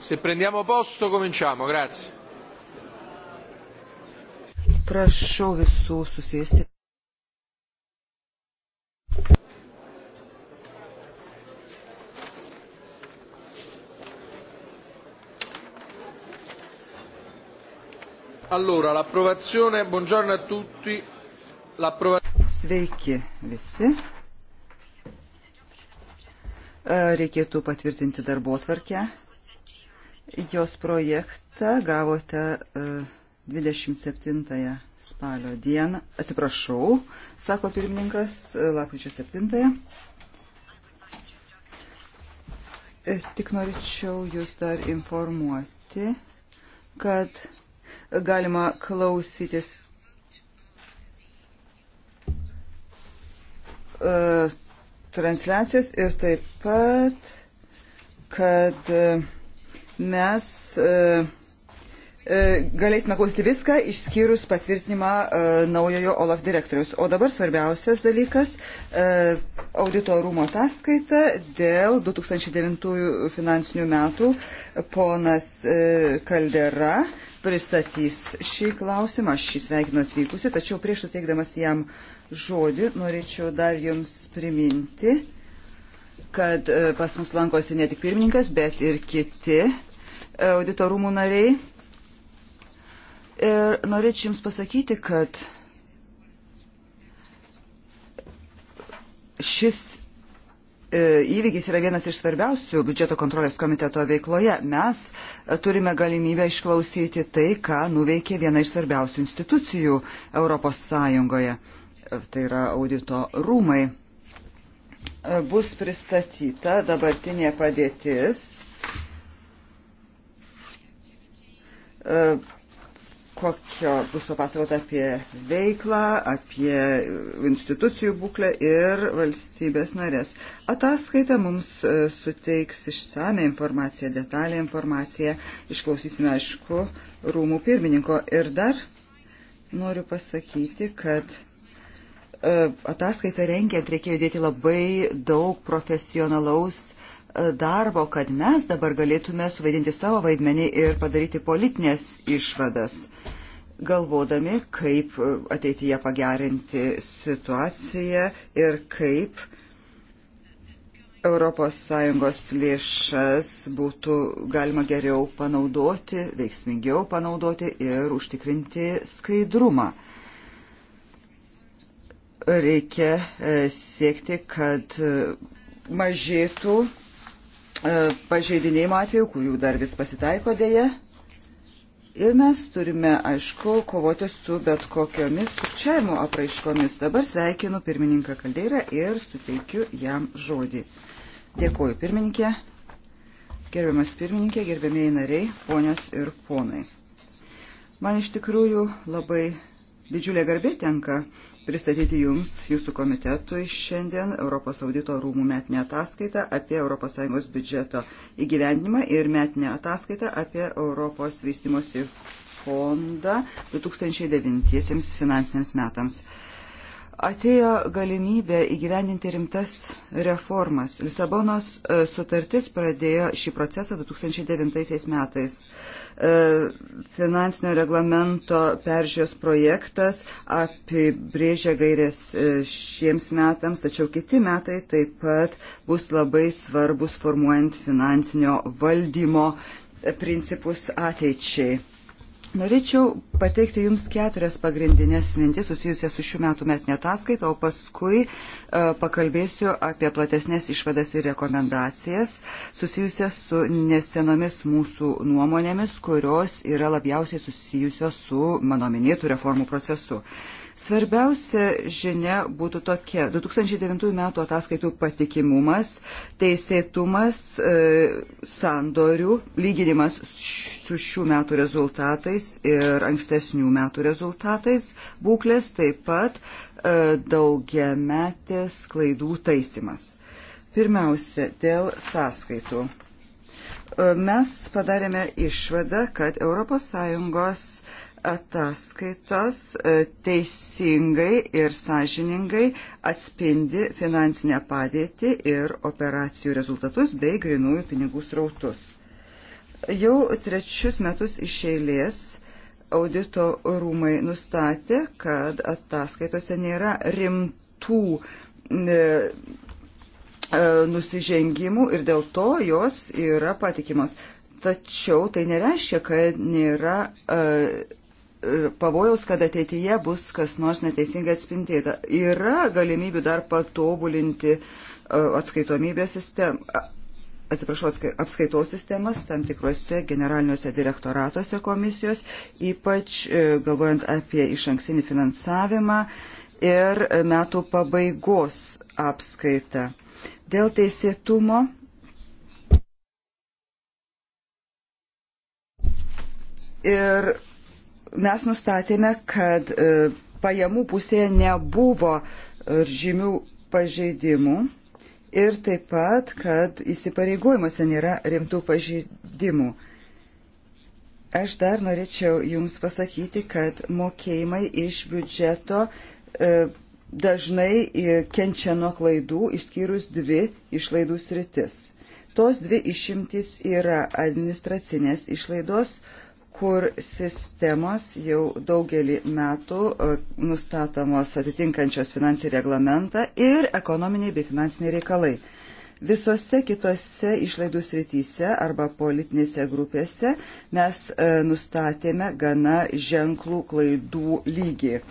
Se prendiamo posto cominciamo, grazie. Prašau visų susėsti. Allora, l'approvazione, buongiorno a tutti. Sveiki visi. Reikėtų patvirtinti darbo tvarkę. Jos projektą gavote 27 e, spalio dieną. Atsiprašau, sako pirmininkas, e, lapkričio 7. -ąją. E, tik norėčiau jūs dar informuoti, kad galima klausytis transliacijos ir taip pat, kad mes e, e, galėsime klausyti viską, išskyrus patvirtinimą e, naujojo OLAF direktorius. O dabar svarbiausias dalykas - audito rūmo ataskaita dėl 2009 finansinių metų. Ponas Kaldera pristatys šį klausimą. Aš jį sveikinu atvykusi, tačiau prieš suteikdamas jam žodį norėčiau dar jums priminti kad pas mus lankosi ne tik pirmininkas, bet ir kiti auditorumų nariai. Ir norėčiau Jums pasakyti, kad šis e, įvykis yra vienas iš svarbiausių biudžeto kontrolės komiteto veikloje. Mes e, turime galimybę išklausyti tai, ką nuveikė viena iš svarbiausių institucijų Europos Sąjungoje. E, tai yra audito rūmai. Bus pristatyta dabartinė padėtis E, kokio bus papasakota apie veiklą, apie institucijų būklę ir valstybės narės. Ataskaita mums e, suteiks išsame informaciją, detalę informaciją. Išklausysime, aišku, rūmų pirmininko. Ir dar noriu pasakyti, kad e, ataskaitą rengiant reikėjo dėti labai daug profesionalaus darbo, kad mes dabar galėtume suvaidinti savo vaidmenį ir padaryti politinės išvadas, galvodami, kaip ateityje pagerinti situaciją ir kaip ES lėšas būtų galima geriau panaudoti, veiksmingiau panaudoti ir užtikrinti skaidrumą reikia e, siekti, kad e, mažėtų E, pažeidinėjimo atveju, kurių dar vis pasitaiko dėje. Ir mes turime, aišku, kovoti su bet kokiomis sukčiavimo apraiškomis. Dabar sveikinu pirmininką Kaldeirą ir suteikiu jam žodį. Dėkuoju pirmininkė, gerbiamas pirmininkė, gerbėmėjai nariai, ponios ir ponai. Man iš tikrųjų labai didžiulė garbė tenka uh, pristatyti Jums, Jūsų komitetui šiandien Europos audito rūmų metinę ataskaitą apie ES biudžeto įgyvendimą ir metinę ataskaitą apie Europos vystimosi fondą 2009 finansiniams metams. Atėjo galimybė įgyvendinti rimtas reformas. Lisabonos e, sutartis pradėjo šį procesą 2009 metais. E, finansinio reglamento peržiūros projektas apibrėžia gairės e, šiems metams, tačiau kiti metai taip pat bus labai svarbus formuojant finansinio valdymo principus ateičiai. Norėčiau pateikti Jums keturias pagrindinės mintis susijusias su šių metų metinė ataskaita, o paskui e, pakalbėsiu apie platesnės išvadas ir rekomendacijas susijusias su nesenomis mūsų nuomonėmis, kurios yra labiausiai susijusios su mano minėtų reformų procesu. Svarbiausia žinia būtų tokia. 2009 metų ataskaitų patikimumas, teisėtumas, e, sandorių, lyginimas su šių metų rezultatais ir ankstesnių metų rezultatais, būklės taip pat e, daugiametės klaidų taisimas. Pirmiausia, dėl sąskaitų e, mes padarėme išvadą, kad ES ataskaitos e, teisingai ir sąžiningai atspindi finansinę padėtį ir operacijų rezultatus bei grinųjų pinigų srautus. Jau trečius metus iš eilės audito rūmai nustatė, kad ataskaitose nėra rimtų e, e, nusižengimų ir dėl to jos yra patikimos. Tačiau tai nereiškia, kad nėra uh, E, pavojaus, kad ateityje bus kas nors neteisingai atspindėta. Yra galimybių dar patobulinti e, atskaitomybės sistemą. Atsiprašau, apskaitos sistemas tam tikrose generaliniuose direktoratuose komisijos, ypač e, galvojant apie iš anksinį finansavimą ir metų pabaigos apskaitą. Dėl teisėtumo ir mes nustatėme, kad e, pajamų pusėje nebuvo e, žymių pažeidimų ir taip pat, kad įsipareigojimuose nėra rimtų pažeidimų. Aš dar norėčiau Jums pasakyti, kad mokėjimai iš biudžeto e, dažnai kenčia nuo klaidų, išskyrus dvi išlaidų sritis. Tos dvi išimtis yra administracinės išlaidos, kur sistemos jau daugelį metų e, nustatomos atitinkančios finansinį reglamentą ir ekonominiai bei finansiniai reikalai. Visose kitose išlaidų srityse arba politinėse grupėse mes e, nustatėme gana ženklų klaidų lygį. E,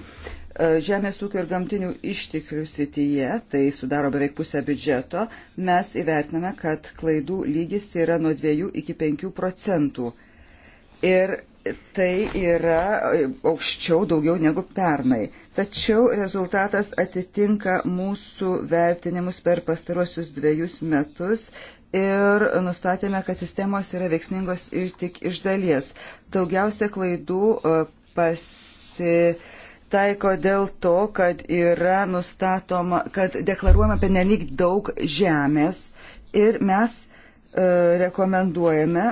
žemės ūkio ir gamtinių išteklių srityje, tai sudaro beveik pusę biudžeto, mes įvertiname, kad klaidų lygis yra nuo 2 iki 5 procentų ir tai yra e, aukščiau daugiau negu pernai. Tačiau rezultatas atitinka mūsų vertinimus per pastaruosius dviejus metus ir nustatėme, kad sistemos yra veiksmingos ir tik iš dalies. Daugiausia klaidų e, pasitaiko dėl to, kad yra nustatoma, kad deklaruojama penelyg daug žemės ir mes e, rekomenduojame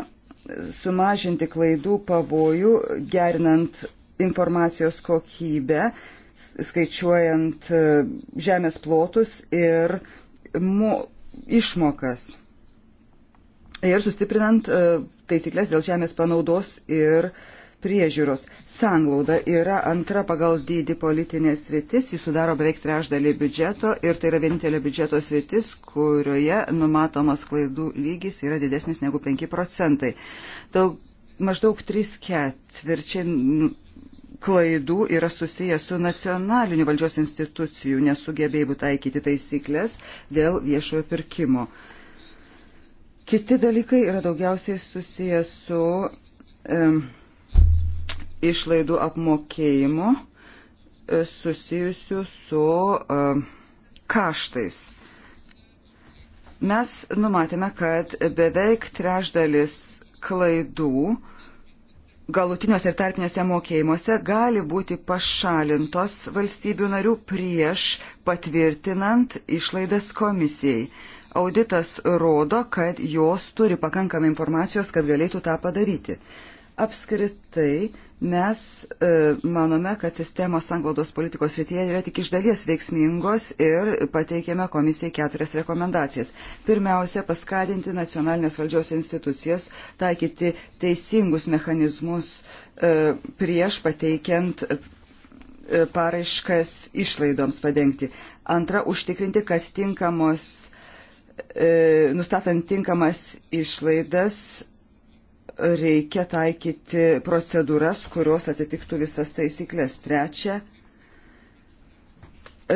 sumažinti klaidų pavojų, gerinant informacijos kokybę, skaičiuojant e, žemės plotus ir mo, išmokas. Ir sustiprinant e, taisyklės dėl žemės panaudos ir uh, priežiūros. Sanglauda yra antra pagal dydį politinės sritis, jis sudaro beveik trešdalį biudžeto ir tai yra vienintelė biudžeto sritis, kurioje numatomas klaidų lygis yra didesnis negu 5 procentai. Daug, maždaug 3 ketvirčiai nu, klaidų yra susijęs su nacionaliniu valdžios institucijų nesugebėjimu taikyti taisyklės dėl viešojo pirkimo. Kiti dalykai yra daugiausiai susijęs su um, e, išlaidų apmokėjimo e, susijusių su e, kaštais. Mes numatėme, kad beveik trešdalis klaidų galutiniuose ir tarpiniuose mokėjimuose gali būti pašalintos valstybių narių prieš patvirtinant išlaidas komisijai. Auditas rodo, kad jos turi pakankamai informacijos, kad galėtų tą padaryti. Apskritai, Mes e, manome, kad sistemos sanglaudos politikos srityje yra tik iš dalies veiksmingos ir pateikėme komisijai keturias rekomendacijas. Pirmiausia, paskatinti nacionalinės valdžios institucijas taikyti teisingus mechanizmus e, prieš pateikiant e, paraiškas išlaidoms padengti. Antra, užtikrinti, kad tinkamos, e, nustatant tinkamas išlaidas reikia taikyti procedūras, kurios atitiktų visas taisyklės. Trečia,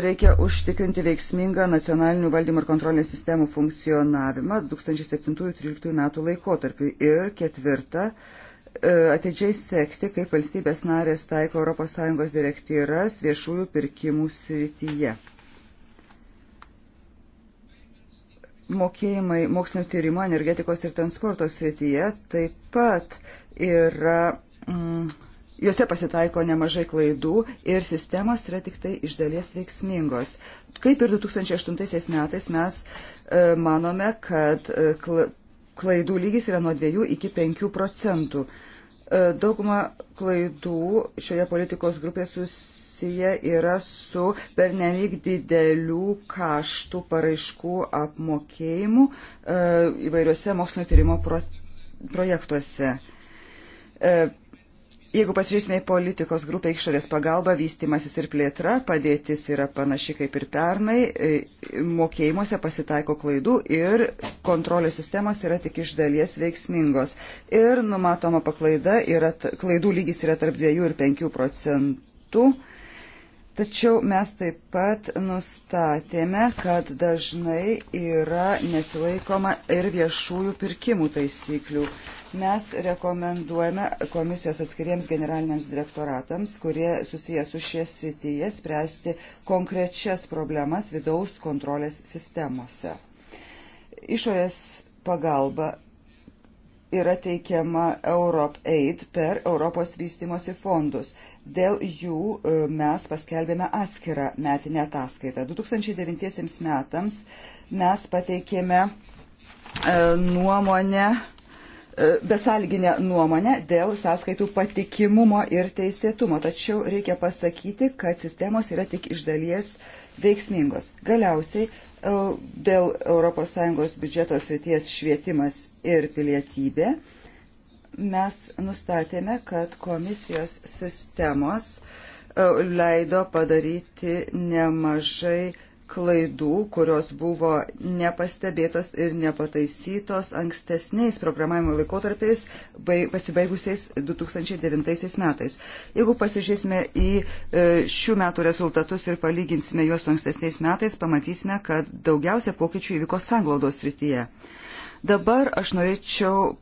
reikia užtikrinti veiksmingą nacionalinių valdymo ir kontrolės sistemų funkcionavimą 2007-2013 metų laikotarpiu. Ir ketvirta, e, atidžiai sekti, kaip valstybės narės taiko ES direktyras viešųjų pirkimų srityje. mokėjimai mokslinio tyrimo energetikos ir transporto srityje taip pat yra, mm, juose pasitaiko nemažai klaidų ir sistemos yra tik tai iš dalies veiksmingos. Kaip ir 2008 metais mes e, manome, kad e, klaidų lygis yra nuo 2 iki 5 procentų. E, dauguma klaidų šioje politikos grupėje susijęs susiję yra su pernelyg didelių kaštų paraiškų apmokėjimu e, įvairiuose mokslinio tyrimo pro, projektuose. E, jeigu pasižiūrėsime į politikos grupę išorės pagalba, vystimasis ir plėtra, padėtis yra panaši kaip ir pernai, e, mokėjimuose pasitaiko klaidų ir kontrolės sistemos yra tik iš dalies veiksmingos. Ir numatoma paklaida, yra, klaidų lygis yra tarp 2 ir 5 procentų. Tačiau mes taip pat nustatėme, kad dažnai yra nesilaikoma ir viešųjų pirkimų taisyklių. Mes rekomenduojame komisijos atskiriems generaliniams direktoratams, kurie susijęs su šie sityje, spręsti konkrečias problemas vidaus kontrolės sistemose. Išorės pagalba yra teikiama Europe Aid per Europos vystimosi fondus. Dėl jų e, mes paskelbėme atskirą metinę ataskaitą. 2009 metams mes pateikėme e, nuomonę, e, besalginę nuomonę dėl sąskaitų patikimumo ir teisėtumo. Tačiau reikia pasakyti, kad sistemos yra tik iš dalies veiksmingos. Galiausiai dėl ES biudžeto srities švietimas ir pilietybė mes nustatėme, kad komisijos sistemos e, leido padaryti nemažai klaidų, kurios buvo nepastebėtos ir nepataisytos ankstesniais programavimo laikotarpiais, pasibaigusiais 2009 metais. Jeigu pasižiūrėsime į e, šių metų rezultatus ir palyginsime juos su ankstesniais metais, pamatysime, kad daugiausia pokyčių įvyko sanglaudos srityje. Dabar aš norėčiau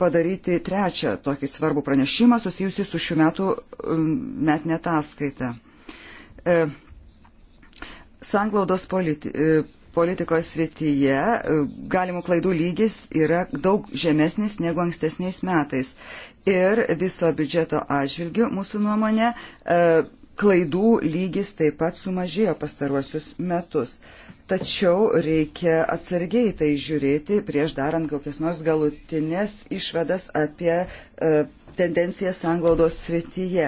padaryti trečią tokį svarbų pranešimą susijusi su šių metų um, metinė ataskaita. E, sanglaudos politi e, politikos srityje e, galimų klaidų lygis yra daug žemesnis negu ankstesniais metais. Ir viso biudžeto atžvilgių mūsų nuomonė klaidų lygis taip pat sumažėjo pastaruosius metus. Tačiau reikia atsargiai tai žiūrėti prieš darant kokias nors galutinės išvadas apie e, tendencijas anglaudos srityje.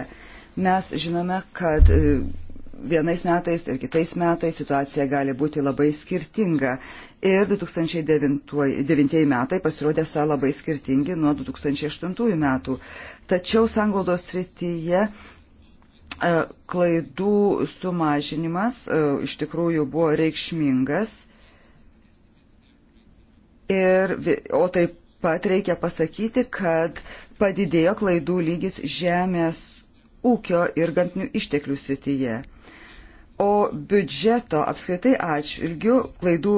Mes žinome, kad e, vienais metais ir kitais metais situacija gali būti labai skirtinga. Ir 2009 metai pasirodė sa labai skirtingi nuo 2008 metų. Tačiau sanglaudos srityje E, klaidų sumažinimas e, iš tikrųjų buvo reikšmingas. Ir, o taip pat reikia pasakyti, kad padidėjo klaidų lygis žemės ūkio ir gamtinių išteklių sityje. O biudžeto apskritai atšvilgių klaidų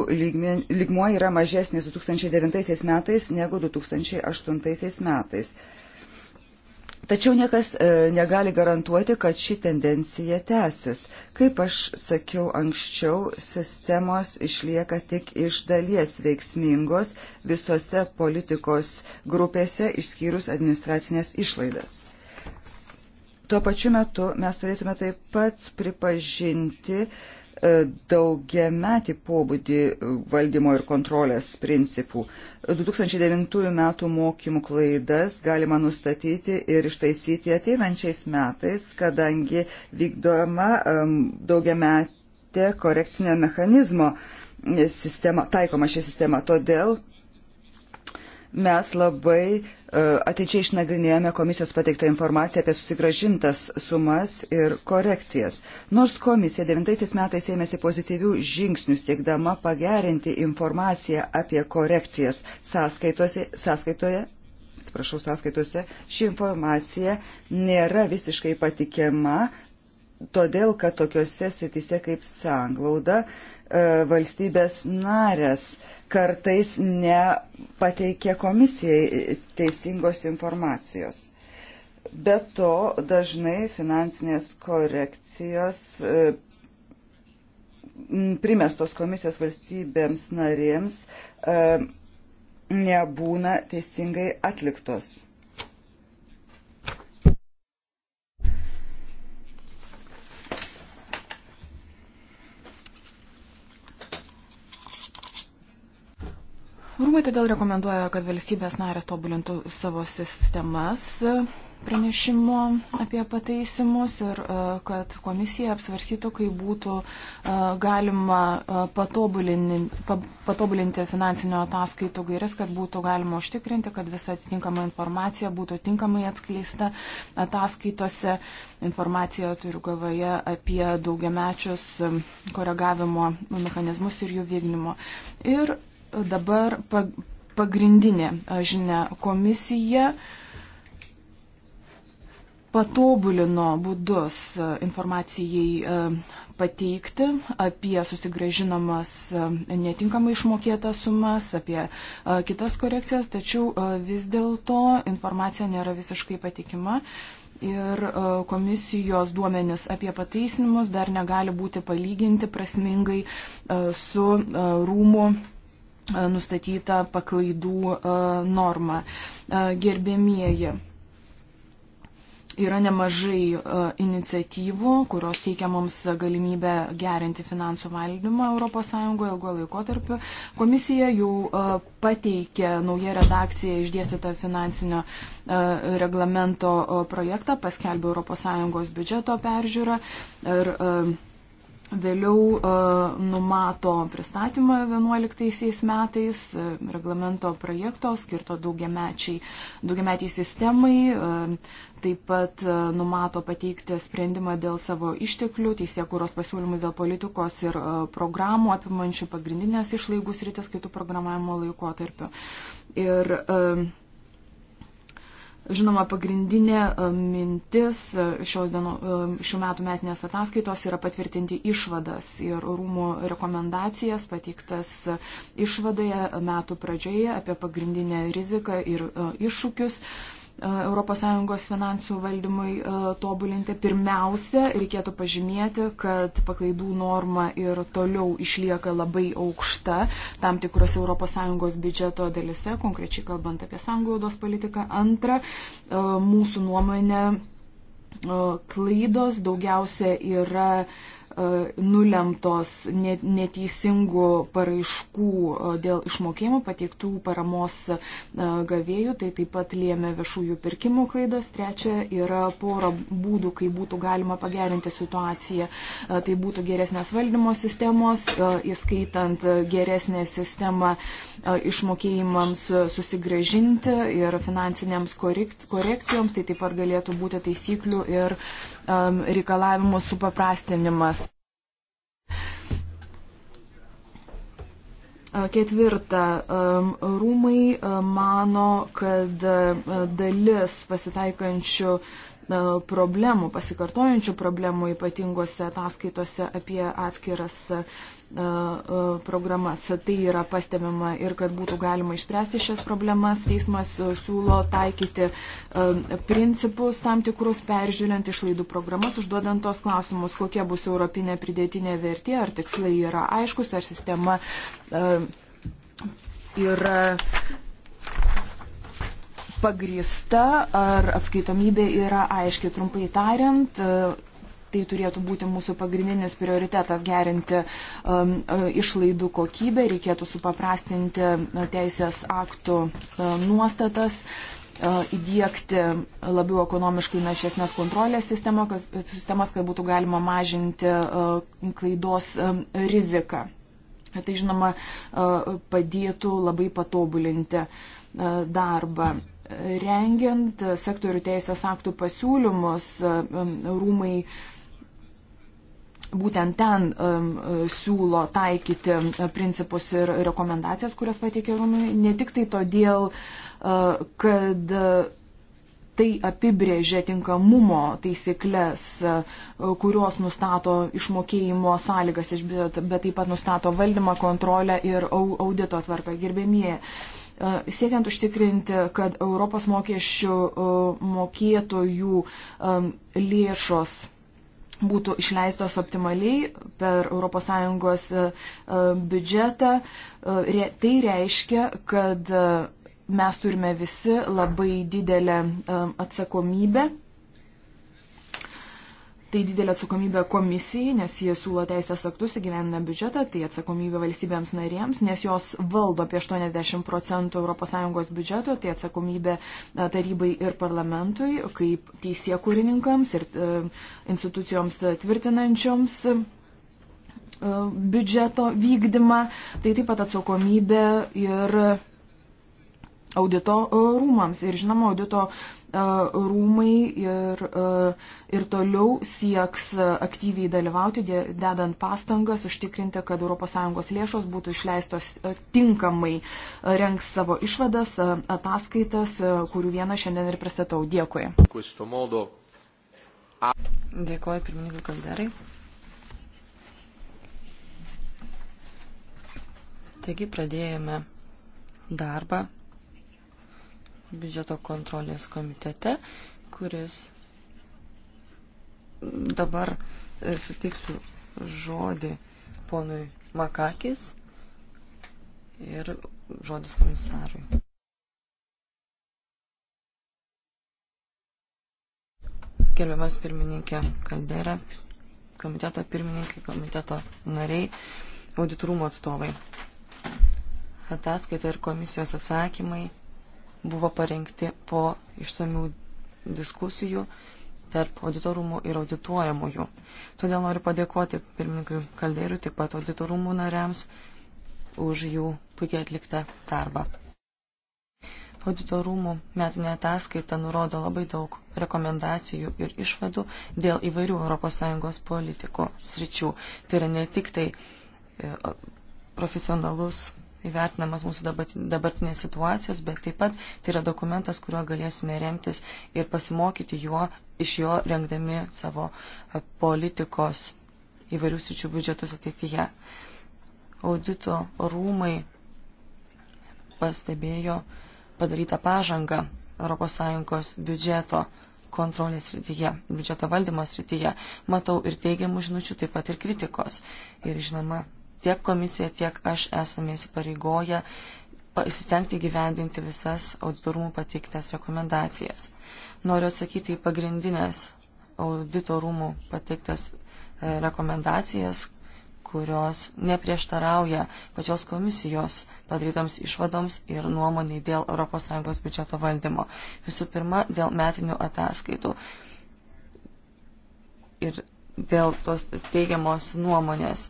lygmuo yra mažesnis 2009 metais negu 2008 metais. Tačiau niekas e, negali garantuoti, kad ši tendencija tęsis. Kaip aš sakiau anksčiau, sistemos išlieka tik iš dalies veiksmingos visose politikos grupėse išskyrus administracinės išlaidas. Tuo pačiu metu mes turėtume taip pat pripažinti, E, daugiametį pobūdį valdymo ir kontrolės principų. 2009 metų mokymų klaidas galima nustatyti ir ištaisyti ateinančiais metais, kadangi vykdoma daugiametė korekcinio mechanizmo sistema, taikoma ši sistema. Todėl Mes labai e, ateičiai išnagrinėjome komisijos pateiktą informaciją apie susigražintas sumas ir korekcijas. Nors komisija devintaisiais metais ėmėsi pozityvių žingsnių siekdama pagerinti informaciją apie korekcijas sąskaitose, sąskaitoje, atsiprašau, sąskaitose, ši informacija nėra visiškai patikiama, todėl kad tokiuose sritise kaip sanglauda, uh, E, valstybės narės kartais nepateikia komisijai teisingos informacijos. Be to, dažnai finansinės korekcijos e, primestos komisijos valstybėms narėms e, nebūna teisingai atliktos. Rūmai todėl rekomenduoja, kad valstybės narės tobulintų savo sistemas pranešimo apie pataisimus ir e, kad komisija apsvarstytų, kaip būtų e, galima e, patobulinti, patobulinti finansinio ataskaitų gairias, kad būtų galima užtikrinti, kad visa atitinkama informacija būtų tinkamai atskleista ataskaitose. Informacija turiu galvoje apie daugiamečius koregavimo mechanizmus ir jų vykdymo. Ir dabar pagrindinė žinia komisija patobulino būdus informacijai pateikti apie susigražinamas netinkamai išmokėtas sumas, apie kitas korekcijas, tačiau vis dėlto informacija nėra visiškai patikima ir komisijos duomenis apie pataisinimus dar negali būti palyginti prasmingai su rūmų E, nustatytą paklaidų e, normą. E, gerbėmieji yra nemažai iniciatyvų, kurios teikia mums galimybę gerinti finansų valdymą ES ilgo laikotarpiu. Komisija jau pateikė naują redakciją išdėstytą finansinio reglamento projektą, paskelbė ES biudžeto peržiūrą ir Vėliau e, numato pristatymą 11 metais e, reglamento projekto skirto daugiamečiai, daugiamečiai sistemai, e, taip pat numato pateikti sprendimą dėl savo išteklių, teisėkūros pasiūlymus dėl politikos ir programų apimančių pagrindinės išlaidus rytis kitų programavimo laikotarpių. Ir, uh, Žinoma, pagrindinė e, mintis e, šios dienų, e, šių metų metinės ataskaitos yra patvirtinti išvadas ir rūmų rekomendacijas pateiktas išvadoje metų pradžioje apie pagrindinę riziką ir iššūkius. Uh, ES finansų valdymui tobulinti. Pirmiausia, reikėtų pažymėti, kad paklaidų norma ir toliau išlieka labai aukšta tam tikros ES biudžeto dalise, konkrečiai kalbant apie sanglaudos politiką. Antra, mūsų nuomonė klaidos daugiausia yra E, nulemtos neteisingų paraiškų e, dėl išmokėjimų pateiktų paramos e, gavėjų, tai taip pat lėmė viešųjų pirkimų klaidos. Trečia yra pora būdų, kaip būtų galima pagerinti situaciją. Tai būtų geresnės valdymo sistemos, įskaitant geresnę sistemą išmokėjimams susigražinti ir finansinėms korekcijoms, tai taip pat galėtų būti taisyklių ir um, reikalavimų supaprastinimas. Ketvirta, um, rūmai mano, kad dalis pasitaikančių problemų, pasikartojančių problemų ypatingose ataskaitose apie atskiras E, e, programas. Tai yra pastebima ir kad būtų galima išspręsti šias problemas. Teismas e, siūlo taikyti principus tam tikrus, peržiūrint išlaidų programas, užduodant tos klausimus, kokia bus europinė pridėtinė vertė, ar tikslai yra aiškus, ar sistema yra pagrįsta, ar atskaitomybė yra aiškiai, trumpai tariant tai turėtų būti mūsų pagrindinis prioritetas gerinti um, e, išlaidų kokybę, reikėtų supaprastinti e, teisės aktų um, nuostatas įdėkti labiau ekonomiškai našesnės kontrolės sistemą, kas, sistemas, kad būtų galima mažinti klaidos riziką. Tai žinoma padėtų labai patobulinti darbą rengiant sektorių teisės aktų pasiūlymus, rūmai būtent ten um, siūlo taikyti e, principus ir rekomendacijas, kurias pateikė Rumai, ne tik tai todėl, uh, kad tai apibrėžia tinkamumo taisyklės, uh, kurios nustato išmokėjimo sąlygas, bet, bet taip pat nustato valdymą, kontrolę ir au, audito tvarką gerbėmieji. Uh, siekiant užtikrinti, kad Europos mokesčių uh, mokėtojų um, lėšos būtų išleistos optimaliai per ES e, e, biudžetą. E, tai reiškia, kad mes turime visi labai didelę atsakomybę Tai didelė atsakomybė komisijai, nes jie siūlo teisės aktus įgyvendina biudžetą, tai atsakomybė valstybėms narėms, nes jos valdo apie 80 procentų ES biudžeto, tai atsakomybė tarybai ir parlamentui, kaip teisėkurininkams ir e, institucijoms tvirtinančioms e, biudžeto vykdymą, tai taip pat atsakomybė ir audito e, rūmams. Ir žinoma, audito rūmai ir, ir toliau sieks aktyviai dalyvauti, dedant pastangas, užtikrinti, kad ES lėšos būtų išleistos tinkamai, renks savo išvadas, ataskaitas, kurių vieną šiandien ir pristatau. Dėkui. Dėkuoju pirmininkui Kalderai. Taigi pradėjome darbą biudžeto kontrolės komitete, kuris dabar e, suteiksiu žodį ponui Makakis ir žodis komisarui. Gerbiamas pirmininkė Kaldera, komiteto pirmininkai, komiteto nariai, auditorumo atstovai. Ataskaita ir komisijos atsakymai buvo parengti po išsamių diskusijų tarp auditorumų ir audituojamųjų. Todėl noriu padėkoti pirmininkui Kalderiu, taip pat auditorumų nariams už jų puikiai atliktą darbą. Auditorumų metinė ataskaita nurodo labai daug rekomendacijų ir išvadų dėl įvairių ES politikų sričių. Tai yra ne tik tai e, profesionalus įvertinamas mūsų dabartinės situacijos, bet taip pat tai yra dokumentas, kuriuo galėsime remtis ir pasimokyti juo, iš jo rengdami savo e, politikos įvairių sičių biudžetus ateityje. Audito rūmai pastebėjo padarytą pažangą ES biudžeto kontrolės srityje, biudžeto valdymo srityje. Matau ir teigiamų žinučių, taip pat ir kritikos. Ir žinoma, tiek komisija, tiek aš esame įsipareigoję pasistengti gyvendinti visas auditorumų pateiktas rekomendacijas. Noriu atsakyti į pagrindinės auditorumų pateiktas e, rekomendacijas, kurios neprieštarauja pačios komisijos padarytoms išvadoms ir nuomoniai dėl ES biudžeto valdymo. Visų pirma, dėl metinių ataskaitų ir dėl tos teigiamos nuomonės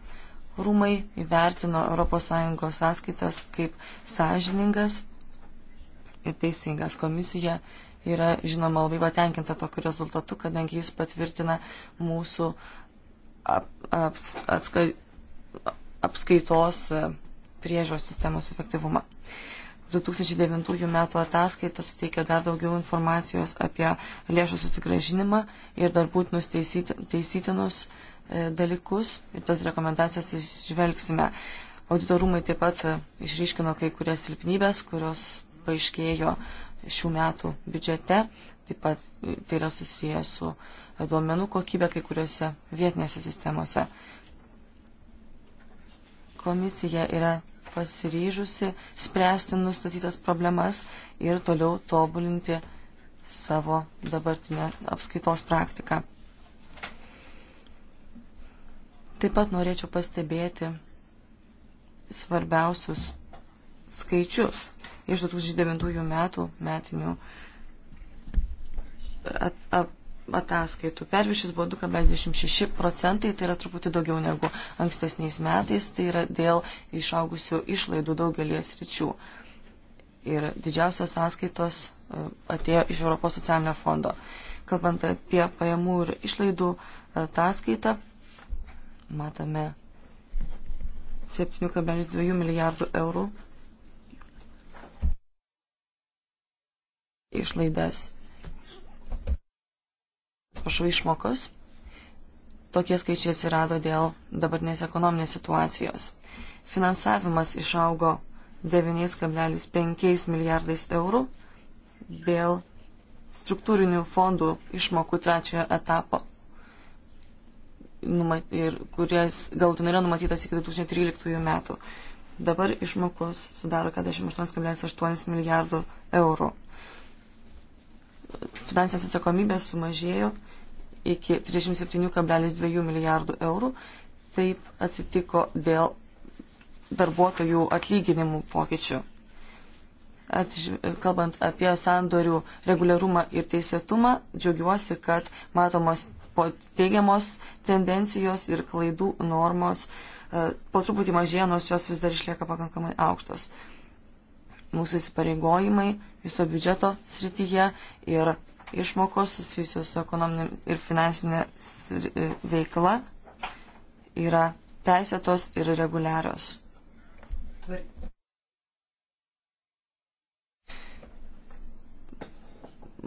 rūmai įvertino ES sąskaitas kaip sąžiningas ir teisingas. Komisija yra, žinoma, labai patenkinta tokiu rezultatu, kadangi jis patvirtina mūsų ap, aps, atskai, apskaitos e, priežos sistemos efektyvumą. 2009 metų ataskaita suteikia dar daugiau informacijos apie lėšų susigražinimą ir dar būtinus teisytinus E, dalykus ir tas rekomendacijas išvelgsime. Auditorumai taip pat e, išryškino kai kurias silpnybės, kurios paaiškėjo šių metų biudžete. Taip pat e, tai yra susijęs su duomenų kokybė kai kuriuose vietinėse sistemose. Komisija yra pasiryžusi spręsti nustatytas problemas ir toliau tobulinti savo dabartinę apskaitos praktiką. Taip pat norėčiau pastebėti svarbiausius skaičius iš 2009 metų metinių at, at, ataskaitų. Pervišis buvo 2,26 procentai, tai yra truputį daugiau negu ankstesniais metais, tai yra dėl išaugusių išlaidų daugelies ryčių. Ir didžiausios sąskaitos e, atėjo iš Europos socialinio fondo. Kalbant apie pajamų ir išlaidų e, ataskaitą, matome 7,2 milijardų eurų išlaidas. Atsiprašau, išmokos. Tokie skaičiai atsirado dėl dabartinės ekonominės situacijos. Finansavimas išaugo 9,5 milijardais eurų dėl struktūrinių fondų išmokų trečiojo etapo ir kurias galutinai yra numatytas iki 2013 metų. Dabar išmokos sudaro 48,8 milijardų eurų. Finansinės atsakomybės sumažėjo iki 37,2 milijardų eurų. Taip atsitiko dėl darbuotojų atlyginimų pokyčių. Atsiž... Kalbant apie sandorių reguliarumą ir teisėtumą, džiaugiuosi, kad matomos teigiamos tendencijos ir klaidų normos e, po truputį mažėja, nors jos vis dar išlieka pakankamai aukštos. Mūsų įsipareigojimai viso biudžeto srityje ir išmokos susijusios su ekonominė ir finansinė e, veikla yra teisėtos ir reguliarios. Tvark.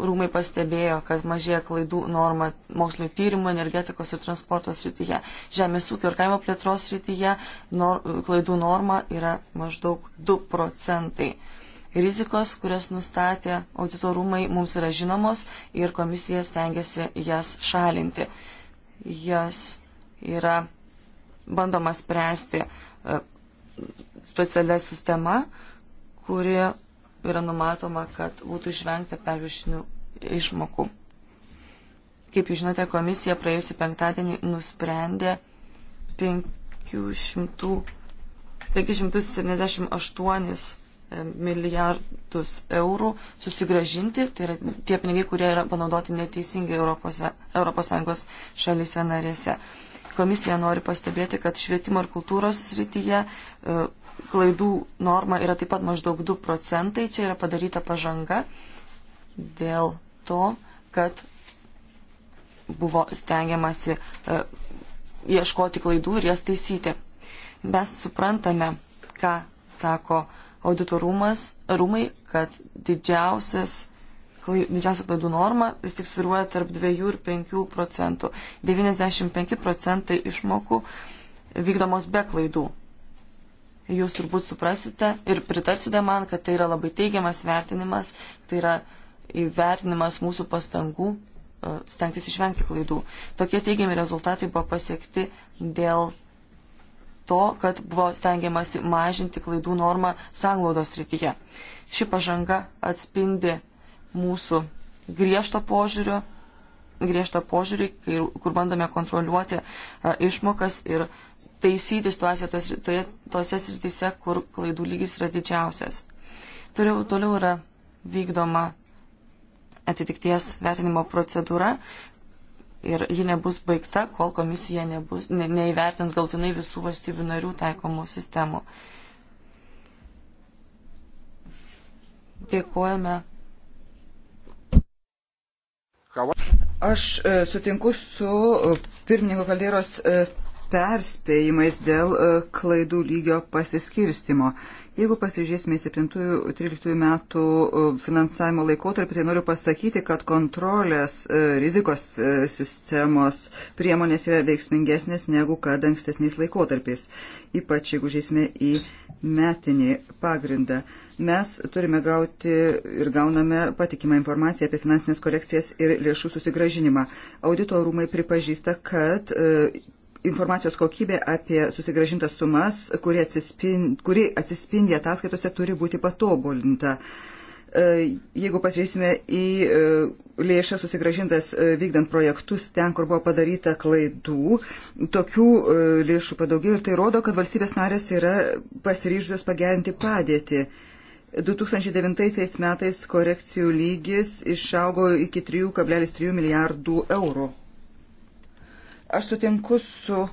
rūmai pastebėjo, kad mažėja klaidų norma mokslinio tyrimo, energetikos ir transporto srityje. Žemės ūkio ir kaimo plėtros srityje nor, klaidų norma yra maždaug 2 procentai. Rizikos, kurias nustatė auditorumai, mums yra žinomos ir komisija stengiasi jas šalinti. Jas yra bandoma spręsti e, specialia sistema, kuri yra numatoma, kad būtų išvengta pervišinių išmokų. Kaip jūs žinote, komisija praėjusį penktadienį nusprendė 500, 578 e, milijardus eurų susigražinti, tai yra tie pinigai, kurie yra panaudoti neteisingai Europos, Europos Sąjungos šalyse narėse. Komisija nori pastebėti, kad švietimo ir kultūros srityje uh, klaidų norma yra taip pat maždaug 2 procentai. Čia yra padaryta pažanga dėl to, kad buvo stengiamasi e, ieškoti klaidų ir jas taisyti. Mes suprantame, ką sako auditorumas, rūmai, kad didžiausias didžiausia klaidų norma vis tik sviruoja tarp 2 ir 5 procentų. 95 procentai išmokų vykdomos be klaidų. Jūs turbūt suprasite ir pritarsite man, kad tai yra labai teigiamas vertinimas, tai yra įvertinimas mūsų pastangų e, stengtis išvengti klaidų. Tokie teigiami rezultatai buvo pasiekti dėl to, kad buvo stengiamasi mažinti klaidų normą sanglaudos rytyje. Ši pažanga atspindi mūsų griežto požiūrio, griežtą požiūrį, kur bandome kontroliuoti e, išmokas ir taisyti situaciją tose, toje, tose srityse, kur klaidų lygis yra didžiausias. Toliau, toliau yra vykdoma atitikties vertinimo procedūra ir ji nebus baigta, kol komisija nebus, ne, neįvertins galtinai visų valstybių narių taikomų sistemų. Dėkojame. Aš e, sutinku su e, pirmininko kalderos e, perspėjimais dėl e, klaidų lygio pasiskirstimo. Jeigu pasižiūrėsime 7-13 metų e, finansavimo laikotarpį, tai noriu pasakyti, kad kontrolės e, rizikos sistemos priemonės yra veiksmingesnės negu kad ankstesniais laikotarpiais, ypač jeigu žiūrėsime į metinį pagrindą. Mes turime gauti ir gauname patikimą informaciją apie finansinės korekcijas ir lėšų susigražinimą. Audito rūmai pripažįsta, kad informacijos kokybė apie susigražintas sumas, kuri atsispindi, kuri atsispindi ataskaitose, turi būti patobulinta. E, jeigu pasižiūrėsime į e, lėšas susigražintas e, vykdant projektus ten, kur buvo padaryta klaidų, tokių lėšų padaugėjo ir tai rodo, kad valstybės narės yra pasiryžusios pagerinti padėtį. 2009 metais korekcijų lygis išaugo iki 3,3 milijardų eurų. Aš sutinku su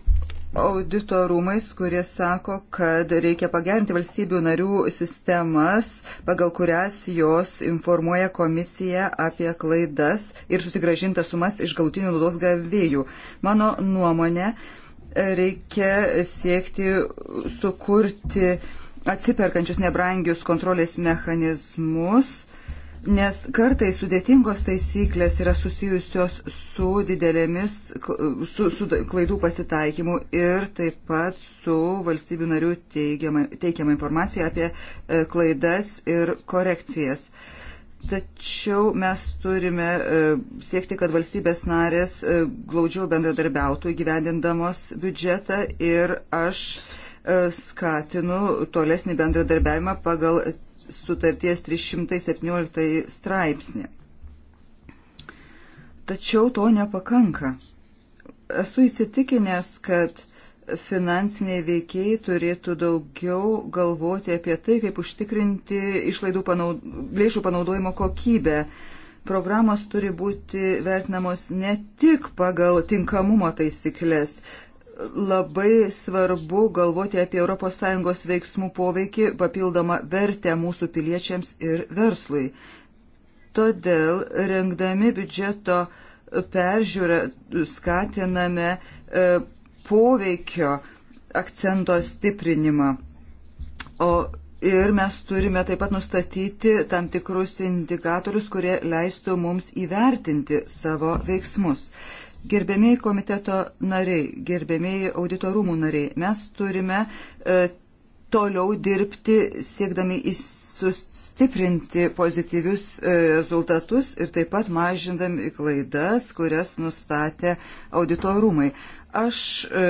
audito rūmais, kurie sako, kad reikia pagerinti valstybių narių sistemas, pagal kurias jos informuoja komisiją apie klaidas ir susigražintas sumas iš gautinių naudos gavėjų. Mano nuomonė, reikia siekti sukurti atsiperkančius nebrangius kontrolės mechanizmus nes kartai sudėtingos taisyklės yra susijusios su didelėmis, su, su klaidų pasitaikymu ir taip pat su valstybių narių teigiama, teikiama informacija apie e, klaidas ir korekcijas. Tačiau mes turime e, siekti, kad valstybės narės e, glaudžiau bendradarbiautų įgyvendindamos biudžetą ir aš skatinu tolesnį bendradarbiavimą pagal sutarties 317 straipsnį. Tačiau to nepakanka. Esu įsitikinęs, kad finansiniai veikėjai turėtų daugiau galvoti apie tai, kaip užtikrinti išlaidų panaud... lėšų panaudojimo kokybę. Programos turi būti vertinamos ne tik pagal tinkamumo taisyklės, labai svarbu galvoti apie ES veiksmų poveikį papildomą vertę mūsų piliečiams ir verslui. Todėl, rengdami biudžeto peržiūrą, skatiname e, poveikio akcento stiprinimą. O ir mes turime taip pat nustatyti tam tikrus indikatorius, kurie leistų mums įvertinti savo veiksmus. Uh, Gerbėmiai komiteto nariai, gerbėmiai auditorumų nariai, mes turime e, toliau dirbti siekdami sustiprinti pozityvius e, rezultatus ir taip pat mažindami klaidas, kurias nustatė auditorumai. Aš e,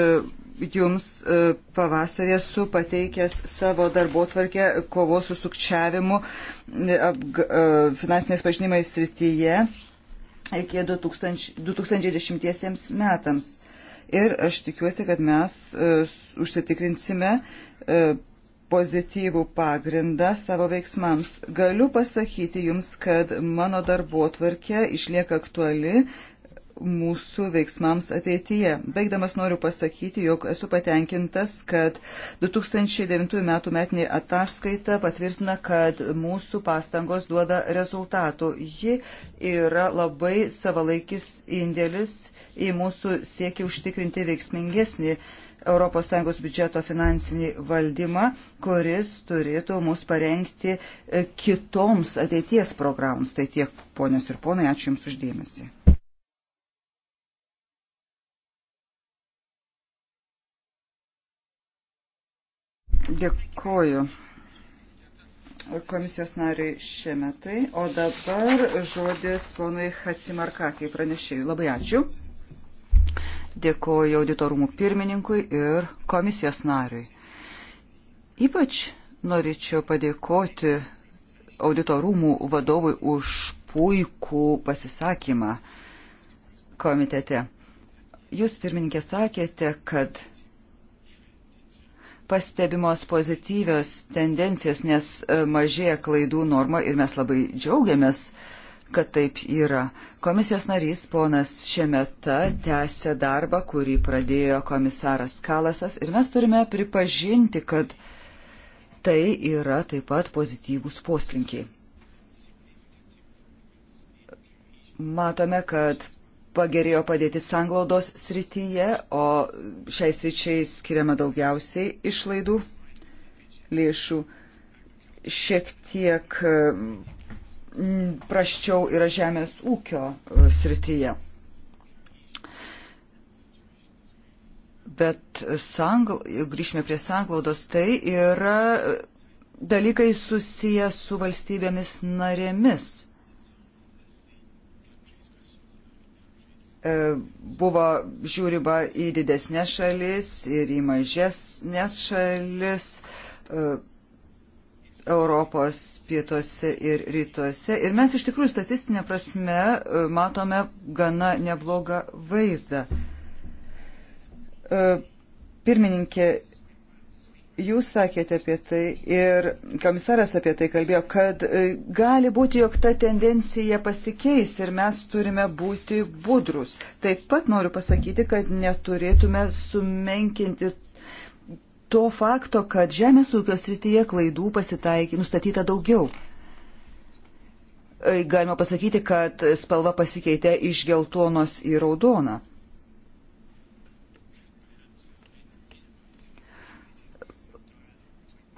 jums e, pavasarį esu pateikęs savo darbo tvarkę kovos su sukčiavimu e, e, finansinės pažinimais srityje iki 2010 metams. Ir aš tikiuosi, kad mes e, užsitikrinsime e, pozityvų pagrindą savo veiksmams. Galiu pasakyti Jums, kad mano darbo tvarkė išlieka aktuali mūsų veiksmams ateityje. Baigdamas noriu pasakyti, jog esu patenkintas, kad 2009 metų metinė ataskaita patvirtina, kad mūsų pastangos duoda rezultatų. Ji yra labai savalaikis indėlis į mūsų siekį užtikrinti veiksmingesnį ES biudžeto finansinį valdymą, kuris turėtų mus parengti e, kitoms ateities programoms. Tai tiek, ponios ir ponai, ačiū Jums uždėmesi. Dėkoju komisijos nariai šiemetai. O dabar žodis ponai Hatsimarkakiai pranešėjai. Labai ačiū. Dėkoju auditorumų pirmininkui ir komisijos nariui. Ypač norėčiau padėkoti auditorumų vadovui už puikų pasisakymą komitete. Jūs pirmininkė sakėte, kad pastebimos pozityvios tendencijos, nes e, mažėja klaidų norma ir mes labai džiaugiamės, kad taip yra. Komisijos narys ponas Šemeta tęsė darbą, kurį pradėjo komisaras Kalasas ir mes turime pripažinti, kad tai yra taip pat pozityvūs poslinkiai. Matome, kad pagerėjo padėtis sanglaudos srityje, o šiai sričiai skiriama daugiausiai išlaidų lėšų. Šiek tiek mm, praščiau yra žemės ūkio e, srityje. Bet sangl... grįžime prie sanglaudos, tai yra e, dalykai susiję su valstybėmis narėmis E, buvo žiūrima į didesnės šalis ir į mažesnės šalis e, Europos pietuose ir rytuose. Ir mes iš tikrųjų statistinė prasme e, matome gana neblogą vaizdą. Pirmininkė Jūs sakėte apie tai ir komisaras apie tai kalbėjo, kad e, gali būti, jog ta tendencija pasikeis ir mes turime būti budrus. Taip pat noriu pasakyti, kad neturėtume sumenkinti to fakto, kad žemės ūkio srityje klaidų pasitaikė nustatyta daugiau. E, galima pasakyti, kad spalva pasikeitė iš geltonos į raudoną.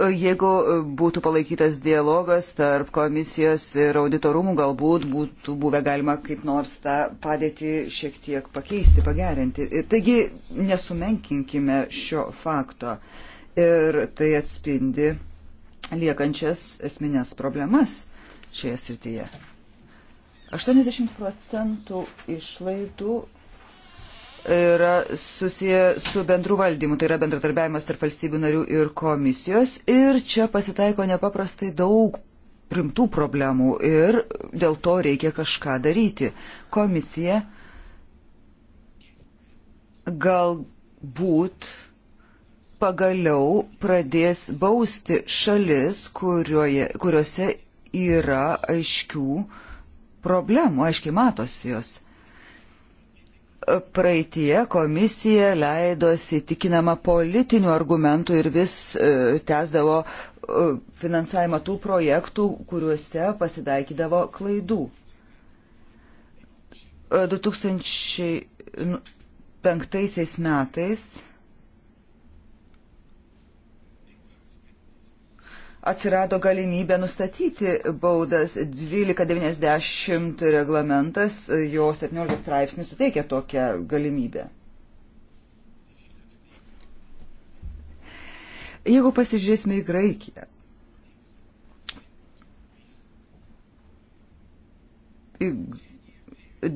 Jeigu e, būtų palaikytas dialogas tarp komisijos ir auditorumų, galbūt būtų buvę galima kaip nors tą padėtį šiek tiek pakeisti, pagerinti. E, taigi nesumenkinkime šio fakto ir tai atspindi liekančias esminės problemas šioje srityje. 80 procentų išlaidų yra susiję su bendru valdymu, tai yra bendradarbiavimas tarp valstybių narių ir komisijos. Ir čia pasitaiko nepaprastai daug rimtų problemų ir dėl to reikia kažką daryti. Komisija galbūt pagaliau pradės bausti šalis, kurioje, kuriuose yra aiškių problemų, aiškiai matosi jos praeitie komisija leidosi tikinama politinių argumentų ir vis e, tęsdavo e, finansavimą tų projektų, kuriuose pasidaikydavo klaidų. 2005 e, metais atsirado galimybė nustatyti baudas. 1290 reglamentas, jo 17 straipsnis suteikia tokią galimybę. Jeigu pasižiūrėsime į Graikiją, į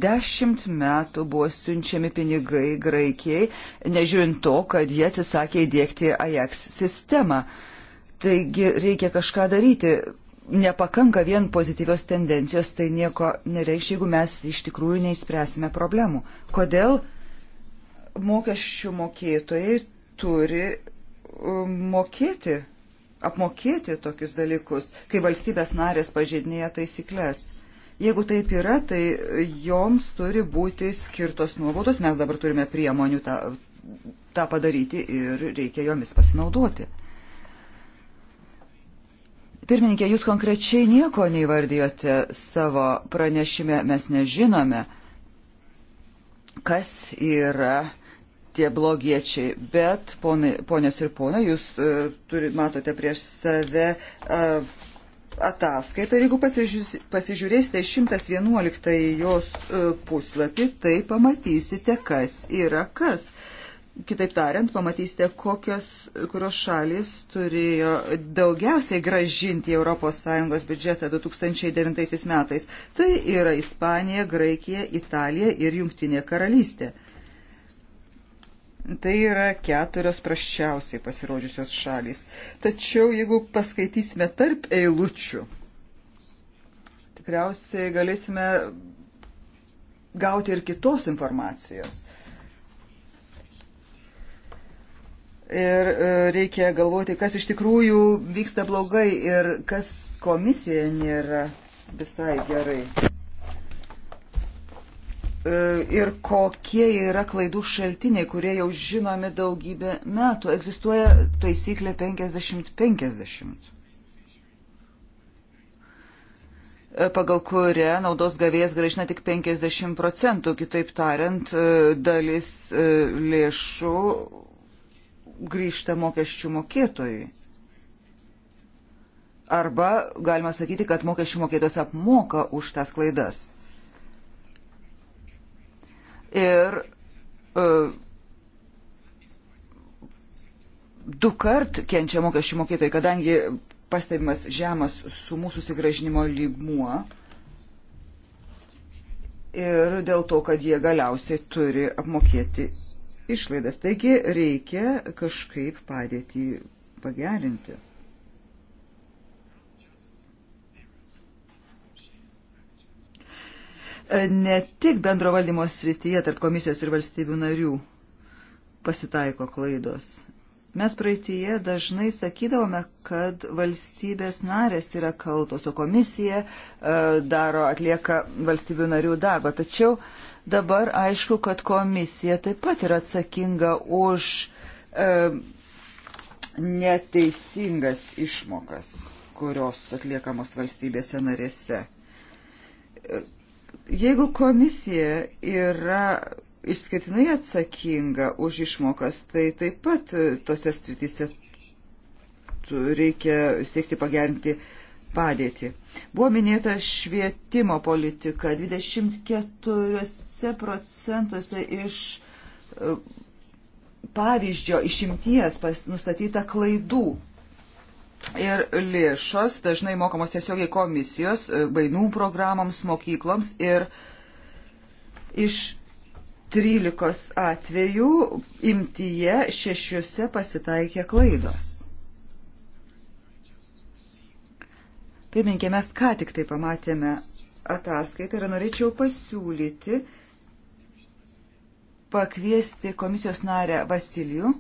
dešimt metų buvo siunčiami pinigai Graikijai, nežiūrint to, kad jie atsisakė įdėkti AJAX sistemą. Uh, Taigi reikia kažką daryti. Nepakanka vien pozityvios tendencijos, tai nieko nereikš, jeigu mes iš tikrųjų neįspręsime problemų. Kodėl mokesčių mokėtojai turi um, mokėti, apmokėti tokius dalykus, kai valstybės narės pažeidinėja taisyklės? Jeigu taip yra, tai joms turi būti skirtos nuobaudos. Mes dabar turime priemonių tą, tą padaryti ir reikia jomis pasinaudoti. Pirmininkė, jūs konkrečiai nieko neįvardijote savo pranešime, mes nežinome, kas yra tie blogiečiai, bet ponai, ponios ir ponai, jūs uh, turi, matote prieš save uh, ataskaitą ir jeigu pasižiūrėsite, pasižiūrėsite 111 jos uh, puslapį, tai pamatysite, kas yra kas. Uh, Kitaip tariant, pamatysite, kokios, kurios šalis turėjo daugiausiai gražinti ES biudžetą 2009 metais. Tai yra Ispanija, Graikija, Italija ir Jungtinė karalystė. Tai yra keturios praščiausiai pasirodžiusios šalys. Tačiau jeigu paskaitysime tarp eilučių, tikriausiai galėsime gauti ir kitos informacijos ir e, reikia galvoti, kas iš tikrųjų vyksta blogai ir kas komisijoje nėra visai gerai. E, ir kokie yra klaidų šaltiniai, kurie jau žinomi daugybę metų. Egzistuoja taisyklė 50-50, e, pagal kurią naudos gavėjas gražina tik 50 procentų, kitaip tariant, dalis lėšų grįžta mokesčių mokėtojui. Arba galima sakyti, kad mokesčių mokėtos apmoka už tas klaidas. Ir uh, du kart kenčia mokesčių mokėtojai, kadangi pastebimas žemas sumų susigražinimo lygmuo ir dėl to, kad jie galiausiai turi apmokėti išlaidas. Taigi reikia kažkaip padėtį pagerinti. Ne tik bendro valdymo srityje tarp komisijos ir valstybių narių pasitaiko klaidos. Mes praeitie dažnai sakydavome, kad valstybės narės yra kaltos, o komisija e, daro, atlieka valstybių narių darbą. Tačiau e, Dabar aišku, kad komisija taip pat yra atsakinga už e, neteisingas išmokas, kurios atliekamos valstybėse narėse. E, jeigu komisija yra išskirtinai atsakinga už išmokas, tai taip pat e, tose strityse reikia siekti pagerinti padėtį. Buvo minėta švietimo politika 24 5 procentuose iš e, pavyzdžio išimties nustatyta klaidų. Ir lėšos dažnai mokamos tiesiogiai komisijos, e, bainų programoms, mokykloms ir iš 13 atvejų imtyje šešiuose pasitaikė klaidos. Pirminkė, mes ką tik tai pamatėme ataskaitą ir norėčiau pasiūlyti, pakviesti komisijos narę Vasilijų,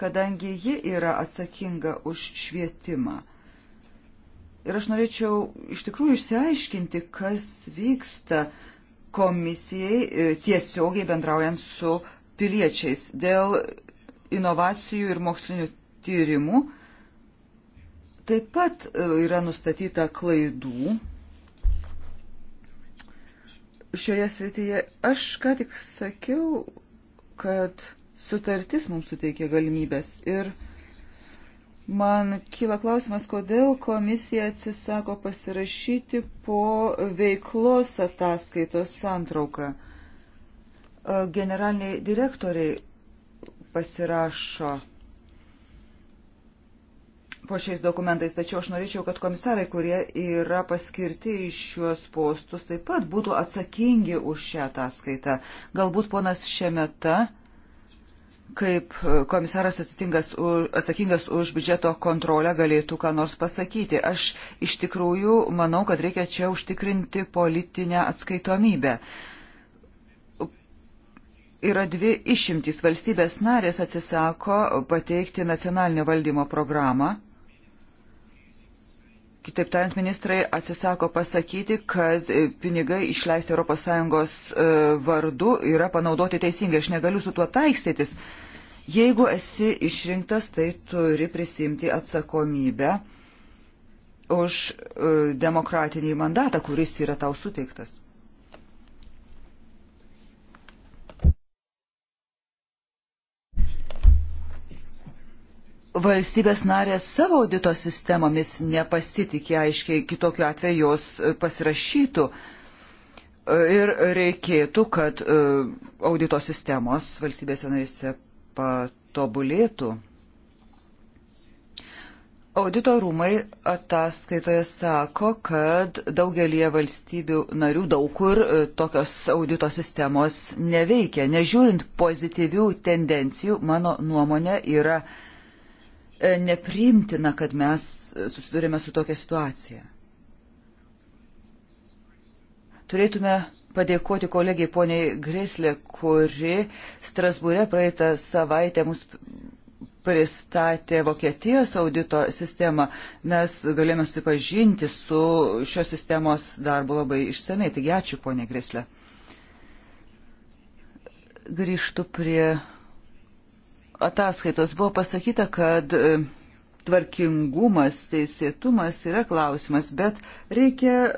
kadangi ji yra atsakinga už švietimą. Ir aš norėčiau iš tikrųjų išsiaiškinti, kas vyksta komisijai e, tiesiogiai bendraujant su piliečiais dėl inovacijų ir mokslinių tyrimų. Taip pat e, yra nustatyta klaidų šioje srityje. Aš ką tik sakiau, kad sutartis mums suteikia galimybės ir man kyla klausimas, kodėl komisija atsisako pasirašyti po veiklos ataskaitos santrauką. Generaliniai direktoriai pasirašo po šiais dokumentais, tačiau aš norėčiau, kad komisarai, kurie yra paskirti iš šiuos postus, taip pat būtų atsakingi už šią ataskaitą. Galbūt ponas Šemeta, kaip e, komisaras atsakingas už biudžeto kontrolę, galėtų ką nors pasakyti. Aš iš tikrųjų manau, kad reikia čia užtikrinti politinę atskaitomybę yra dvi išimtys. Valstybės narės atsisako pateikti nacionalinio valdymo programą Kitaip tariant, ministrai atsisako pasakyti, kad e, pinigai išleisti ES e, vardu yra panaudoti teisingai. Aš negaliu su tuo taikstytis. Jeigu esi išrinktas, tai turi prisimti atsakomybę už e, demokratinį mandatą, kuris yra tau suteiktas. valstybės narės savo audito sistemomis nepasitikė, aiškiai, kitokiu atveju jos e, pasirašytų. E, ir reikėtų, kad e, audito sistemos valstybėse narėse patobulėtų. Audito rūmai ataskaitoje sako, kad daugelie valstybių narių daug kur tokios audito sistemos neveikia. Nežiūrint pozityvių tendencijų, mano nuomonė yra nepriimtina, kad mes susidurėme su tokia situacija. Turėtume padėkoti kolegijai poniai Greslė, kuri Strasbūre praeitą savaitę mus pristatė Vokietijos audito sistemą. Mes galėjome susipažinti su šios sistemos darbu labai išsamei. Taigi ačiū, ponė Greslė. Grįžtu prie ataskaitos buvo pasakyta, kad e, tvarkingumas, teisėtumas yra klausimas, bet reikia e,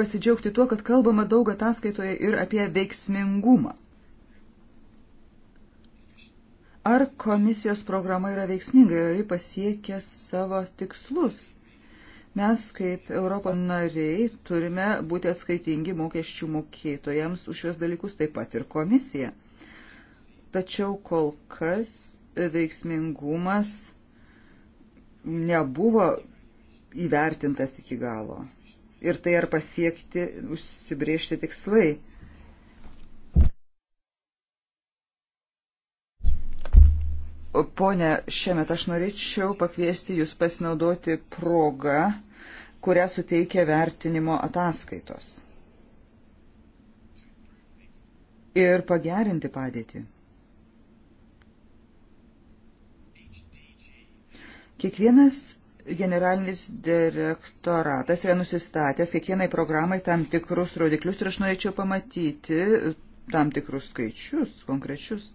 pasidžiaugti tuo, kad kalbama daug ataskaitoje ir apie veiksmingumą. Ar komisijos programa yra veiksminga ir ar ji pasiekia savo tikslus? Mes kaip Europos nariai turime būti atskaitingi mokesčių mokėtojams už šios dalykus taip pat ir komisija tačiau kol kas veiksmingumas nebuvo įvertintas iki galo. Ir tai ar pasiekti, užsibriežti tikslai. Pone, šiemet aš norėčiau pakviesti Jūs pasinaudoti progą, kurią suteikia vertinimo ataskaitos. Ir pagerinti padėtį. Kiekvienas generalinis direktoratas yra nusistatęs kiekvienai programai tam tikrus rodiklius ir aš norėčiau pamatyti tam tikrus skaičius konkrečius.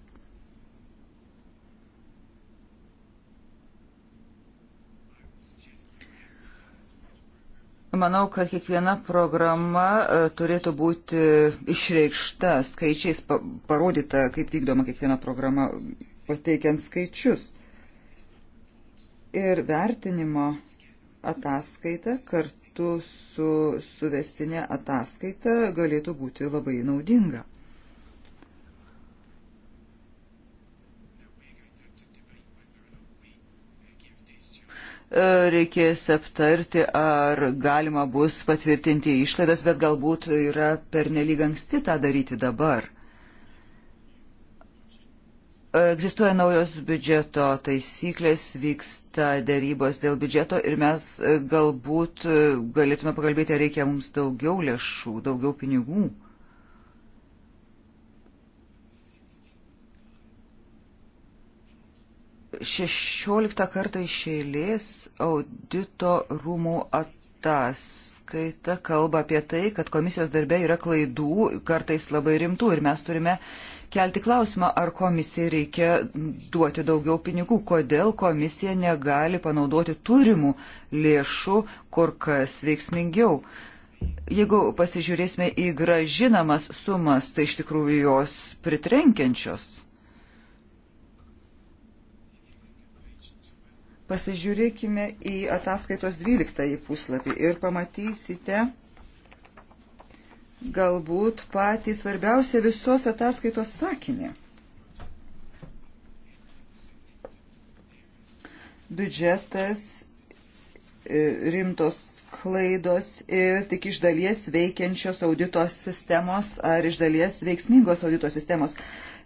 Manau, kad kiekviena programa e, turėtų būti išreikšta skaičiais, parodyta, kaip vykdoma kiekviena programa, pateikiant skaičius ir vertinimo ataskaita kartu su suvestinė ataskaita galėtų būti labai naudinga. E, reikės aptarti, ar galima bus patvirtinti išlaidas, bet galbūt yra pernelyg anksti tą daryti dabar. Egzistuoja naujos biudžeto taisyklės, vyksta dėrybos dėl biudžeto ir mes e, galbūt e, galėtume pakalbėti, ar reikia mums daugiau lėšų, daugiau pinigų. Šešioliktą kartą iš eilės audito rūmų ataskaita kalba apie tai, kad komisijos darbė yra klaidų, kartais labai rimtų ir mes turime uh, kelti klausimą, ar komisijai reikia duoti daugiau pinigų, kodėl komisija negali panaudoti turimų lėšų kur kas veiksmingiau. Jeigu pasižiūrėsime į gražinamas sumas, tai iš tikrųjų jos pritrenkiančios. Pasižiūrėkime į ataskaitos 12 puslapį ir pamatysite galbūt patį svarbiausią visos ataskaitos sakinį. Biudžetas, e, rimtos klaidos ir tik iš dalies veikiančios audito sistemos ar iš dalies veiksmingos audito sistemos.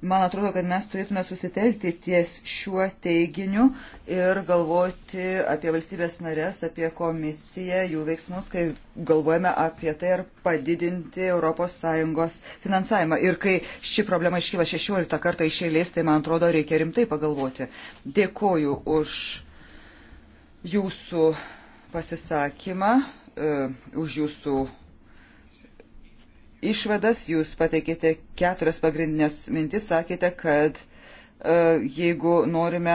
Man atrodo, kad mes turėtume susitelti ties šiuo teiginiu ir galvoti apie valstybės narės, apie komisiją, jų veiksmus, kai galvojame apie tai, ar padidinti ES finansavimą. Ir kai ši problema iškyla 16 kartą iš eilės, tai man atrodo, reikia rimtai pagalvoti. Dėkoju už jūsų pasisakymą, e, už jūsų išvadas, jūs pateikėte keturias pagrindinės mintis, sakėte, kad e, jeigu norime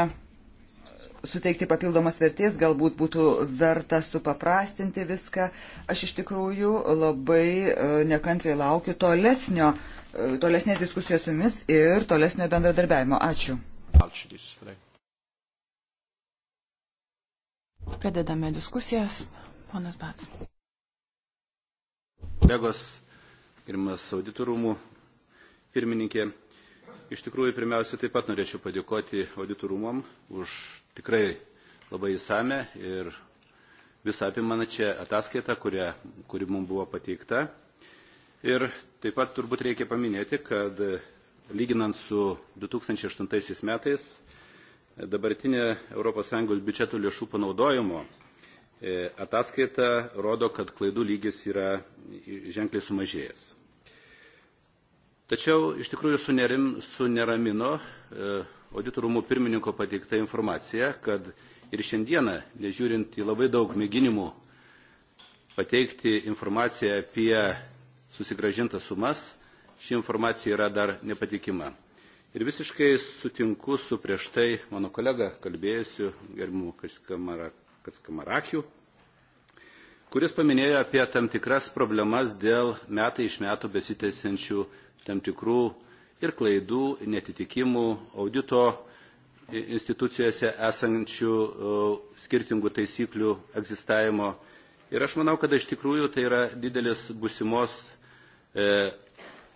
suteikti papildomas vertės, galbūt būtų verta supaprastinti viską. Aš iš tikrųjų labai e, nekantriai laukiu tolesnio, e, tolesnės diskusijos su jumis ir tolesnio bendradarbiavimo. Ačiū. Pradedame diskusijas. Ponas Bats. Kolegos, gerimas auditorumų pirmininkė. Iš tikrųjų, pirmiausia, taip pat norėčiau padėkoti auditorumam už tikrai labai įsame ir visą apimančią ataskaitą, kurią, kuri mums buvo pateikta. Ir taip pat turbūt reikia paminėti, kad lyginant su 2008 metais dabartinė ES biudžeto lėšų panaudojimo e, ataskaita rodo, kad klaidų lygis yra ženkliai sumažėjęs. Tačiau iš tikrųjų sunerim, suneramino e, auditorumų pirmininko pateikta informacija, kad ir šiandieną, nežiūrint į labai daug mėginimų pateikti informaciją apie susigražintas sumas, ši informacija yra dar nepatikima. Ir visiškai sutinku su prieš tai mano kolega kalbėjusiu gerbimu Kaskamarakiju, kuris paminėjo apie tam tikras problemas dėl metai iš metų besitėsiančių tam tikrų ir klaidų, netitikimų audito institucijose esančių skirtingų taisyklių egzistavimo. Ir aš manau, kad iš tikrųjų tai yra didelis busimos e,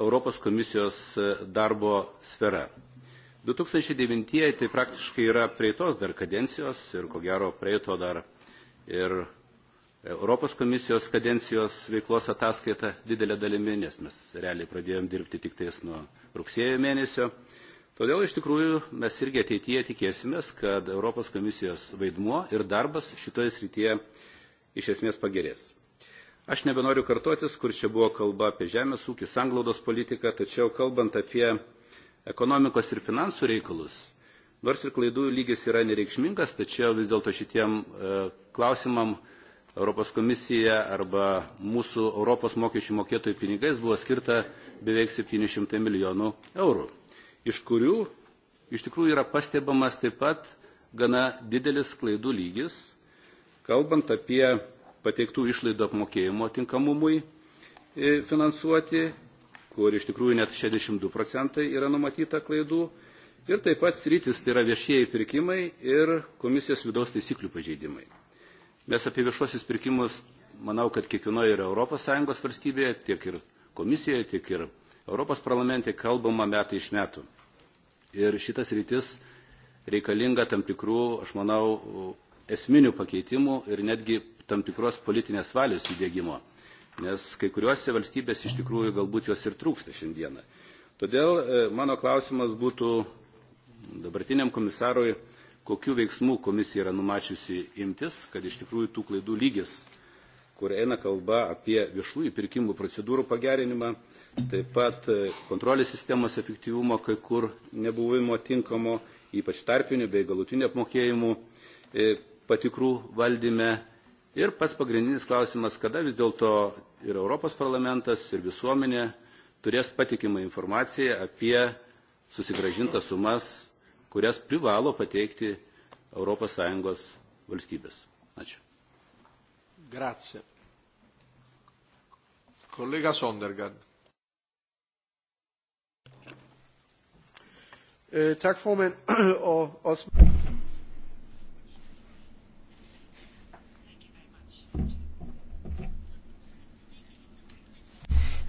Europos komisijos e, darbo sfera. 2009 tai praktiškai yra prieitos dar kadencijos ir ko gero prieito dar ir Europos komisijos kadencijos veiklos ataskaita didelė dalimi, nes mes realiai pradėjom dirbti tik tais nuo rugsėjo mėnesio. Todėl iš tikrųjų mes irgi ateityje tikėsimės, kad Europos komisijos vaidmuo ir darbas šitoje srityje iš esmės pagerės. Aš nebenoriu kartotis, kur čia buvo kalba apie žemės ūkį, sanglaudos politiką, tačiau kalbant apie ekonomikos ir finansų reikalus, nors ir klaidų lygis yra nereikšmingas, tačiau vis dėlto šitiem e, klausimam Europos komisija arba mūsų Europos mokesčių mokėtojų pinigais buvo skirta beveik 700 milijonų eurų, iš kurių iš tikrųjų yra pastebamas taip pat gana didelis klaidų lygis, kalbant apie pateiktų išlaidų apmokėjimo tinkamumui e, finansuoti, kur iš tikrųjų net 62 procentai yra numatyta klaidų. Ir taip pat sritis tai yra viešieji pirkimai ir komisijos vidaus taisyklių pažeidimai. Mes apie viešuosius pirkimus, manau, kad kiekvienoje ir ES valstybėje, tiek ir komisijoje, tiek ir Europos parlamente kalbama metai iš metų. Ir šitas rytis reikalinga tam tikrų, aš manau, esminių pakeitimų ir netgi tam tikros politinės valios įdėgymo. Nes kai kuriuose valstybės iš tikrųjų galbūt jos ir trūksta šiandieną. Todėl e, mano klausimas būtų dabartiniam komisarui kokiu veiksmu komisija yra numačiusi imtis, kad iš tikrųjų tų klaidų lygis, kur eina kalba apie viešųjų pirkimų procedūrų pagerinimą, taip pat e, kontrolės sistemos efektyvumo, kai kur nebuvimo tinkamo, ypač tarpinių bei galutinių apmokėjimų e, patikrų valdyme. Ir pats pagrindinis klausimas, kada vis dėlto ir Europos parlamentas, ir visuomenė turės patikimą informaciją apie susigražintas sumas kurias privalo pateikti ES valstybės. Ačiū. Grazie. Collega Sondergaard. Øh, tak formand, og også...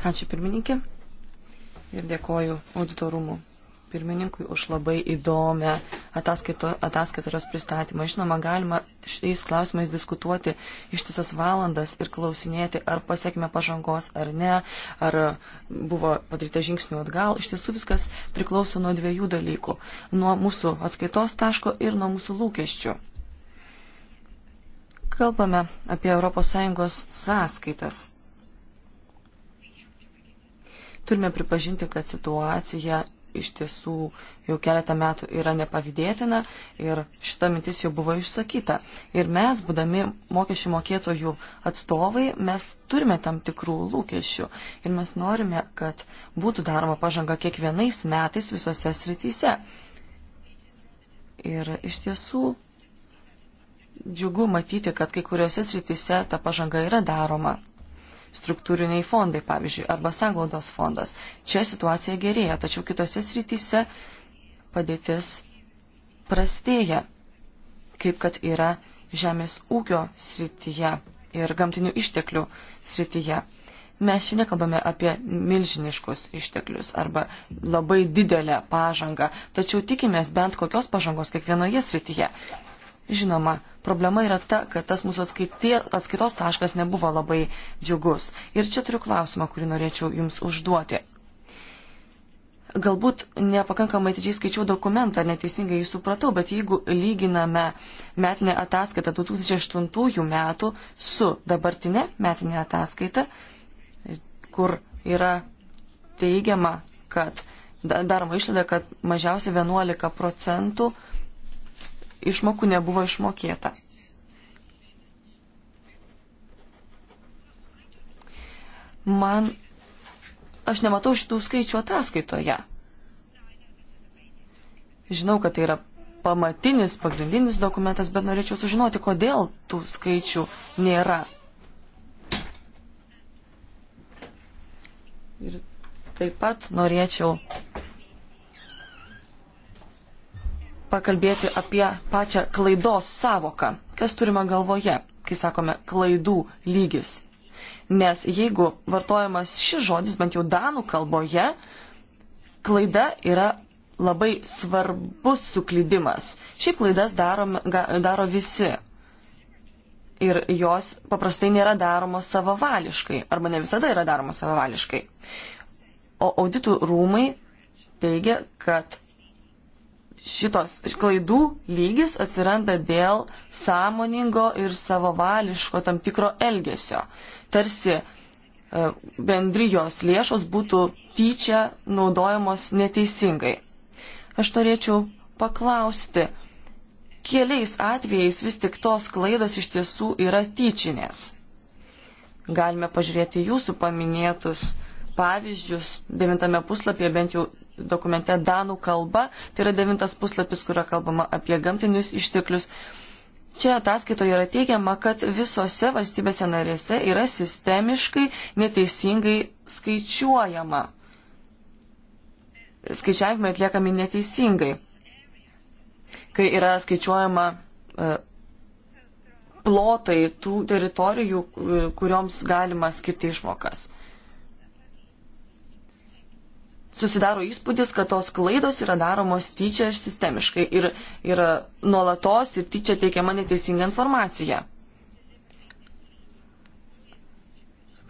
Ačiū pirmininkė ir dėkoju auditorumų pirmininkui už labai įdomią ataskaitos pristatymą. Žinoma, galima šiais klausimais diskutuoti ištisas valandas ir klausinėti, ar pasiekime pažangos ar ne, ar buvo padaryta žingsnių atgal. Iš tiesų viskas priklauso nuo dviejų dalykų - nuo mūsų atskaitos taško ir nuo mūsų lūkesčių. Kalbame apie ES sąskaitas turime pripažinti, kad situacija iš tiesų jau keletą metų yra nepavydėtina ir šita mintis jau buvo išsakyta. Ir mes, būdami mokesčių mokėtojų atstovai, mes turime tam tikrų lūkesčių ir mes norime, kad būtų daroma pažanga kiekvienais metais visose srityse. Ir iš tiesų džiugu matyti, kad kai kuriuose srityse ta pažanga yra daroma struktūriniai fondai, pavyzdžiui, arba sanglaudos fondas. Čia situacija gerėja, tačiau kitose srityse padėtis prastėja, kaip kad yra žemės ūkio srityje ir gamtinių išteklių srityje. Mes šiandien kalbame apie milžiniškus išteklius arba labai didelę pažangą, tačiau tikimės bent kokios pažangos kiekvienoje srityje. Žinoma, problema yra ta, kad tas mūsų atskaitie, atskaitos taškas nebuvo labai džiugus. Ir čia turiu klausimą, kurį norėčiau Jums užduoti. Galbūt nepakankamai atidžiai skaičiau dokumentą, neteisingai jį supratau, bet jeigu lyginame metinę ataskaitą 2008 metų su dabartinė metinė ataskaita, kur yra teigiama, kad daroma išlada, kad mažiausiai 11 procentų uh, išmokų nebuvo išmokėta. Man aš nematau šitų skaičių ataskaitoje. Žinau, kad tai yra pamatinis, pagrindinis dokumentas, bet norėčiau sužinoti, kodėl tų skaičių nėra. Ir taip pat norėčiau pakalbėti apie pačią klaidos savoką. Kas turima galvoje, kai sakome klaidų lygis? Nes jeigu vartojamas šis žodis, bent jau danų kalboje, klaida yra labai svarbus suklydimas. Šiaip klaidas darom, ga, daro visi. Ir jos paprastai nėra daromos savavališkai, arba ne visada yra daromos savavališkai. O auditų rūmai teigia, kad šitos klaidų lygis atsiranda dėl sąmoningo ir savavališko tam tikro elgesio. Tarsi e, bendrijos lėšos būtų tyčia naudojamos neteisingai. Aš norėčiau paklausti, keliais atvejais vis tik tos klaidos iš tiesų yra tyčinės. Galime pažiūrėti jūsų paminėtus pavyzdžius devintame puslapyje, bent jau dokumente Danų kalba, tai yra devintas puslapis, kurio kalbama apie gamtinius išteklius. Čia ataskaitoje yra teigiama, kad visose valstybėse narėse yra sistemiškai neteisingai skaičiuojama. Skaičiavimai atliekami neteisingai. Kai yra skaičiuojama e, plotai tų teritorijų, e, kurioms galima skirti išmokas susidaro įspūdis, kad tos klaidos yra daromos tyčia ir sistemiškai ir yra nuolatos ir tyčia teikiama neteisinga informacija.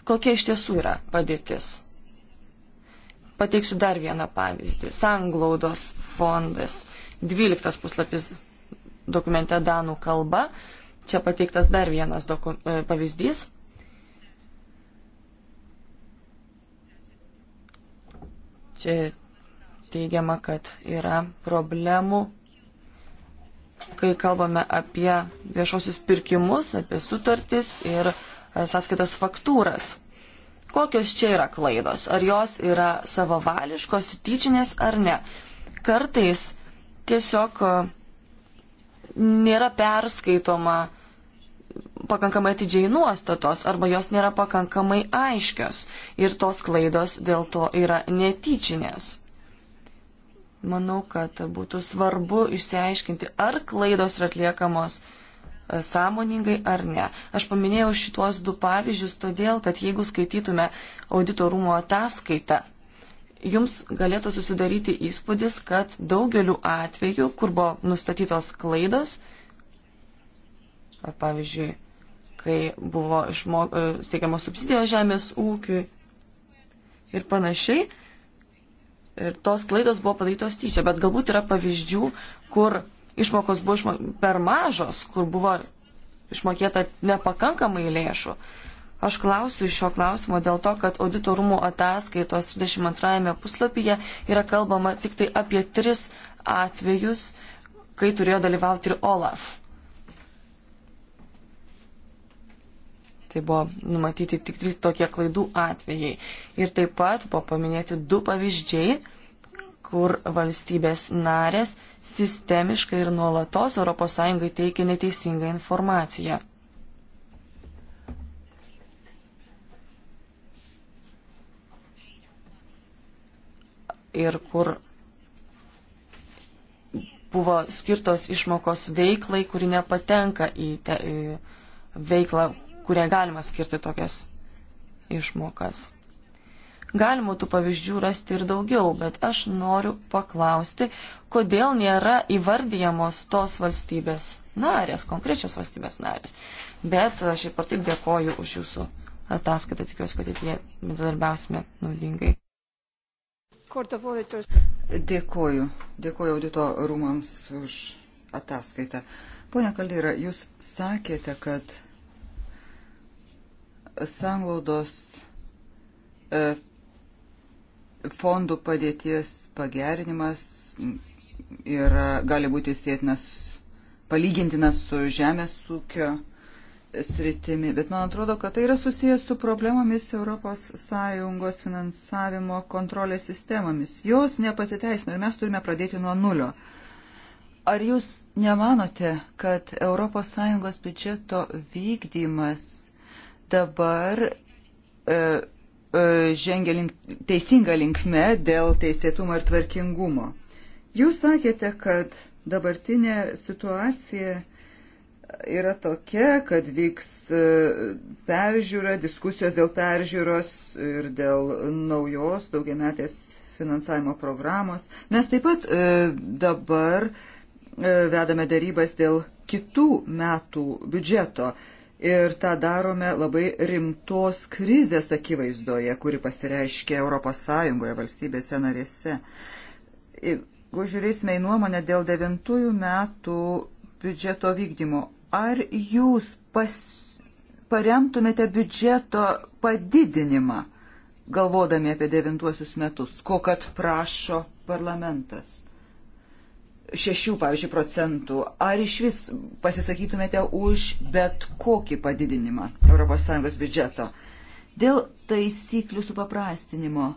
Kokia iš tiesų yra padėtis? Pateiksiu dar vieną pavyzdį. Sanglaudos fondas. 12 puslapis dokumente Danų kalba. Čia pateiktas dar vienas e, pavyzdys. Čia teigiama, kad yra problemų, kai kalbame apie viešosius pirkimus, apie sutartis ir e, sąskaitas faktūras. Kokios čia yra klaidos? Ar jos yra savavališkos, tyčinės ar ne? Kartais tiesiog e, nėra perskaitoma uh, pakankamai atidžiai nuostatos arba jos nėra pakankamai aiškios ir tos klaidos dėl to yra netyčinės. Manau, kad būtų svarbu išsiaiškinti, ar klaidos yra atliekamos e, sąmoningai ar ne. Aš paminėjau šituos du pavyzdžius todėl, kad jeigu skaitytume auditorumo ataskaitą, jums galėtų susidaryti įspūdis, kad daugeliu atveju, kur buvo nustatytos klaidos, Pavyzdžiui, kai buvo išmok... E, steigiamos subsidijos žemės ūkiui ir panašiai. Ir tos klaidos buvo padarytos tyčia, bet galbūt yra pavyzdžių, kur išmokos buvo išmok... per mažos, kur buvo išmokėta nepakankamai lėšų. Aš klausiu šio klausimo dėl to, kad auditorumų ataskaitos 32 puslapyje yra kalbama tik tai apie tris atvejus, kai turėjo dalyvauti ir Olaf. Tai buvo numatyti tik trys tokie klaidų atvejai. Ir taip pat buvo paminėti du pavyzdžiai, kur valstybės narės sistemiškai ir nuolatos ES teikia neteisingą informaciją. Ir kur buvo skirtos išmokos veiklai, kuri nepatenka į, te, į veiklą, kurie galima skirti tokias išmokas. Galima tų pavyzdžių rasti ir daugiau, bet aš noriu paklausti, kodėl nėra įvardyjamos tos valstybės narės, konkrečios valstybės narės. Bet aš ir taip dėkoju už jūsų ataskaitą, tikiuosi, kad ateityje bendradarbiausime naudingai. Dėkoju. Dėkoju audito rūmams už ataskaitą. Pone Kaldyra, jūs sakėte, kad sanglaudos e, fondų padėties pagerinimas yra, gali būti sėtinas, palygintinas su žemės ūkio sritimi, bet man atrodo, kad tai yra susijęs su problemomis ES finansavimo kontrolės sistemomis. Jos nepasiteisino ir mes turime pradėti nuo nulio. Ar jūs nemanote, kad ES biudžeto vykdymas dabar e, e, žengia link, teisinga linkme dėl teisėtumo ir tvarkingumo. Jūs sakėte, kad dabartinė situacija yra tokia, kad vyks e, peržiūra, diskusijos dėl peržiūros ir dėl naujos daugiametės finansavimo programos. Mes taip pat dabar vedame darybas dėl kitų metų biudžeto ir tą darome labai rimtos krizės akivaizdoje, kuri pasireiškia ES valstybėse narėse. Jeigu žiūrėsime į nuomonę dėl devintųjų metų biudžeto vykdymo, ar jūs pas, paremtumėte biudžeto padidinimą, galvodami apie devintuosius metus, ko kad prašo parlamentas? 6, pavyzdžiui, procentų, ar iš vis pasisakytumėte už bet kokį padidinimą ES biudžeto? Dėl taisyklių supaprastinimo. E,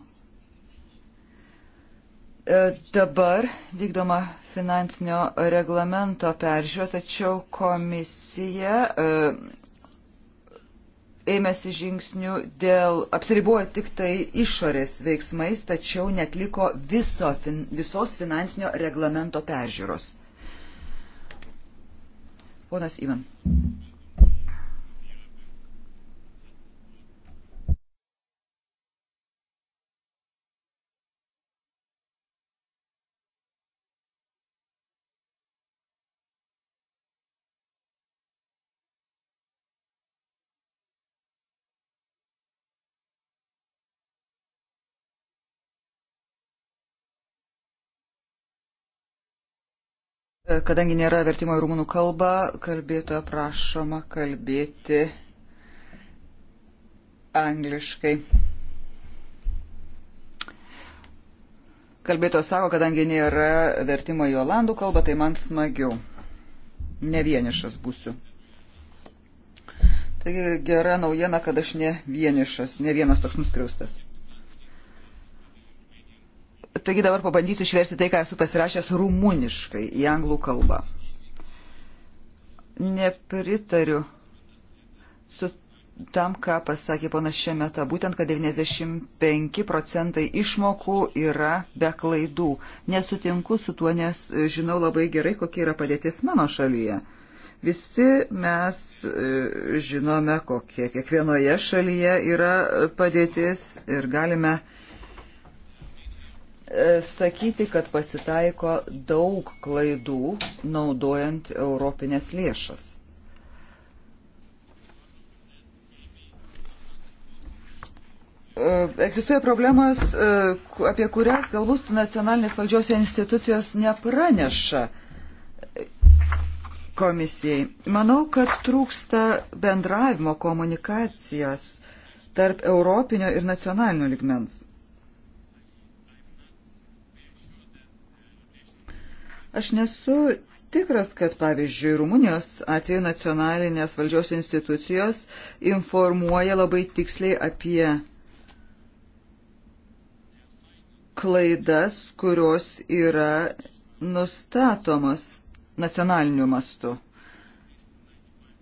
dabar vykdoma finansinio reglamento peržiūra, tačiau komisija e, ėmėsi žingsnių dėl, apsiribuoja tik tai išorės veiksmais, tačiau netliko viso, fin, visos finansinio reglamento peržiūros. Ponas Ivan. Kadangi nėra vertimo į rumunų kalbą, kalbėtoja prašoma kalbėti angliškai. Kalbėto sako, kadangi nėra vertimo į olandų kalbą, tai man smagiau. Ne vienišas būsiu. Taigi gera naujiena, kad aš ne vienišas, ne vienas toks nuskriaustas. Taigi dabar pabandysiu išversti tai, ką esu pasirašęs rumuniškai į anglų kalbą. Nepritariu su tam, ką pasakė ponas Šemeta, būtent, kad 95 procentai išmokų yra be klaidų. Nesutinku su tuo, nes žinau labai gerai, kokia yra padėtis mano šalyje. Visi mes e, žinome, kokie kiekvienoje šalyje yra padėtis ir galime uh, E, sakyti, kad pasitaiko daug klaidų naudojant europinės lėšas. E, egzistuoja problemas, e, apie kurias galbūt nacionalinės valdžios institucijos nepraneša komisijai. Manau, kad trūksta bendravimo komunikacijos tarp europinio ir nacionalinio ligmens. Aš nesu tikras, kad pavyzdžiui Rumunijos atveju nacionalinės valdžios institucijos informuoja labai tiksliai apie klaidas, kurios yra nustatomos nacionaliniu mastu.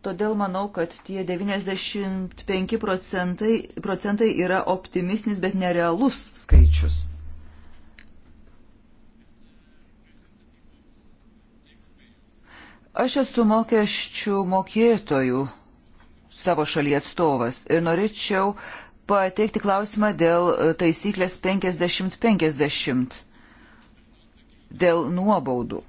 Todėl manau, kad tie 95 procentai, procentai yra optimistinis, bet nerealus skaičius. Aš esu mokesčių mokėtojų savo šalyje atstovas ir norėčiau pateikti klausimą dėl e, taisyklės 50-50, dėl nuobaudų.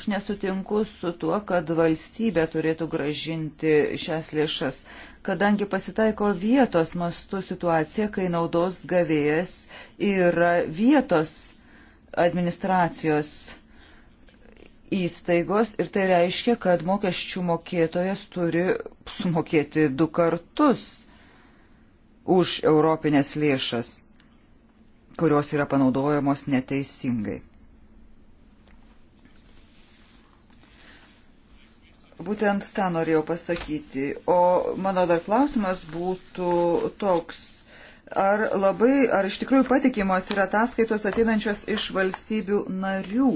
Aš nesutinku su tuo, kad valstybė turėtų gražinti šias lėšas, kadangi pasitaiko vietos mastų situacija, kai naudos gavėjas yra vietos administracijos įstaigos ir tai reiškia, kad mokesčių mokėtojas turi sumokėti du kartus už europinės lėšas, kurios yra panaudojamos neteisingai. Būtent tą norėjau pasakyti. O mano dar klausimas būtų toks. Ar labai, ar iš tikrųjų patikimos yra ataskaitos ateinančios iš valstybių narių?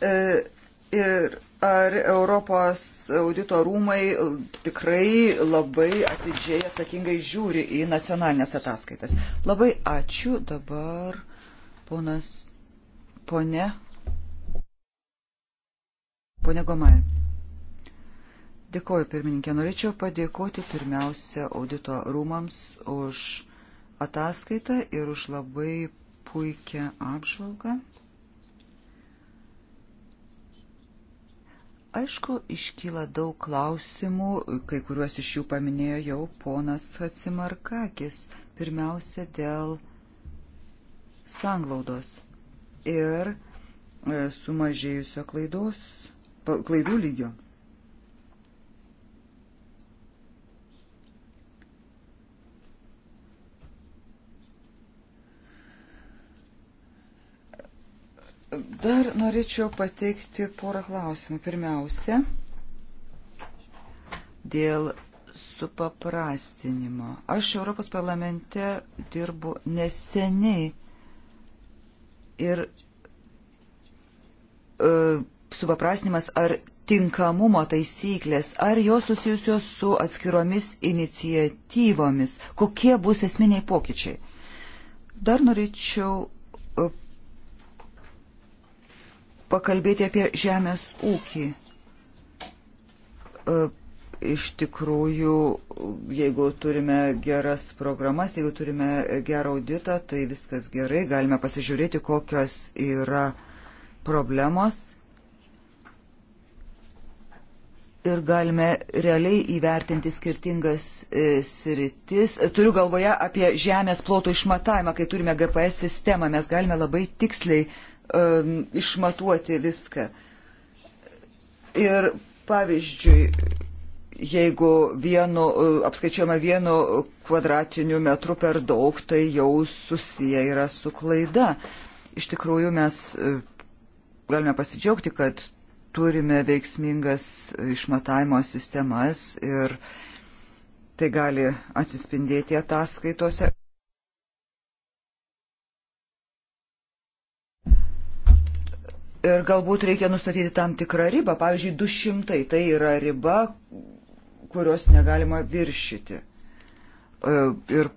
E, ir ar Europos audito rūmai tikrai labai atidžiai atsakingai žiūri į nacionalinės ataskaitas. Labai ačiū dabar, ponas, ponė, ponė Gomal. Dėkoju, pirmininkė. Norėčiau padėkoti pirmiausia audito rūmams už ataskaitą ir už labai puikią apžvalgą. Aišku, iškyla daug klausimų, kai kuriuos iš jų paminėjo jau ponas Hatsimarkakis, pirmiausia dėl sanglaudos ir e, sumažėjusio klaidos, klaidų lygio. Dar norėčiau pateikti porą klausimų. Pirmiausia, dėl supaprastinimo. Aš Europos parlamente dirbu neseniai ir e, supaprastinimas ar tinkamumo taisyklės, ar jos susijusios su atskiromis inicijatyvomis, kokie bus esminiai pokyčiai. Dar norėčiau e, pakalbėti apie žemės ūkį. E, iš tikrųjų, jeigu turime geras programas, jeigu turime gerą auditą, tai viskas gerai, galime pasižiūrėti, kokios yra problemos ir galime realiai įvertinti skirtingas e, sritis. Turiu galvoje apie žemės plotų išmatavimą, kai turime GPS sistemą, mes galime labai tiksliai um, išmatuoti viską. Ir pavyzdžiui, jeigu vienu, uh, apskaičiuojama vienu kvadratiniu metru per daug, tai jau susiję yra su klaida. Iš tikrųjų, mes uh, galime pasidžiaugti, kad turime veiksmingas išmatavimo sistemas ir tai gali atsispindėti ataskaitose. Ir galbūt reikia nustatyti tam tikrą ribą, pavyzdžiui, 200 tai yra riba, kurios negalima viršyti. E, ir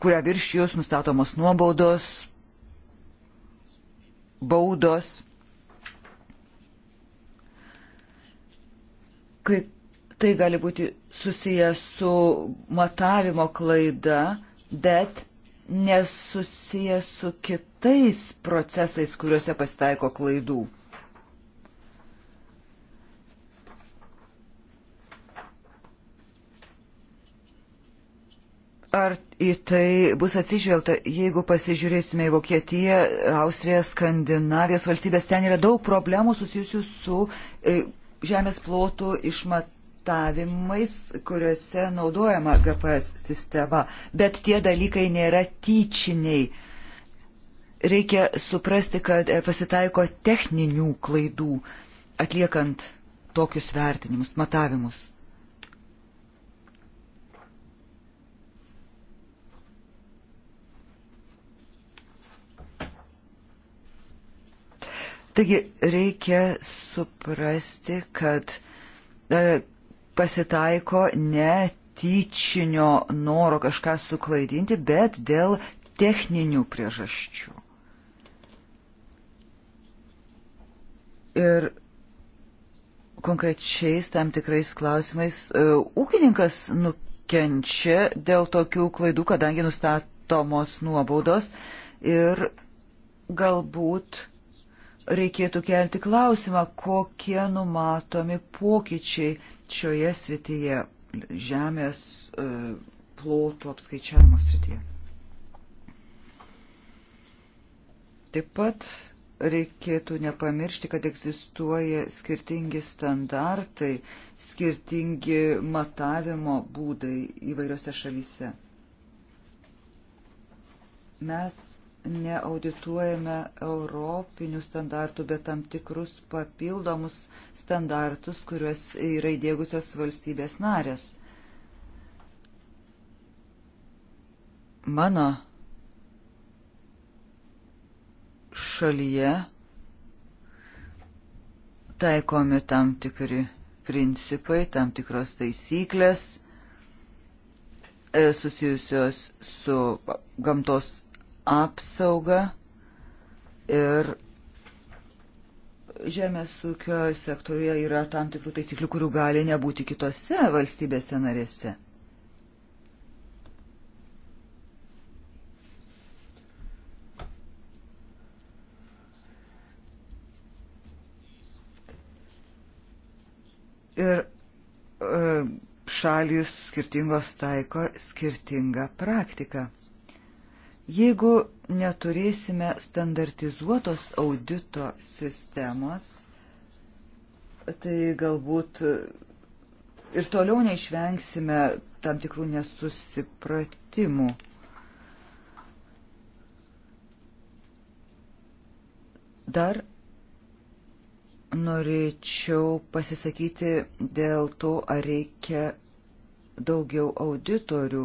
kurią viršijus nustatomos nuobaudos, baudos. Kai tai gali būti susijęs su matavimo klaida, bet nesusijęs su kitu tais procesais, kuriuose pasitaiko klaidų. Ar į tai bus atsižvelgta, jeigu pasižiūrėsime į Vokietiją, Austriją, Skandinavijos valstybės, ten yra daug problemų susijusių su e, žemės plotų išmatavimais, kuriuose naudojama GPS sistema, bet tie dalykai nėra tyčiniai reikia suprasti, kad e, pasitaiko techninių klaidų atliekant tokius vertinimus, matavimus. Taigi reikia suprasti, kad e, pasitaiko ne tyčinio noro kažką suklaidinti, bet dėl techninių priežasčių. Ir konkrečiais tam tikrais klausimais e, ūkininkas nukenčia dėl tokių klaidų, kadangi nustatomos nuobaudos ir galbūt reikėtų kelti klausimą, kokie numatomi pokyčiai šioje srityje, žemės e, plotų apskaičiavimo srityje. Taip pat reikėtų nepamiršti, kad egzistuoja skirtingi standartai, skirtingi matavimo būdai įvairiose šalyse. Mes neaudituojame europinių standartų, bet tam tikrus papildomus standartus, kuriuos yra įdėgusios valstybės narės. Mano šalyje taikomi tam tikri principai, tam tikros taisyklės e, susijusios su gamtos apsauga ir žemės ūkio sektoriuje yra tam tikrų taisyklių, kurių gali nebūti kitose valstybėse narėse. Ir e, šalis skirtingos taiko skirtingą praktiką. Jeigu neturėsime standartizuotos audito sistemos, tai galbūt ir toliau neišvengsime tam tikrų nesusipratimų. Dar norėčiau pasisakyti dėl to, ar reikia daugiau auditorių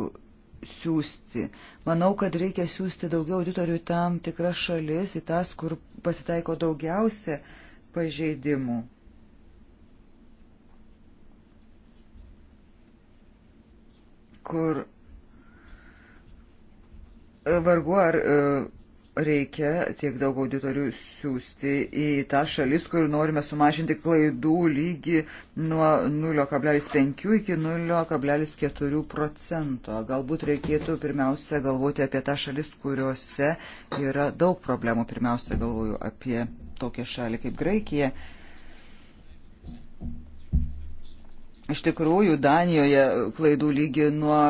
siūsti. Manau, kad reikia siūsti daugiau auditorių į tam tikras šalis, į tas, kur pasitaiko daugiausia pažeidimų. Kur vargu ar uh, reikia tiek daug auditorių siūsti į tą šalis, kur norime sumažinti klaidų lygį nuo 0,5 iki 0,4 procento. Galbūt reikėtų pirmiausia galvoti apie tą šalis, kuriuose yra daug problemų. Pirmiausia galvoju apie tokią šalį kaip Graikija. Iš tikrųjų, Danijoje klaidų lygi nuo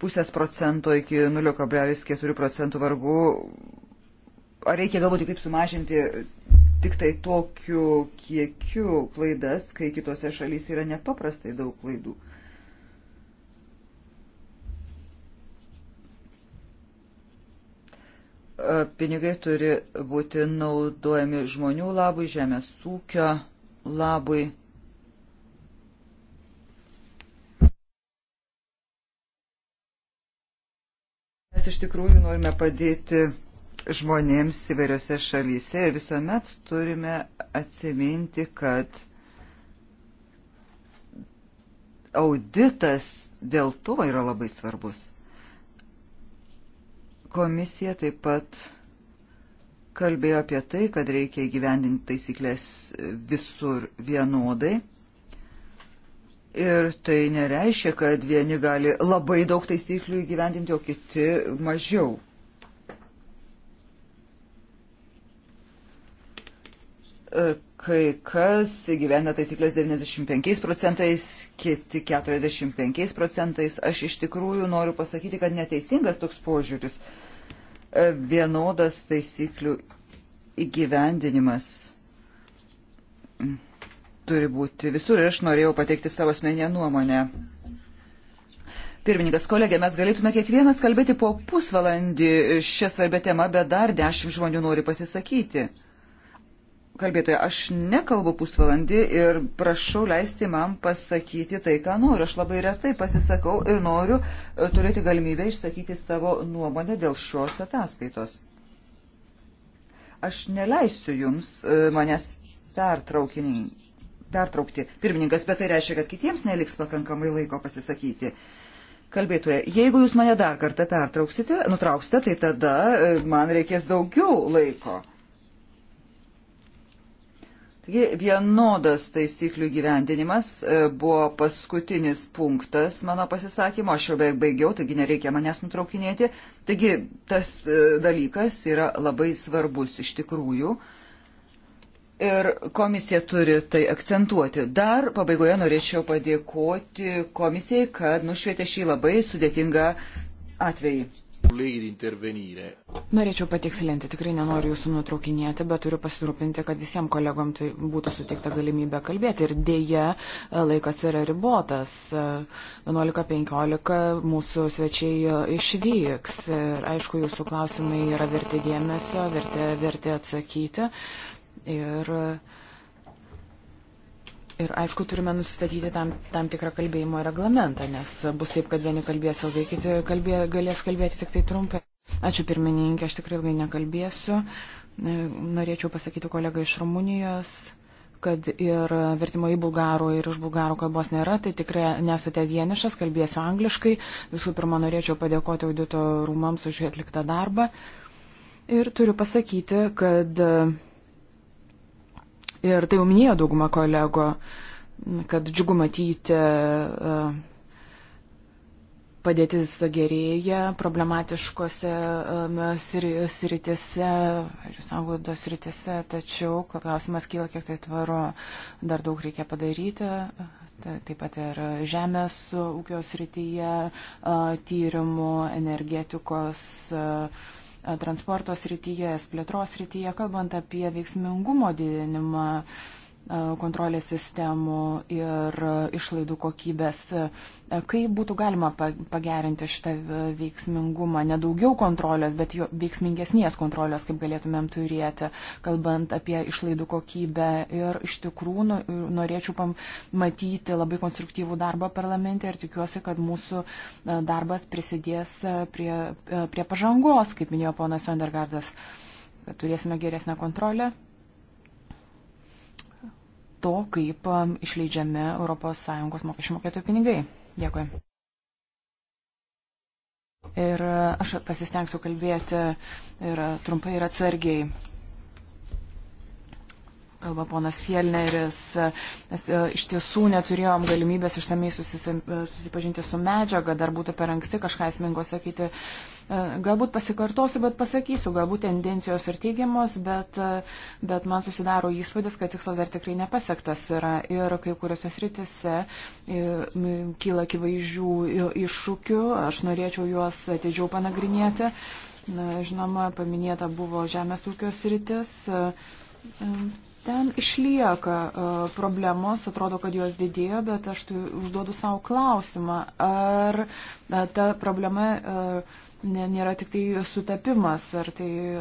pusės procento iki 0,4 procentų vargu. Ar reikia galvoti, kaip sumažinti tik tai tokiu kiekiu klaidas, kai kitose šalyse yra nepaprastai daug klaidų? E, pinigai turi būti naudojami žmonių labui, žemės ūkio labui. mes iš tikrųjų norime padėti žmonėms įvairiose šalyse ir visuomet turime atsiminti, kad auditas dėl to yra labai svarbus. Komisija taip pat kalbėjo apie tai, kad reikia įgyvendinti taisyklės visur vienodai Ir tai nereiškia, kad vieni gali labai daug taisyklių įgyvendinti, o kiti mažiau. E, kai kas įgyvena taisyklės 95 procentais, kiti 45 procentais. Aš iš tikrųjų noriu pasakyti, kad neteisingas toks požiūris. E, vienodas taisyklių įgyvendinimas. Mm turi būti visur ir aš norėjau pateikti savo asmeninę nuomonę. Pirmininkas, kolegė, mes galėtume kiekvienas kalbėti po pusvalandį šią svarbę temą, bet dar dešimt žmonių nori pasisakyti. Kalbėtoja, aš nekalbu pusvalandį ir prašau leisti man pasakyti tai, ką noriu. Aš labai retai pasisakau ir noriu e, turėti galimybę išsakyti savo nuomonę dėl šios ataskaitos. Aš neleisiu jums e, manęs pertraukiniai pertraukti pirmininkas, bet tai reiškia, kad kitiems neliks pakankamai laiko pasisakyti. Kalbėtoje, jeigu jūs mane dar kartą pertrauksite, nutrauksite, tai tada e, man reikės daugiau laiko. Taigi vienodas taisyklių gyvendinimas e, buvo paskutinis punktas mano pasisakymo, aš jau beveik baigiau, taigi nereikia manęs nutraukinėti. Taigi tas e, dalykas yra labai svarbus iš tikrųjų. Ir komisija turi tai akcentuoti. Dar pabaigoje norėčiau padėkoti komisijai, kad nušvietė šį labai sudėtingą atvejį. Norėčiau patikslinti, tikrai nenoriu jūsų nutraukinėti, bet turiu pasirūpinti, kad visiems kolegom tai būtų suteikta galimybė kalbėti. Ir dėja, laikas yra ribotas. 11.15 mūsų svečiai išvyks. Ir aišku, jūsų klausimai yra verti dėmesio, verti, verti atsakyti. Ir, ir aišku, turime nusistatyti tam, tam tikrą kalbėjimo reglamentą, nes bus taip, kad vieni kalbės ilgai, kiti kalbė, galės kalbėti tik tai trumpai. Ačiū pirmininkė, aš tikrai ilgai nekalbėsiu. Norėčiau pasakyti kolegai iš Rumunijos kad ir vertimo į bulgarų ir iš bulgarų kalbos nėra, tai tikrai nesate vienišas, kalbėsiu angliškai. Visų pirma, norėčiau padėkoti audito rūmams už atliktą darbą. Ir turiu pasakyti, kad Ir tai jau minėjo dauguma kolego, kad džiugu matyti e, padėtis gerėja problematiškose e, sritise, sanglaudos sritise, tačiau klausimas kyla, kiek tai tvaru, dar daug reikia padaryti. Taip pat ir žemės ūkio srityje, e, tyrimų, energetikos. Uh, transporto srityje, plėtros srityje, kalbant apie veiksmingumo didinimą. Uh, kontrolės sistemų ir išlaidų kokybės. Kaip būtų galima pagerinti šitą veiksmingumą, ne daugiau kontrolės, bet jo veiksmingesnės kontrolės, kaip galėtumėm turėti, kalbant apie išlaidų kokybę. Ir iš tikrųjų norėčiau matyti labai konstruktyvų darbą parlamente ir tikiuosi, kad mūsų e, darbas prisidės e, prie, e, prie pažangos, kaip minėjo ponas Sondergardas, kad turėsime geresnę kontrolę to, kaip um, išleidžiami ES mokesčių mokėtojų pinigai. Dėkui. Ir uh, aš pasistengsiu kalbėti ir uh, trumpai ir atsargiai. Kalba ponas Fielneris, uh, nes iš tiesų neturėjom galimybės išsamei susipažinti su medžiaga, dar būtų per anksti kažką esmingo sakyti. Uh, E, galbūt pasikartosiu, bet pasakysiu, galbūt tendencijos ir teigiamos, bet, e, bet man susidaro įspūdis, kad tikslas dar tikrai nepasiektas yra ir kai kuriuose sritise e, kyla akivaizdžių iššūkių, aš norėčiau juos atidžiau panagrinėti. Na, žinoma, paminėta buvo žemės ūkio sritis. Ten išlieka problemos, atrodo, kad jos didėjo, bet aš užduodu savo klausimą, ar ta problema nėra tik tai sutapimas, ar tai e,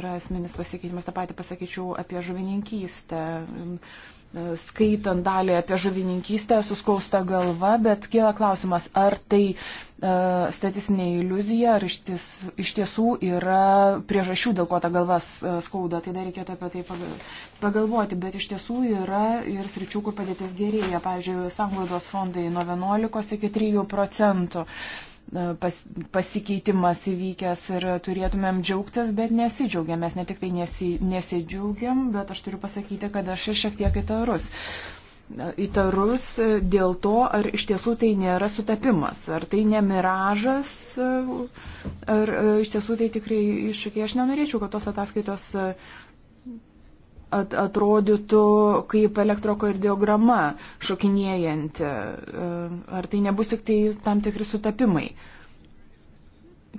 yra esminis pasikeitimas. Ta pati pasakyčiau apie žuvininkystę. E, skaitant dalį apie žuvininkystę, suskausta galva, bet kyla klausimas, ar tai e, statistinė iliuzija, ar iš, ties, iš tiesų yra priežasčių, dėl ko ta galvas skauda. Tai dar reikėtų apie tai pagalvoti, bet iš tiesų yra ir sričių, kur padėtis gerėja. Pavyzdžiui, sanglaudos fondai nuo 11 iki 3 procentų. E, pas, pasikeitimas įvykęs ir turėtumėm džiaugtis, bet nesidžiaugiam. Mes ne tik tai nesi, nesidžiaugiam, bet aš turiu pasakyti, kad aš ir šiek tiek įtarus. E, įtarus dėl to, ar iš tiesų tai nėra sutapimas, ar tai ne miražas, e, ar iš tiesų tai tikrai iššūkiai. Aš nenorėčiau, kad tos ataskaitos uh, at, atrodytų kaip elektrokardiograma šokinėjanti. E, ar tai nebus tik tai tam tikri sutapimai?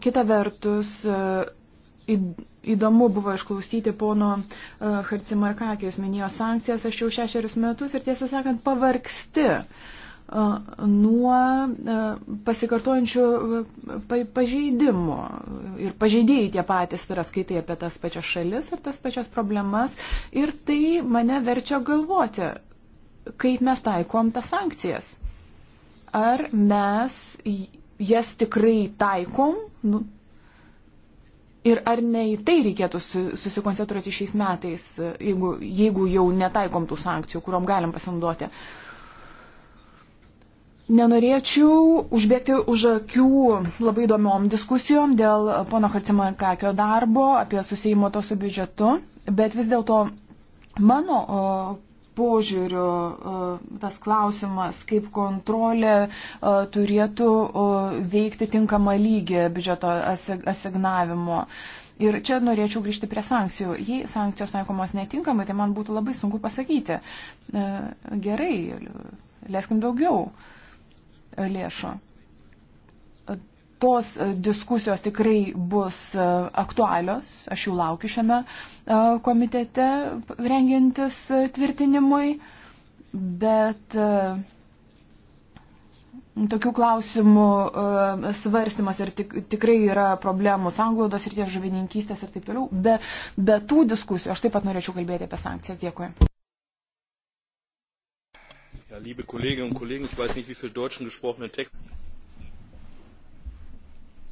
Kita vertus, e, įdomu buvo išklausyti pono e, Harcimarkakijos, minėjo sankcijas, aš jau šešerius metus ir tiesą sakant pavargsti. Uh, nuo pasikartojančių pažeidimų. Ir pažeidėjai tie patys yra skaitai apie tas pačias šalis ir tas pačias problemas. Ir tai mane verčia galvoti, kaip mes taikom tas sankcijas. Ar mes jas tikrai taikom? Nu, Ir ar ne į tai reikėtų susikoncentruoti šiais metais, jeigu, jeigu jau netaikom tų sankcijų, kuriuom galim pasinaudoti? Uh, Nenorėčiau užbėgti už akių labai įdomiom diskusijom dėl pono Harcimankakio darbo apie susijimo to su biudžetu, bet vis dėlto mano požiūriu tas klausimas, kaip kontrolė turėtų veikti tinkamą lygį biudžeto asignavimo. Ir čia norėčiau grįžti prie sankcijų. Jei sankcijos taikomos netinkamai, tai man būtų labai sunku pasakyti. E, gerai, lėskim daugiau. Uh, lėšų. Tos e, diskusijos tikrai bus e, aktualios, aš jų laukiu šiame e, komitete rengiantis tvirtinimui, bet tokių klausimų svarstymas ir tik, tikrai yra problemų sanglaudos ir tie žuvininkystės ir taip toliau. Be, be tų diskusijų aš taip pat norėčiau kalbėti apie sankcijas. Dėkui. Ja, liebe Kolleginnen und Kollegen, ich weiß nicht, wie viel deutschen gesprochenen Text.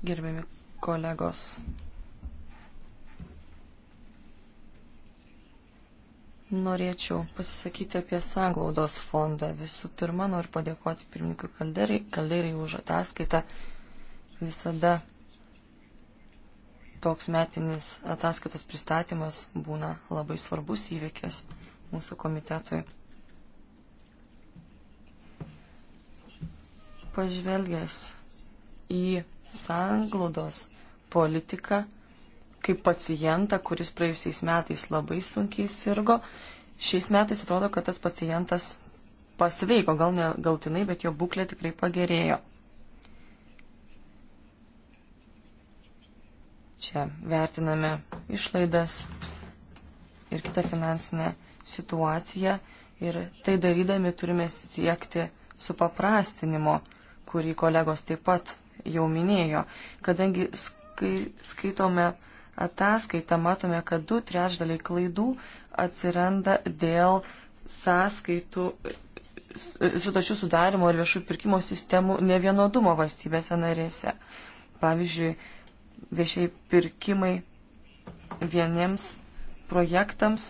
Gerbiami kolegos. Norėčiau pasisakyti apie sanglaudos fondą. Visų pirma, noriu padėkoti pirmininkui Kalderai, Kalderai už ataskaitą. Visada toks metinis ataskaitos pristatymas būna labai svarbus įvykis mūsų komitetui. pažvelgęs į sanglaudos politiką kaip pacientą, kuris praėjusiais metais labai sunkiai sirgo. Šiais metais atrodo, kad tas pacientas pasveiko, gal ne galtinai, bet jo būklė tikrai pagerėjo. Čia vertiname išlaidas ir kitą finansinę situaciją ir tai darydami turime siekti supaprastinimo. paprastinimo kurį kolegos taip pat jau minėjo. Kadangi skai, skaitome ataskaitą, matome, kad du trečdaliai klaidų atsiranda dėl sąskaitų sutačių sudarimo ir viešųjų pirkimo sistemų nevienodumo valstybėse narėse. Pavyzdžiui, viešiai pirkimai vieniems projektams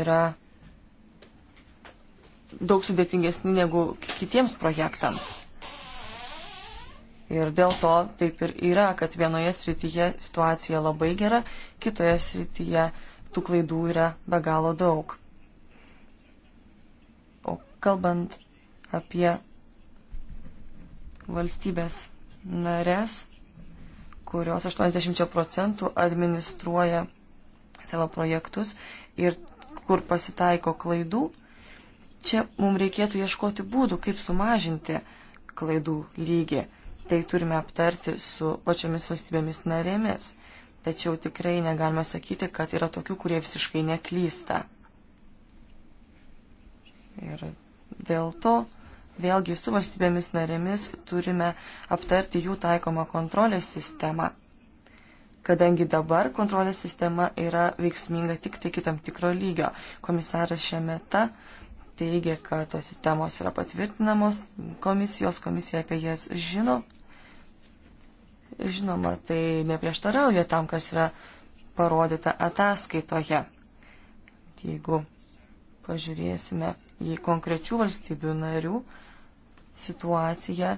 yra daug sudėtingesni negu kitiems projektams. Ir dėl to taip ir yra, kad vienoje srityje situacija labai gera, kitoje srityje tų klaidų yra be galo daug. O kalbant apie valstybės narės, kurios 80 procentų administruoja savo projektus ir kur pasitaiko klaidų, Čia mums reikėtų ieškoti būdų, kaip sumažinti klaidų lygį. Tai turime aptarti su pačiomis valstybėmis narėmis. Tačiau tikrai negalime sakyti, kad yra tokių, kurie visiškai neklysta. Ir dėl to vėlgi su valstybėmis narėmis turime aptarti jų taikomą kontrolės sistemą. Kadangi dabar kontrolės sistema yra veiksminga tik tai iki tam tikro lygio, komisaras šiame ta teigia, kad tos sistemos yra patvirtinamos komisijos, komisija apie jas žino. Žinoma, tai neprieštarauja tam, kas yra parodyta ataskaitoje. Jeigu pažiūrėsime į konkrečių valstybių narių situaciją,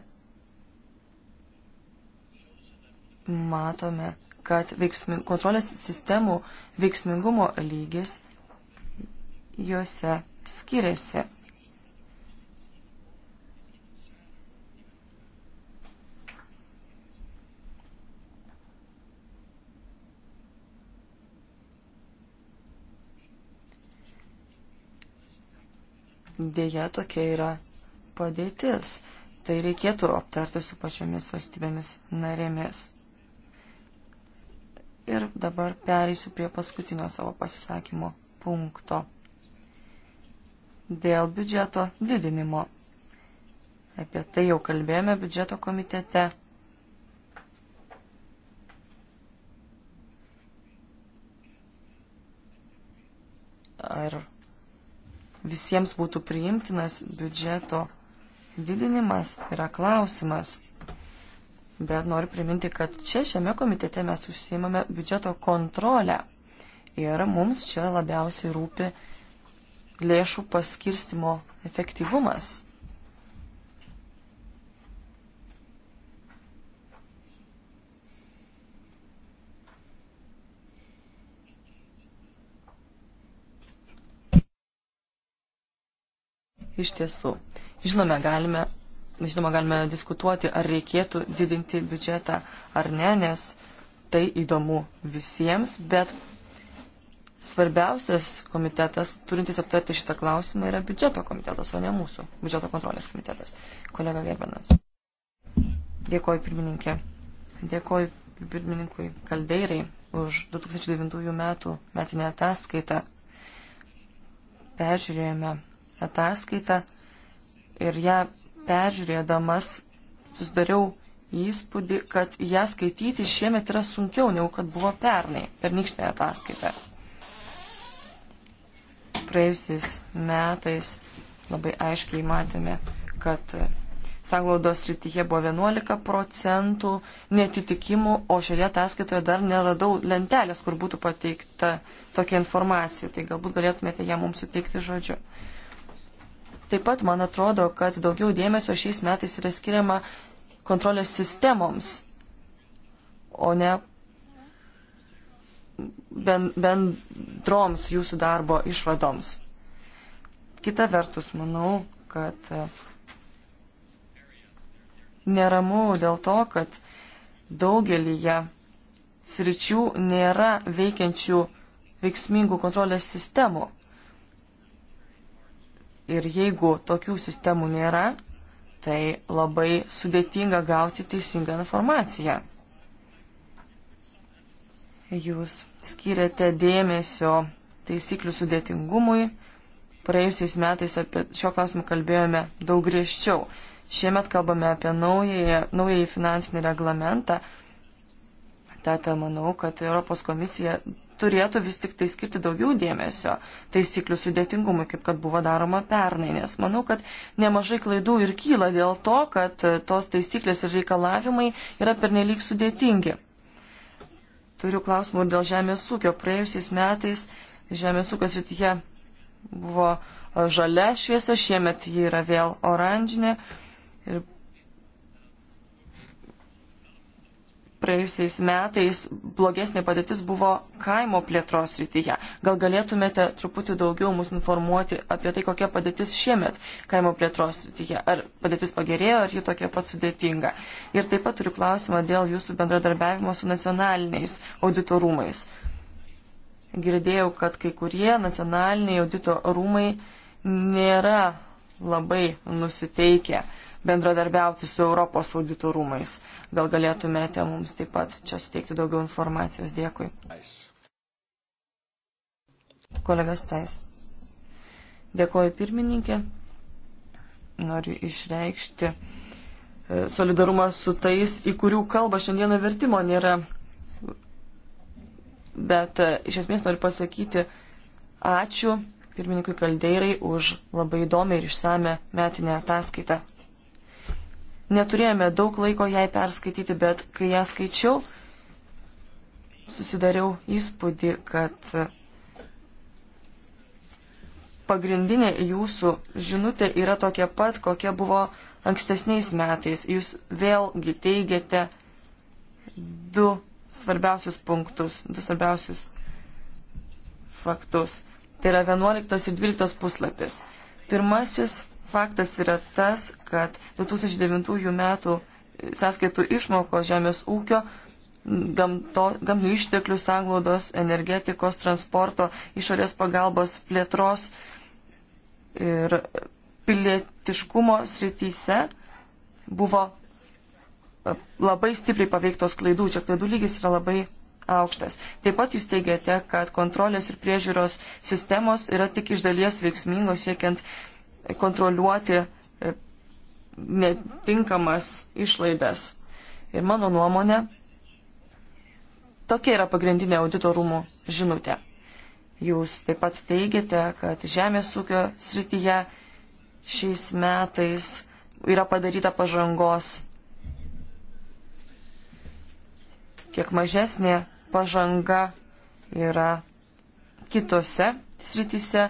matome, kad veiksming, kontrolės sistemų veiksmingumo lygis juose skiriasi. Deja, tokia yra padėtis. Tai reikėtų aptarti su pačiomis valstybėmis narėmis. Ir dabar pereisiu prie paskutinio savo pasisakymo punkto dėl biudžeto didinimo. Apie tai jau kalbėjome biudžeto komitete. Ar visiems būtų priimtinas biudžeto didinimas yra klausimas. Bet noriu priminti, kad čia šiame komitete mes užsiimame biudžeto kontrolę. Ir mums čia labiausiai rūpi lėšų paskirstimo efektyvumas. iš tiesų. Žinome, galime, žinoma, galime diskutuoti, ar reikėtų didinti biudžetą ar ne, nes tai įdomu visiems, bet svarbiausias komitetas, turintis aptarti šitą klausimą, yra biudžeto komitetas, o ne mūsų, biudžeto kontrolės komitetas. Kolega Gerbenas. Dėkoju pirmininkė. Dėkoju pirmininkui Kaldeirai už 2009 metų metinę ataskaitą. Peržiūrėjome ataskaitą ir ją peržiūrėdamas susidariau įspūdį, kad ją skaityti šiemet yra sunkiau negu kad buvo pernai, pernykštė ataskaita praėjusiais metais labai aiškiai matėme, kad sanglaudos srityje buvo 11 procentų netitikimų, o šioje ataskaitoje dar neradau lentelės, kur būtų pateikta tokia informacija. Tai galbūt galėtumėte ją mums suteikti žodžiu. Taip pat man atrodo, kad daugiau dėmesio šiais metais yra skiriama kontrolės sistemoms, o ne bendroms jūsų darbo išvadoms. Kita vertus, manau, kad e, neramu dėl to, kad daugelįje sričių nėra veikiančių veiksmingų kontrolės sistemų. Ir jeigu tokių sistemų nėra, tai labai sudėtinga gauti teisingą informaciją. Jūs skiriate dėmesio taisyklių sudėtingumui. Praėjusiais metais apie šio klausimą kalbėjome daug griežčiau. Šiemet kalbame apie naująjį, naująjį finansinį reglamentą. Tad manau, kad Europos komisija turėtų vis tik tai skirti daugiau dėmesio taisyklių sudėtingumui, kaip kad buvo daroma pernai, nes manau, kad nemažai klaidų ir kyla dėl to, kad tos taisyklės ir reikalavimai yra pernelyg sudėtingi. Turiu klausimų ir dėl žemės ūkio. Praėjusiais metais žemės ūkio srityje buvo žalia šviesa, šiemet ji yra vėl oranžinė. praėjusiais metais blogesnė padėtis buvo kaimo plėtros rytyje. Gal galėtumėte truputį daugiau mus informuoti apie tai, kokia padėtis šiemet kaimo plėtros rytyje. Ar padėtis pagerėjo, ar ji tokia pat sudėtinga. Ir taip pat turiu klausimą dėl jūsų bendradarbiavimo su nacionaliniais auditorumais. Girdėjau, kad kai kurie nacionaliniai audito rūmai nėra labai nusiteikę uh, bendradarbiauti su Europos audito rūmais. Gal galėtumėte mums taip pat čia suteikti daugiau informacijos. Dėkui. Kolegas Tais. Dėkoju pirmininkė. Noriu išreikšti e, solidarumą su tais, į kurių kalbą šiandieną vertimo nėra. Bet e, iš esmės noriu pasakyti ačiū pirmininkui Kaldeirai už labai įdomią ir išsame metinę ataskaitą neturėjome daug laiko jai perskaityti, bet kai ją skaičiau, susidariau įspūdį, kad pagrindinė jūsų žinutė yra tokia pat, kokia buvo ankstesniais metais. Jūs vėlgi teigiate du svarbiausius punktus, du svarbiausius faktus. Tai yra 11 ir 12 puslapis. Pirmasis Faktas yra tas, kad 2009 metų sąskaitų išmokos žemės ūkio gamto, gamtinių išteklių, sanglaudos, energetikos, transporto, išorės pagalbos, plėtros ir pilietiškumo srityse buvo labai stipriai paveiktos klaidų. Čia klaidų lygis yra labai aukštas. Taip pat jūs teigiate, kad kontrolės ir priežiūros sistemos yra tik iš dalies veiksmingos siekiant kontroliuoti e, netinkamas išlaidas. Ir mano nuomonė, tokia yra pagrindinė auditorumų žinutė. Jūs taip pat teigiate, kad žemės ūkio srityje šiais metais yra padaryta pažangos kiek mažesnė pažanga yra kitose srityse,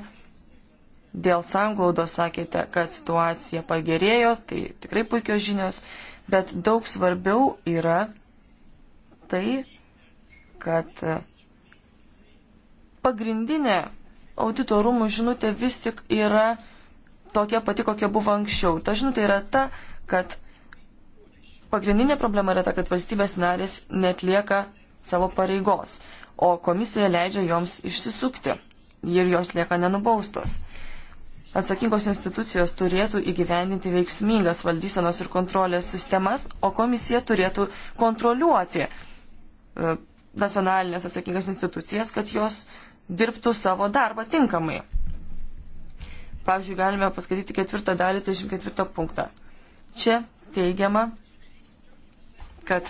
Dėl sanglaudos sakėte, kad situacija pagerėjo, tai tikrai puikios žinios, bet daug svarbiau yra tai, kad pagrindinė audito rūmų žinutė vis tik yra tokia pati, kokia buvo anksčiau. Ta žinutė yra ta, kad pagrindinė problema yra ta, kad valstybės narės netlieka savo pareigos, o komisija leidžia joms išsisukti ir jos lieka nenubaustos. Atsakingos institucijos turėtų įgyvendinti veiksmingas valdysenos ir kontrolės sistemas, o komisija turėtų kontroliuoti e, nacionalinės atsakingas institucijas, kad jos dirbtų savo darbą tinkamai. Pavyzdžiui, galime paskaityti ketvirtą dalį, 34 punktą. Čia teigiama, kad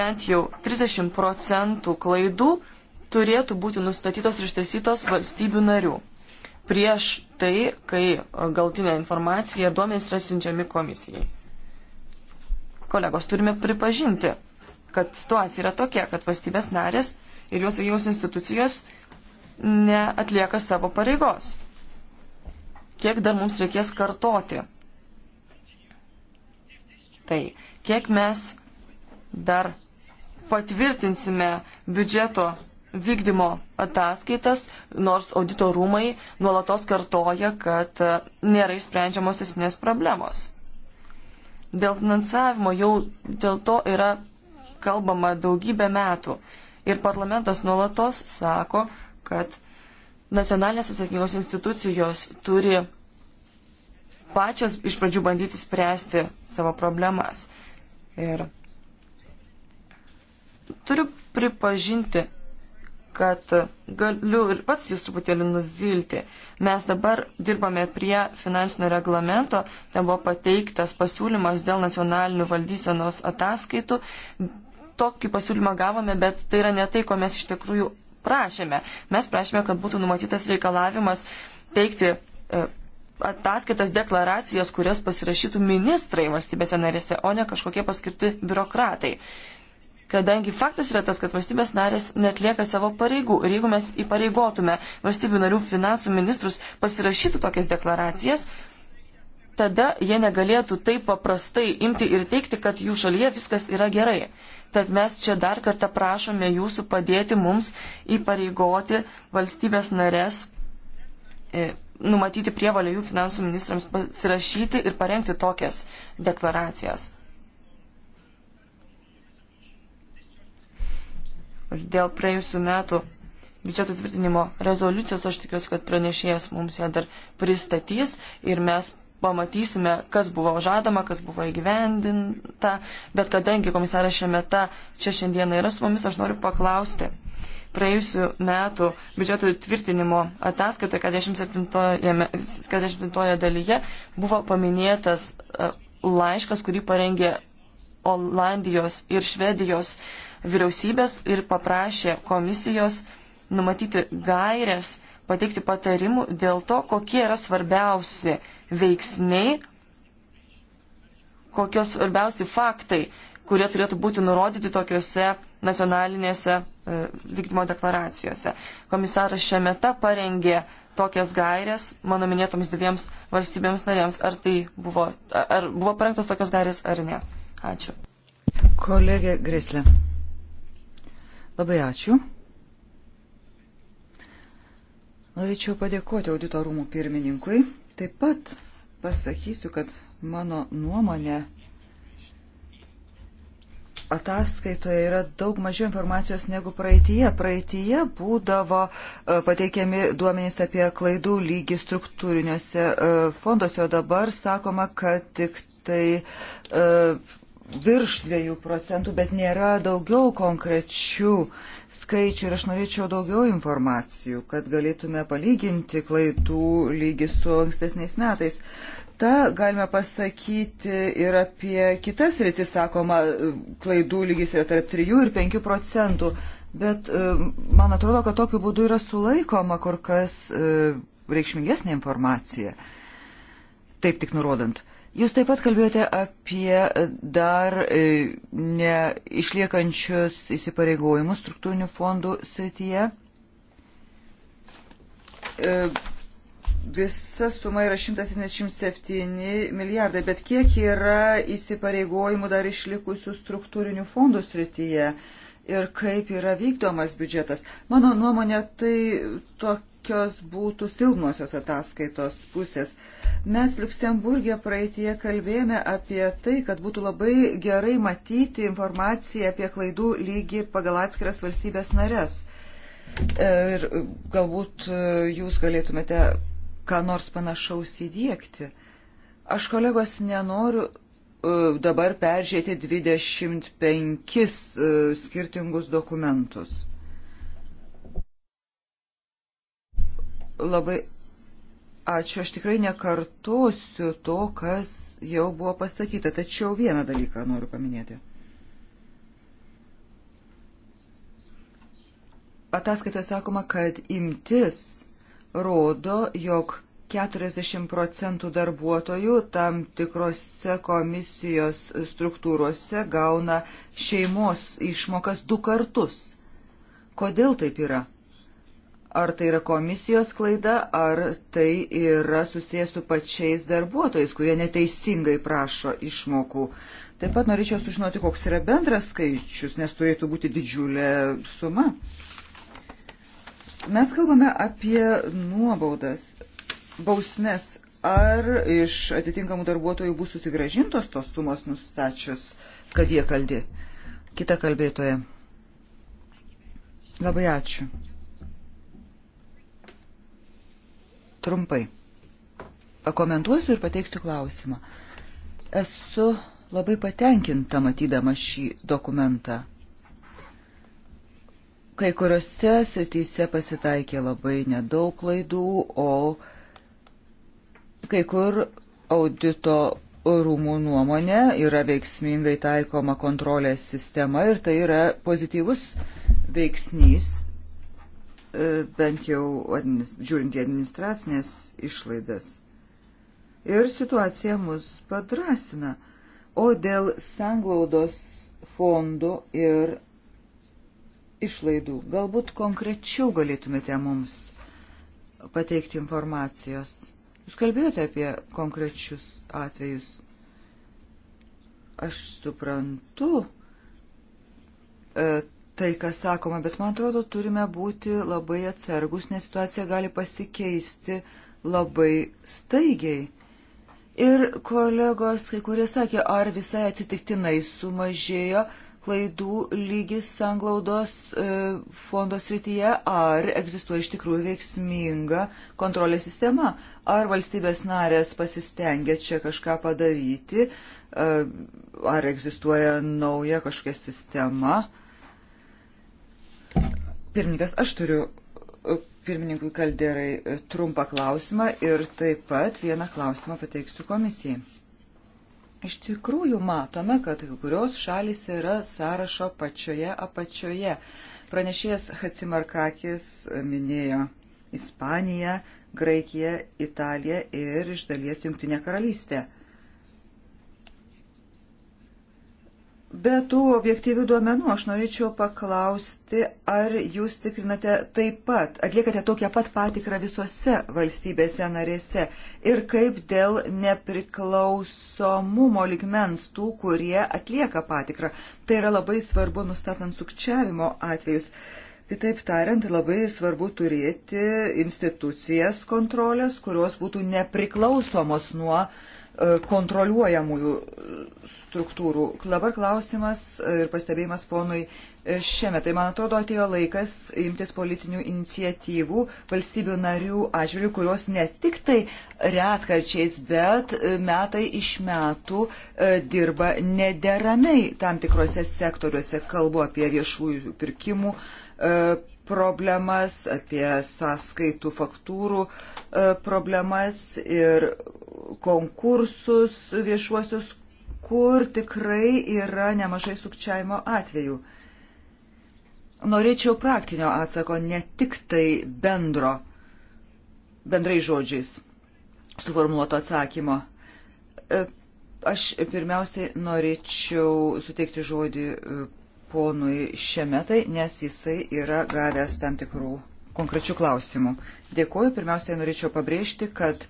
bent jau 30 procentų klaidų turėtų būti nustatytos ir ištaisytos valstybių narių prieš tai, kai galtinė informacija ir duomenys yra siunčiami komisijai. Kolegos, turime pripažinti, kad situacija yra tokia, kad valstybės narės ir jos, jos institucijos neatlieka savo pareigos. Kiek dar mums reikės kartoti? Tai kiek mes dar patvirtinsime biudžeto vykdymo ataskaitas, nors audito rūmai nuolatos kartoja, kad e, nėra išsprendžiamos esminės problemos. Dėl finansavimo jau dėl to yra kalbama daugybę metų ir parlamentas nuolatos sako, kad nacionalinės atsakingos institucijos turi pačios iš pradžių bandyti spręsti savo problemas. Ir turiu pripažinti, kad galiu ir pats jūs truputėlį nuvilti. Mes dabar dirbame prie finansinio reglamento, ten buvo pateiktas pasiūlymas dėl nacionalinių valdysenos ataskaitų. Tokį pasiūlymą gavome, bet tai yra ne tai, ko mes iš tikrųjų prašėme. Mes prašėme, kad būtų numatytas reikalavimas teikti e, ataskaitas deklaracijas, kurias pasirašytų ministrai valstybėse narėse, o ne kažkokie paskirti biurokratai kadangi faktas yra tas, kad valstybės narės netlieka savo pareigų. Ir jeigu mes įpareigotume valstybių narių finansų ministrus pasirašyti tokias deklaracijas, tada jie negalėtų taip paprastai imti ir teikti, kad jų šalyje viskas yra gerai. Tad mes čia dar kartą prašome jūsų padėti mums įpareigoti valstybės narės. E, numatyti prievalę jų finansų ministrams pasirašyti ir parengti tokias deklaracijas. dėl praėjusių metų biudžeto tvirtinimo rezoliucijos, aš tikiuosi, kad pranešėjas mums ją dar pristatys ir mes pamatysime, kas buvo žadama, kas buvo įgyvendinta, bet kadangi komisarė Šemeta čia šiandieną yra su mumis, aš noriu paklausti. Praėjusiu metu biudžeto tvirtinimo ataskaitoje 47, 47 dalyje buvo paminėtas e, laiškas, kurį parengė Olandijos ir Švedijos uh, vyriausybės ir paprašė komisijos numatyti gairias, pateikti patarimų dėl to, kokie yra svarbiausi veiksniai, kokios svarbiausi faktai, kurie turėtų būti nurodyti tokiuose nacionalinėse e, vykdymo deklaracijose. Komisaras Šemeta parengė tokias gairias mano minėtoms dviems valstybėms narėms. Ar tai buvo, ar buvo parengtos tokios gairias ar ne? Ačiū. Kolegė Grislė. Labai ačiū. Norėčiau padėkoti auditorumų pirmininkui. Taip pat pasakysiu, kad mano nuomonė ataskaitoje yra daug mažiau informacijos negu praeitie. Praeitie būdavo e, pateikiami duomenys apie klaidų lygį struktūriniuose e, fonduose, o dabar sakoma, kad tik tai e, virš 2 procentų, bet nėra daugiau konkrečių skaičių ir aš norėčiau daugiau informacijų, kad galėtume palyginti klaidų lygį su ankstesniais metais. Ta galime pasakyti ir apie kitas rytis, sakoma, klaidų lygis yra tarp 3 ir 5 procentų, bet e, man atrodo, kad tokiu būdu yra sulaikoma kur kas e, reikšmingesnė informacija. Taip tik nurodant. Jūs taip pat kalbėjote apie dar e, neišliekančius įsipareigojimus struktūrinių fondų srityje. E, visa suma yra 177 milijardai, bet kiek yra įsipareigojimų dar išlikusių struktūrinių fondų srityje ir kaip yra vykdomas biudžetas? Mano nuomonė, tai tokia kokios būtų silpnosios ataskaitos pusės. Mes Luksemburgė praeitie kalbėjome apie tai, kad būtų labai gerai matyti informaciją apie klaidų lygį pagal atskiras valstybės narės. Ir galbūt e, jūs galėtumėte ką nors panašaus įdėkti. Aš kolegos nenoriu e, dabar peržiūrėti 25 e, skirtingus dokumentus. Labai ačiū, aš tikrai nekartosiu to, kas jau buvo pasakyta, tačiau vieną dalyką noriu paminėti. Ataskaitoje sakoma, kad imtis rodo, jog 40 procentų darbuotojų tam tikrose komisijos struktūrose gauna šeimos išmokas du kartus. Kodėl taip yra? ar tai yra komisijos klaida, ar tai yra susijęs su pačiais darbuotojais, kurie neteisingai prašo išmokų. Taip pat norėčiau sužinoti, koks yra bendras skaičius, nes turėtų būti didžiulė suma. Mes kalbame apie nuobaudas, bausmes, ar iš atitinkamų darbuotojų bus susigražintos tos sumos nustačius, kad jie kaldi. Kita kalbėtoja. Labai ačiū. trumpai pakomentuosiu ir pateiksiu klausimą. Esu labai patenkinta matydama šį dokumentą. Kai kuriuose srityse pasitaikė labai nedaug klaidų, o kai kur audito rūmų nuomonė yra veiksmingai taikoma kontrolės sistema ir tai yra pozityvus veiksnys E, bent jau žiūrint į administracinės išlaidas. Ir situacija mus padrasina. O dėl sanglaudos fondų ir išlaidų, galbūt konkrečiau galėtumėte mums pateikti informacijos. Jūs kalbėjote apie konkrečius atvejus. Aš suprantu, e, tai, kas sakoma, bet man atrodo, turime būti labai atsargus, nes situacija gali pasikeisti labai staigiai. Ir kolegos, kai kurie sakė, ar visai atsitiktinai sumažėjo klaidų lygis sanglaudos e, fondo srityje, ar egzistuoja iš tikrųjų veiksminga kontrolės sistema, ar valstybės narės pasistengia čia kažką padaryti, e, ar egzistuoja nauja kažkokia sistema Pirmininkas, aš turiu e, pirmininkui Kalderai e, trumpą klausimą ir taip pat vieną klausimą pateiksiu komisijai. Iš tikrųjų matome, kad kai kurios šalis yra sąrašo pačioje apačioje. Pranešėjas Hatsimarkakis minėjo Ispaniją, Graikiją, Italiją ir iš dalies Junktinę karalystę. Be tų objektyvių duomenų aš norėčiau paklausti, ar jūs tikrinate taip pat, atliekate tokią pat patikrą visose valstybėse narėse ir kaip dėl nepriklausomumo ligmens tų, kurie atlieka patikrą. Tai yra labai svarbu nustatant sukčiavimo atvejus. Kitaip tariant, labai svarbu turėti institucijas kontrolės, kurios būtų nepriklausomos nuo uh, E, kontroliuojamųjų struktūrų. Dabar klausimas e, ir pastebėjimas ponui e, šiame. Tai, man atrodo, atėjo laikas imtis politinių iniciatyvų valstybių narių atžvilgių, kurios ne tik tai retkarčiais, bet metai iš metų dirba nederamai tam tikrose sektoriuose. Kalbu apie viešųjų pirkimų problemas, apie sąskaitų faktūrų e, problemas ir konkursus viešuosius, kur tikrai yra nemažai sukčiavimo atvejų. Norėčiau praktinio atsako, ne tik tai bendro, bendrai žodžiais suformuoto atsakymo. E, aš pirmiausiai norėčiau suteikti žodį e, ponui Šemetai, nes jisai yra gavęs tam tikrų konkrečių klausimų. Dėkuoju. Pirmiausiai norėčiau pabrėžti, kad e,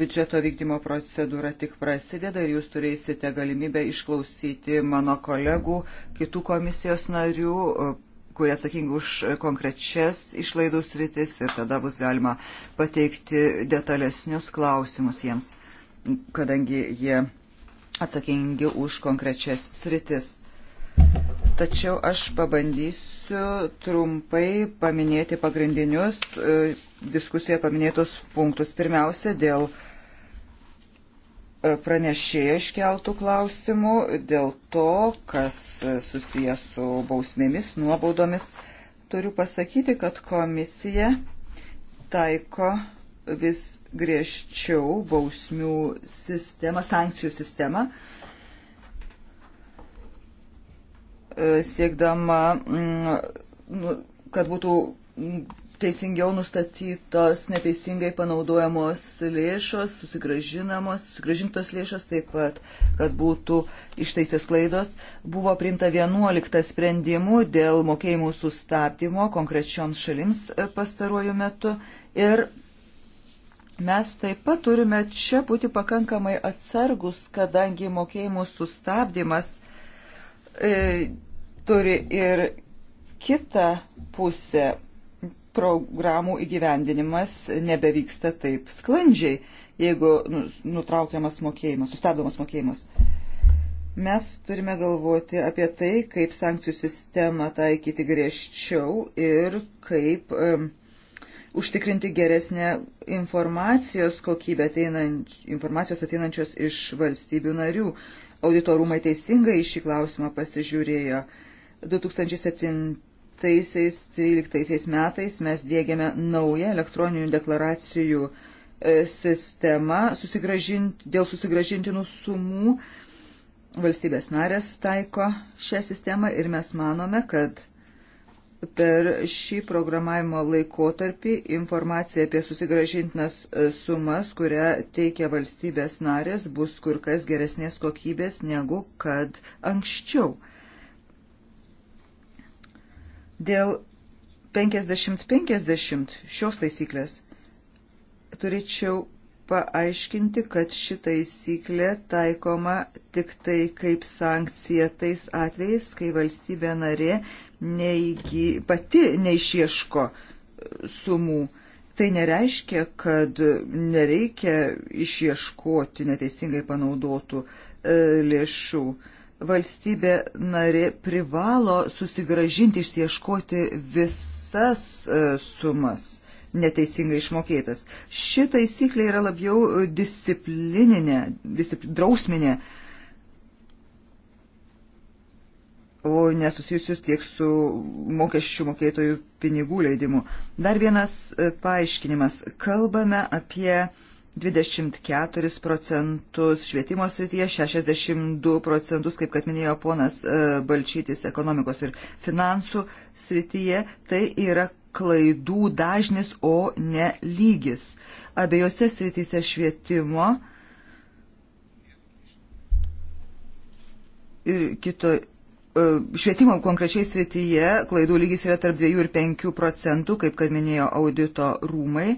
biudžeto vykdymo procedūra tik prasideda ir jūs turėsite galimybę išklausyti mano kolegų, kitų komisijos narių, e, kurie atsakingi už konkrečias išlaidų sritis ir tada bus galima pateikti detalesnius klausimus jiems, kadangi jie atsakingi už konkrečias sritis. Tačiau aš pabandysiu trumpai paminėti pagrindinius e, diskusijoje paminėtus punktus. Pirmiausia, dėl e, pranešėjo iškeltų klausimų, dėl to, kas e, susijęs su bausmėmis, nuobaudomis. Turiu pasakyti, kad komisija taiko vis griežčiau bausmių sistemą, sankcijų sistemą. Uh, E, siekdama, mm, nu, kad būtų mm, teisingiau nustatytos neteisingai panaudojamos lėšos, susigražinamos, susigražintos lėšos, taip pat, kad būtų ištaisės klaidos. Buvo priimta 11 sprendimų dėl mokėjimų sustabdymo konkrečioms šalims e, pastaruoju metu ir Mes taip pat turime čia būti pakankamai atsargus, kadangi mokėjimų sustabdymas e, turi ir kitą pusę. Programų įgyvendinimas nebevyksta taip sklandžiai, jeigu nu, nutraukiamas mokėjimas, sustabdomas mokėjimas. Mes turime galvoti apie tai, kaip sankcijų sistemą taikyti griežčiau ir kaip um, užtikrinti geresnę informacijos kokybę ateinanč, informacijos ateinančios iš valstybių narių. Auditorumai teisingai į šį klausimą pasižiūrėjo. Uh, 2007-2013 metais mes dėgiame naują elektroninių deklaracijų e, sistemą susigražinti, dėl susigražintinų sumų. Valstybės narės taiko šią sistemą ir mes manome, kad per šį programavimo laikotarpį informacija apie susigražintinas e, sumas, kurią teikia valstybės narės, bus kur kas geresnės kokybės negu kad anksčiau. Dėl 50-50 šios taisyklės turėčiau paaiškinti, kad ši taisyklė taikoma tik tai kaip sankcija tais atvejais, kai valstybė narė neįgy, pati neišieško e, sumų. Tai nereiškia, kad nereikia išieškoti neteisingai panaudotų e, lėšų. E, valstybė narė privalo susigražinti, išsieškoti visas e, sumas neteisingai išmokėtas. Ši taisyklė yra labiau disciplininė, discipl... drausminė, o nesusijusius tiek su mokesčių mokėtojų pinigų leidimu. Dar vienas e, paaiškinimas. Kalbame apie 24 procentus švietimo srityje, 62 procentus, kaip kad minėjo ponas e, Balčytis, ekonomikos ir finansų srityje. Tai yra klaidų dažnis, o ne lygis. Abiejose srityse švietimo ir kito. E, švietimo konkrečiai srityje klaidų lygis yra tarp 2 ir 5 procentų, kaip kad minėjo audito rūmai.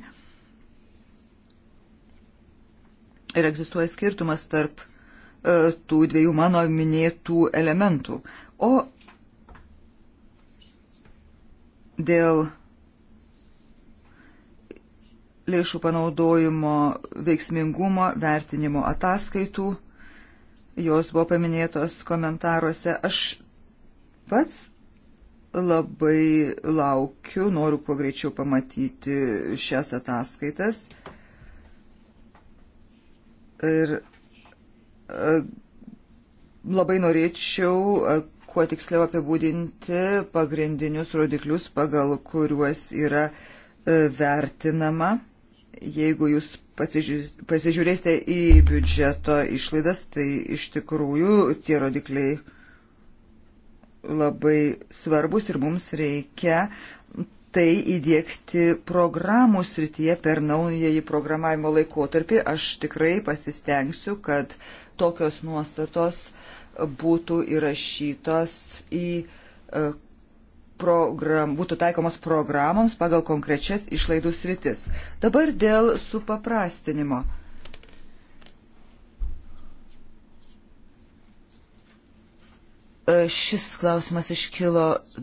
ir egzistuoja skirtumas tarp e, tų dviejų mano minėtų elementų. O dėl lėšų panaudojimo veiksmingumo vertinimo ataskaitų, jos buvo paminėtos komentaruose. Aš pats labai laukiu, noriu kuo greičiau pamatyti šias ataskaitas. Ir e, labai norėčiau e, kuo tiksliau apibūdinti pagrindinius rodiklius, pagal kuriuos yra e, vertinama. Jeigu jūs pasižiūrėsite į biudžeto išlaidas, tai iš tikrųjų tie rodikliai labai svarbus ir mums reikia tai įdėkti programų srityje per naująjį programavimo laikotarpį. Aš tikrai pasistengsiu, kad tokios nuostatos būtų įrašytos į e, program, būtų taikomos programoms pagal konkrečias išlaidų sritis. Dabar dėl supaprastinimo. E, šis klausimas iškilo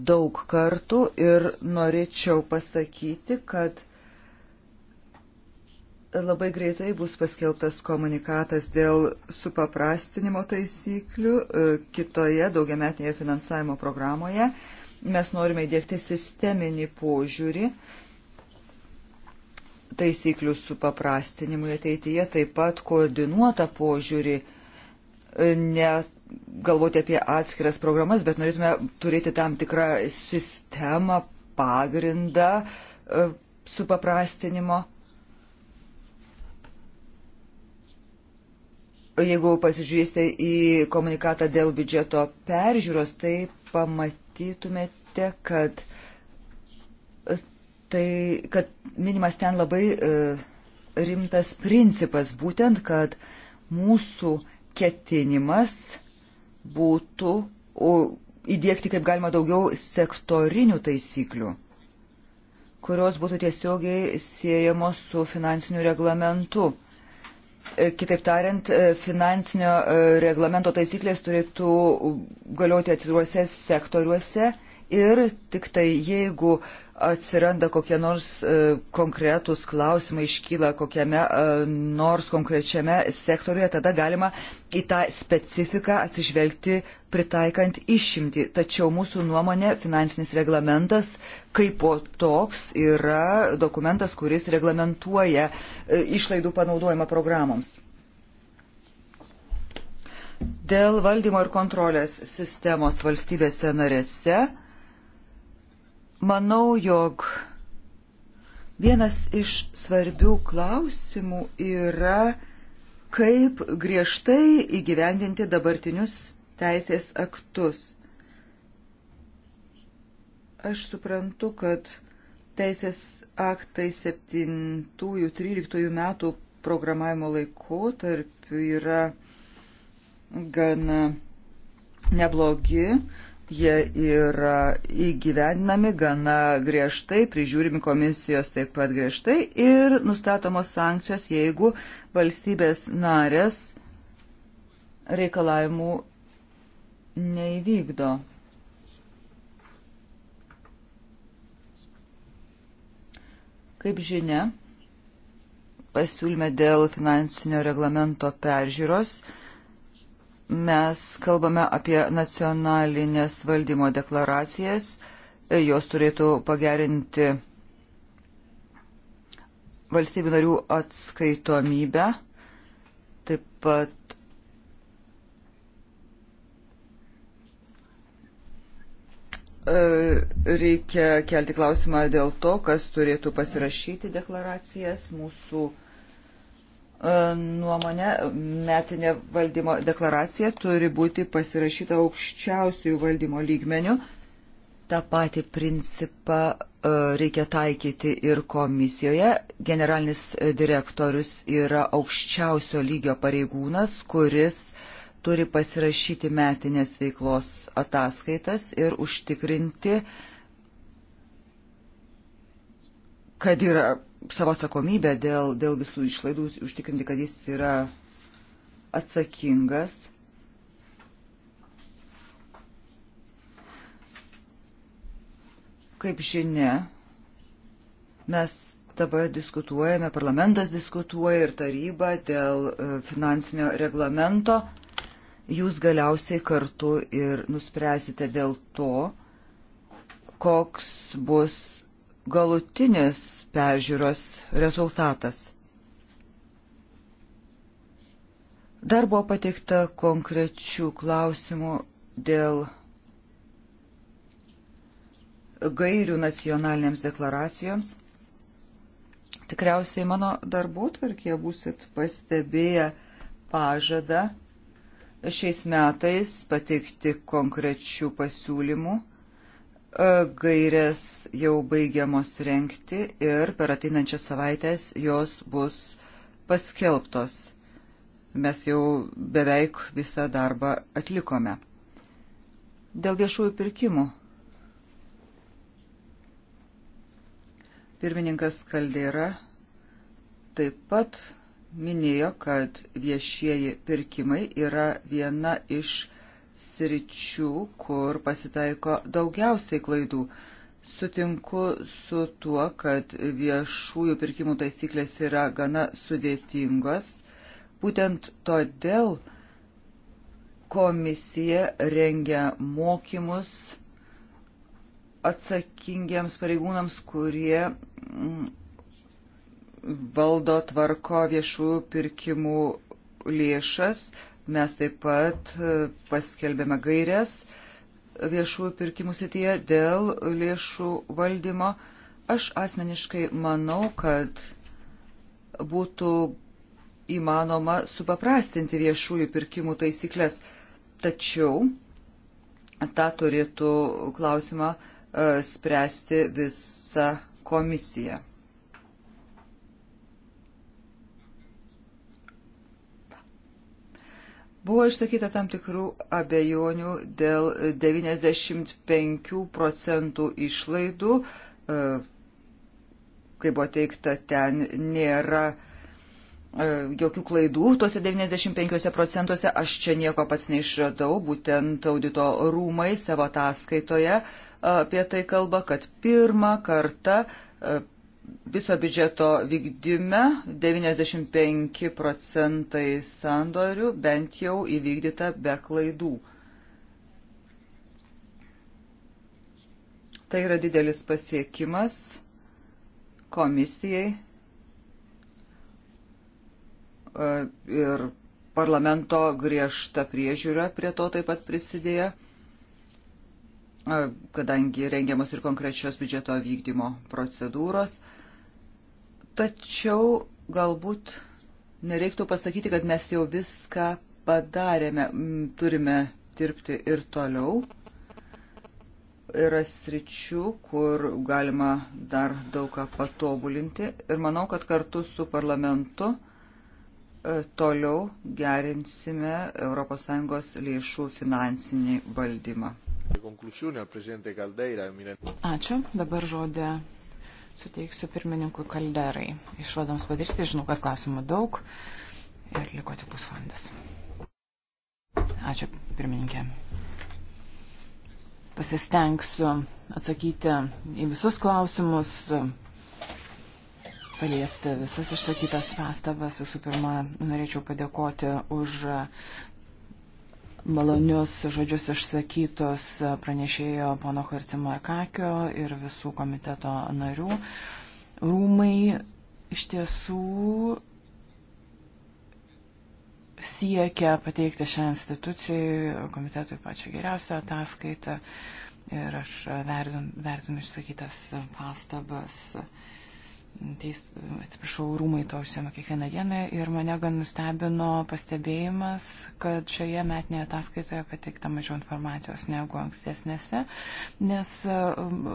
daug kartų ir norėčiau pasakyti, kad labai greitai bus paskelbtas komunikatas dėl supaprastinimo taisyklių e, kitoje daugiametinėje finansavimo programoje. Mes norime įdėkti sisteminį požiūrį taisyklių supaprastinimui ateityje, taip pat koordinuotą požiūrį e, net galvoti apie atskiras programas, bet norėtume turėti tam tikrą sistemą, pagrindą e, supaprastinimo. Jeigu pasižiūrėsite į komunikatą dėl biudžeto peržiūros, tai pamatytumėte, kad, e, tai, kad minimas ten labai e, rimtas principas, būtent, kad mūsų ketinimas būtų įdėkti kaip galima daugiau sektorinių taisyklių, kurios būtų tiesiogiai siejamos su finansiniu reglamentu. E, kitaip tariant, e, finansinio e, reglamento taisyklės turėtų galioti atviruose sektoriuose ir tik tai jeigu atsiranda kokie nors e, konkretūs klausimai, iškyla kokiame e, nors konkrečiame sektoriuje, tada galima į tą specifiką atsižvelgti pritaikant išimti. Tačiau mūsų nuomonė finansinis reglamentas kaip po toks yra dokumentas, kuris reglamentuoja e, išlaidų panaudojimą programoms. Dėl valdymo ir kontrolės sistemos valstybėse narėse Manau, jog vienas iš svarbių klausimų yra, kaip griežtai įgyvendinti dabartinius teisės aktus. Aš suprantu, kad teisės aktai 7-13 metų programavimo laikotarpiu yra gana neblogi jie yra įgyvendinami gana griežtai, prižiūrimi komisijos taip pat griežtai ir nustatomos sankcijos, jeigu valstybės narės reikalavimų neįvykdo. Kaip žinia, pasiūlyme dėl finansinio reglamento peržiūros Mes kalbame apie nacionalinės valdymo deklaracijas. E, jos turėtų pagerinti valstybių narių atskaitomybę. Taip pat e, reikia kelti klausimą dėl to, kas turėtų pasirašyti deklaracijas. Mūsų uh, E, nuomonę, metinė valdymo deklaracija turi būti pasirašyta aukščiausiųjų valdymo lygmenių. Ta pati principą e, reikia taikyti ir komisijoje. Generalinis direktorius yra aukščiausio lygio pareigūnas, kuris turi pasirašyti metinės veiklos ataskaitas ir užtikrinti, kad yra savo atsakomybę dėl, dėl visų išlaidų, užtikrinti, kad jis yra atsakingas. Kaip žinia, mes dabar diskutuojame, parlamentas diskutuoja ir taryba dėl e, finansinio reglamento. Jūs galiausiai kartu ir nuspręsite dėl to, koks bus galutinės peržiūros rezultatas. Dar buvo pateikta konkrečių klausimų dėl gairių nacionalinėms deklaracijoms. Tikriausiai mano darbų tvarkėje būsit pastebėję pažadą šiais metais pateikti konkrečių pasiūlymų E, gairės jau baigiamos renkti ir per ateinančias savaitės jos bus paskelbtos. Mes jau beveik visą darbą atlikome. Dėl viešųjų pirkimų. Pirmininkas Kaldėra taip pat minėjo, kad viešieji pirkimai yra viena iš sričių, kur pasitaiko daugiausiai klaidų. Sutinku su tuo, kad viešųjų pirkimų taisyklės yra gana sudėtingos. Būtent todėl komisija rengia mokymus atsakingiams pareigūnams, kurie mm, valdo tvarko viešųjų pirkimų lėšas. Mes taip pat e, paskelbėme gairias viešųjų pirkimų sityje dėl lėšų valdymo. Aš asmeniškai manau, kad būtų įmanoma supaprastinti viešųjų pirkimų taisyklės, tačiau tą turėtų klausimą e, spręsti visa komisija. Buvo išsakyta tam tikrų abejonių dėl 95 procentų išlaidų, e, kaip buvo teikta, ten nėra e, jokių klaidų tuose 95 procentuose. Aš čia nieko pats neišradau, būtent audito rūmai savo ataskaitoje e, apie tai kalba, kad pirmą kartą viso biudžeto vykdyme 95 procentai sandorių bent jau įvykdyta be klaidų. Tai yra didelis pasiekimas komisijai e, ir parlamento griežta priežiūra prie to taip pat prisidėjo kadangi rengiamos ir konkrečios biudžeto vykdymo procedūros. Tačiau galbūt nereiktų pasakyti, kad mes jau viską padarėme, turime dirbti ir toliau. Yra sričių, kur galima dar daug ką patobulinti ir manau, kad kartu su parlamentu e, toliau gerinsime ES lėšų finansinį valdymą. Ačiū. Dabar žodė suteiksiu pirmininkui Kalderai. Išvadoms padaryti, žinau, kad klausimų daug ir liko tik pusvalandis. Ačiū, pirmininkė. Pasistengsiu atsakyti į visus klausimus, paliesti visas išsakytas pastabas. Visų pirma, norėčiau padėkoti už malonius žodžius išsakytus pranešėjo pono Harcimarkakio ir visų komiteto narių. Rūmai iš tiesų siekia pateikti šią institucijai, komitetui pačią geriausią ataskaitą ir aš vertinu, vertinu išsakytas pastabas. Uh, teis, atsiprašau, rūmai to užsiema kiekvieną dieną ir mane gan nustebino pastebėjimas, kad šioje metinėje ataskaitoje pateikta mažiau informacijos negu ankstesnėse, nes um,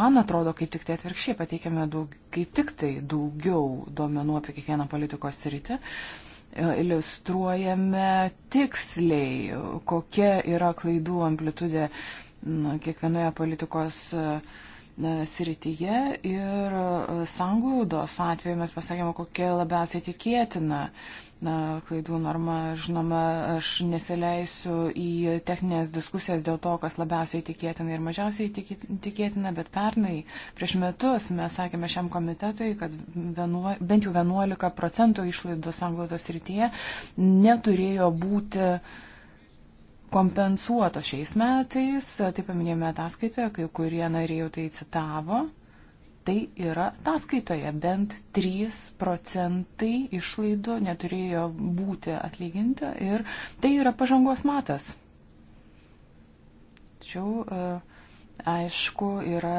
man atrodo, kaip tik tai atvirkščiai pateikėme daug, kaip tik tai daugiau duomenų apie kiekvieną politikos sritį e, iliustruojame tiksliai, kokia yra klaidų amplitudė kiekvienoje politikos uh, srityje ir e, sanglaudos atveju mes pasakėme, kokia labiausiai tikėtina na, klaidų norma. Žinoma, aš nesileisiu į techninės diskusijas dėl to, kas labiausiai tikėtina ir mažiausiai tikėtina, bet pernai prieš metus mes sakėme šiam komitetui, kad vienuo, bent jau 11 procentų išlaidų sanglaudos srityje neturėjo būti uh, kompensuoto šiais metais, tai paminėjome ataskaitoje, kai kurie nariai jau tai citavo, tai yra ataskaitoje bent 3 procentai išlaidų neturėjo būti atlyginta ir tai yra pažangos matas. Tačiau, e, aišku, yra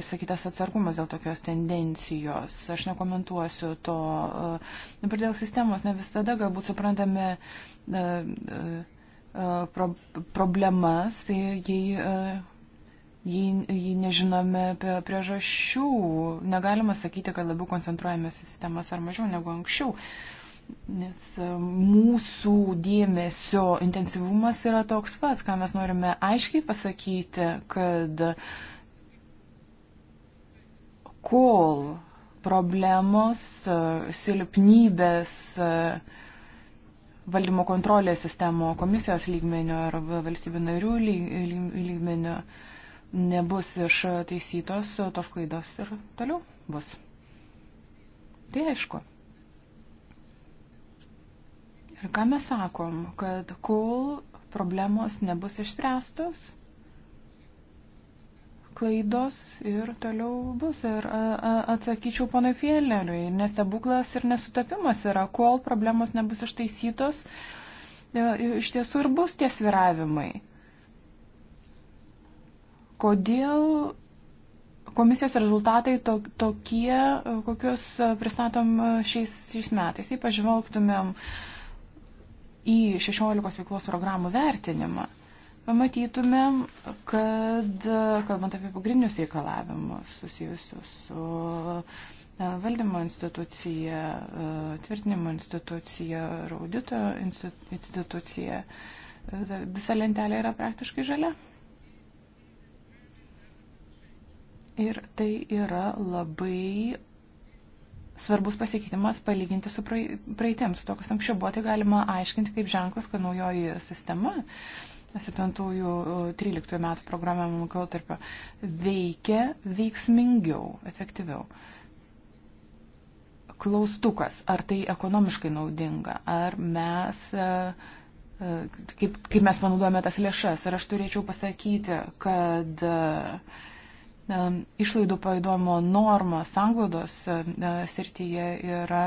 įsakytas atsargumas dėl tokios tendencijos. Aš nekomentuosiu to. E, dabar dėl sistemos ne visada galbūt suprantame. Uh, uh, E, pro, problemas, tai jei, e, jei, jei nežinome apie priežasčių, negalima sakyti, kad labiau koncentruojamės į sistemas ar mažiau negu anksčiau. Nes e, mūsų dėmesio intensyvumas yra toks pats, ką mes norime aiškiai pasakyti, kad kol problemos, silpnybės, uh, valdymo kontrolės sistemų komisijos lygmenio ar valstybių narių lygmenio nebus ištaisytos, tos klaidos ir toliau bus. Tai aišku. Ir ką mes sakom, kad kol problemos nebus išspręstos, klaidos ir toliau bus. Ir atsakyčiau ponui Fieleriui, nesabuklas ir nesutapimas yra, kol problemos nebus ištaisytos, e, iš tiesų ir bus tie sviravimai. Kodėl komisijos rezultatai to, tokie, kokius pristatom šiais, šiais metais? Jei pažvelgtumėm į 16 veiklos programų vertinimą matytumėm, kad, kalbant apie pagrindinius reikalavimus susijusius su e, valdymo institucija, e, tvirtinimo institucija ir audito institucija, e, visa lentelė yra praktiškai žalia. Ir tai yra labai svarbus pasikeitimas palyginti su praeitim, su to, kas anksčiau buvo, tai galima aiškinti kaip ženklas, kad naujoji sistema 7-13 metų programavimo laikotarpio veikia veiksmingiau, efektyviau. Klaustukas, ar tai ekonomiškai naudinga, ar mes, e, e, kaip, kaip mes panaudojame tas lėšas. Ir aš turėčiau pasakyti, kad e, išlaidų paidomo norma sanglaudos srityje yra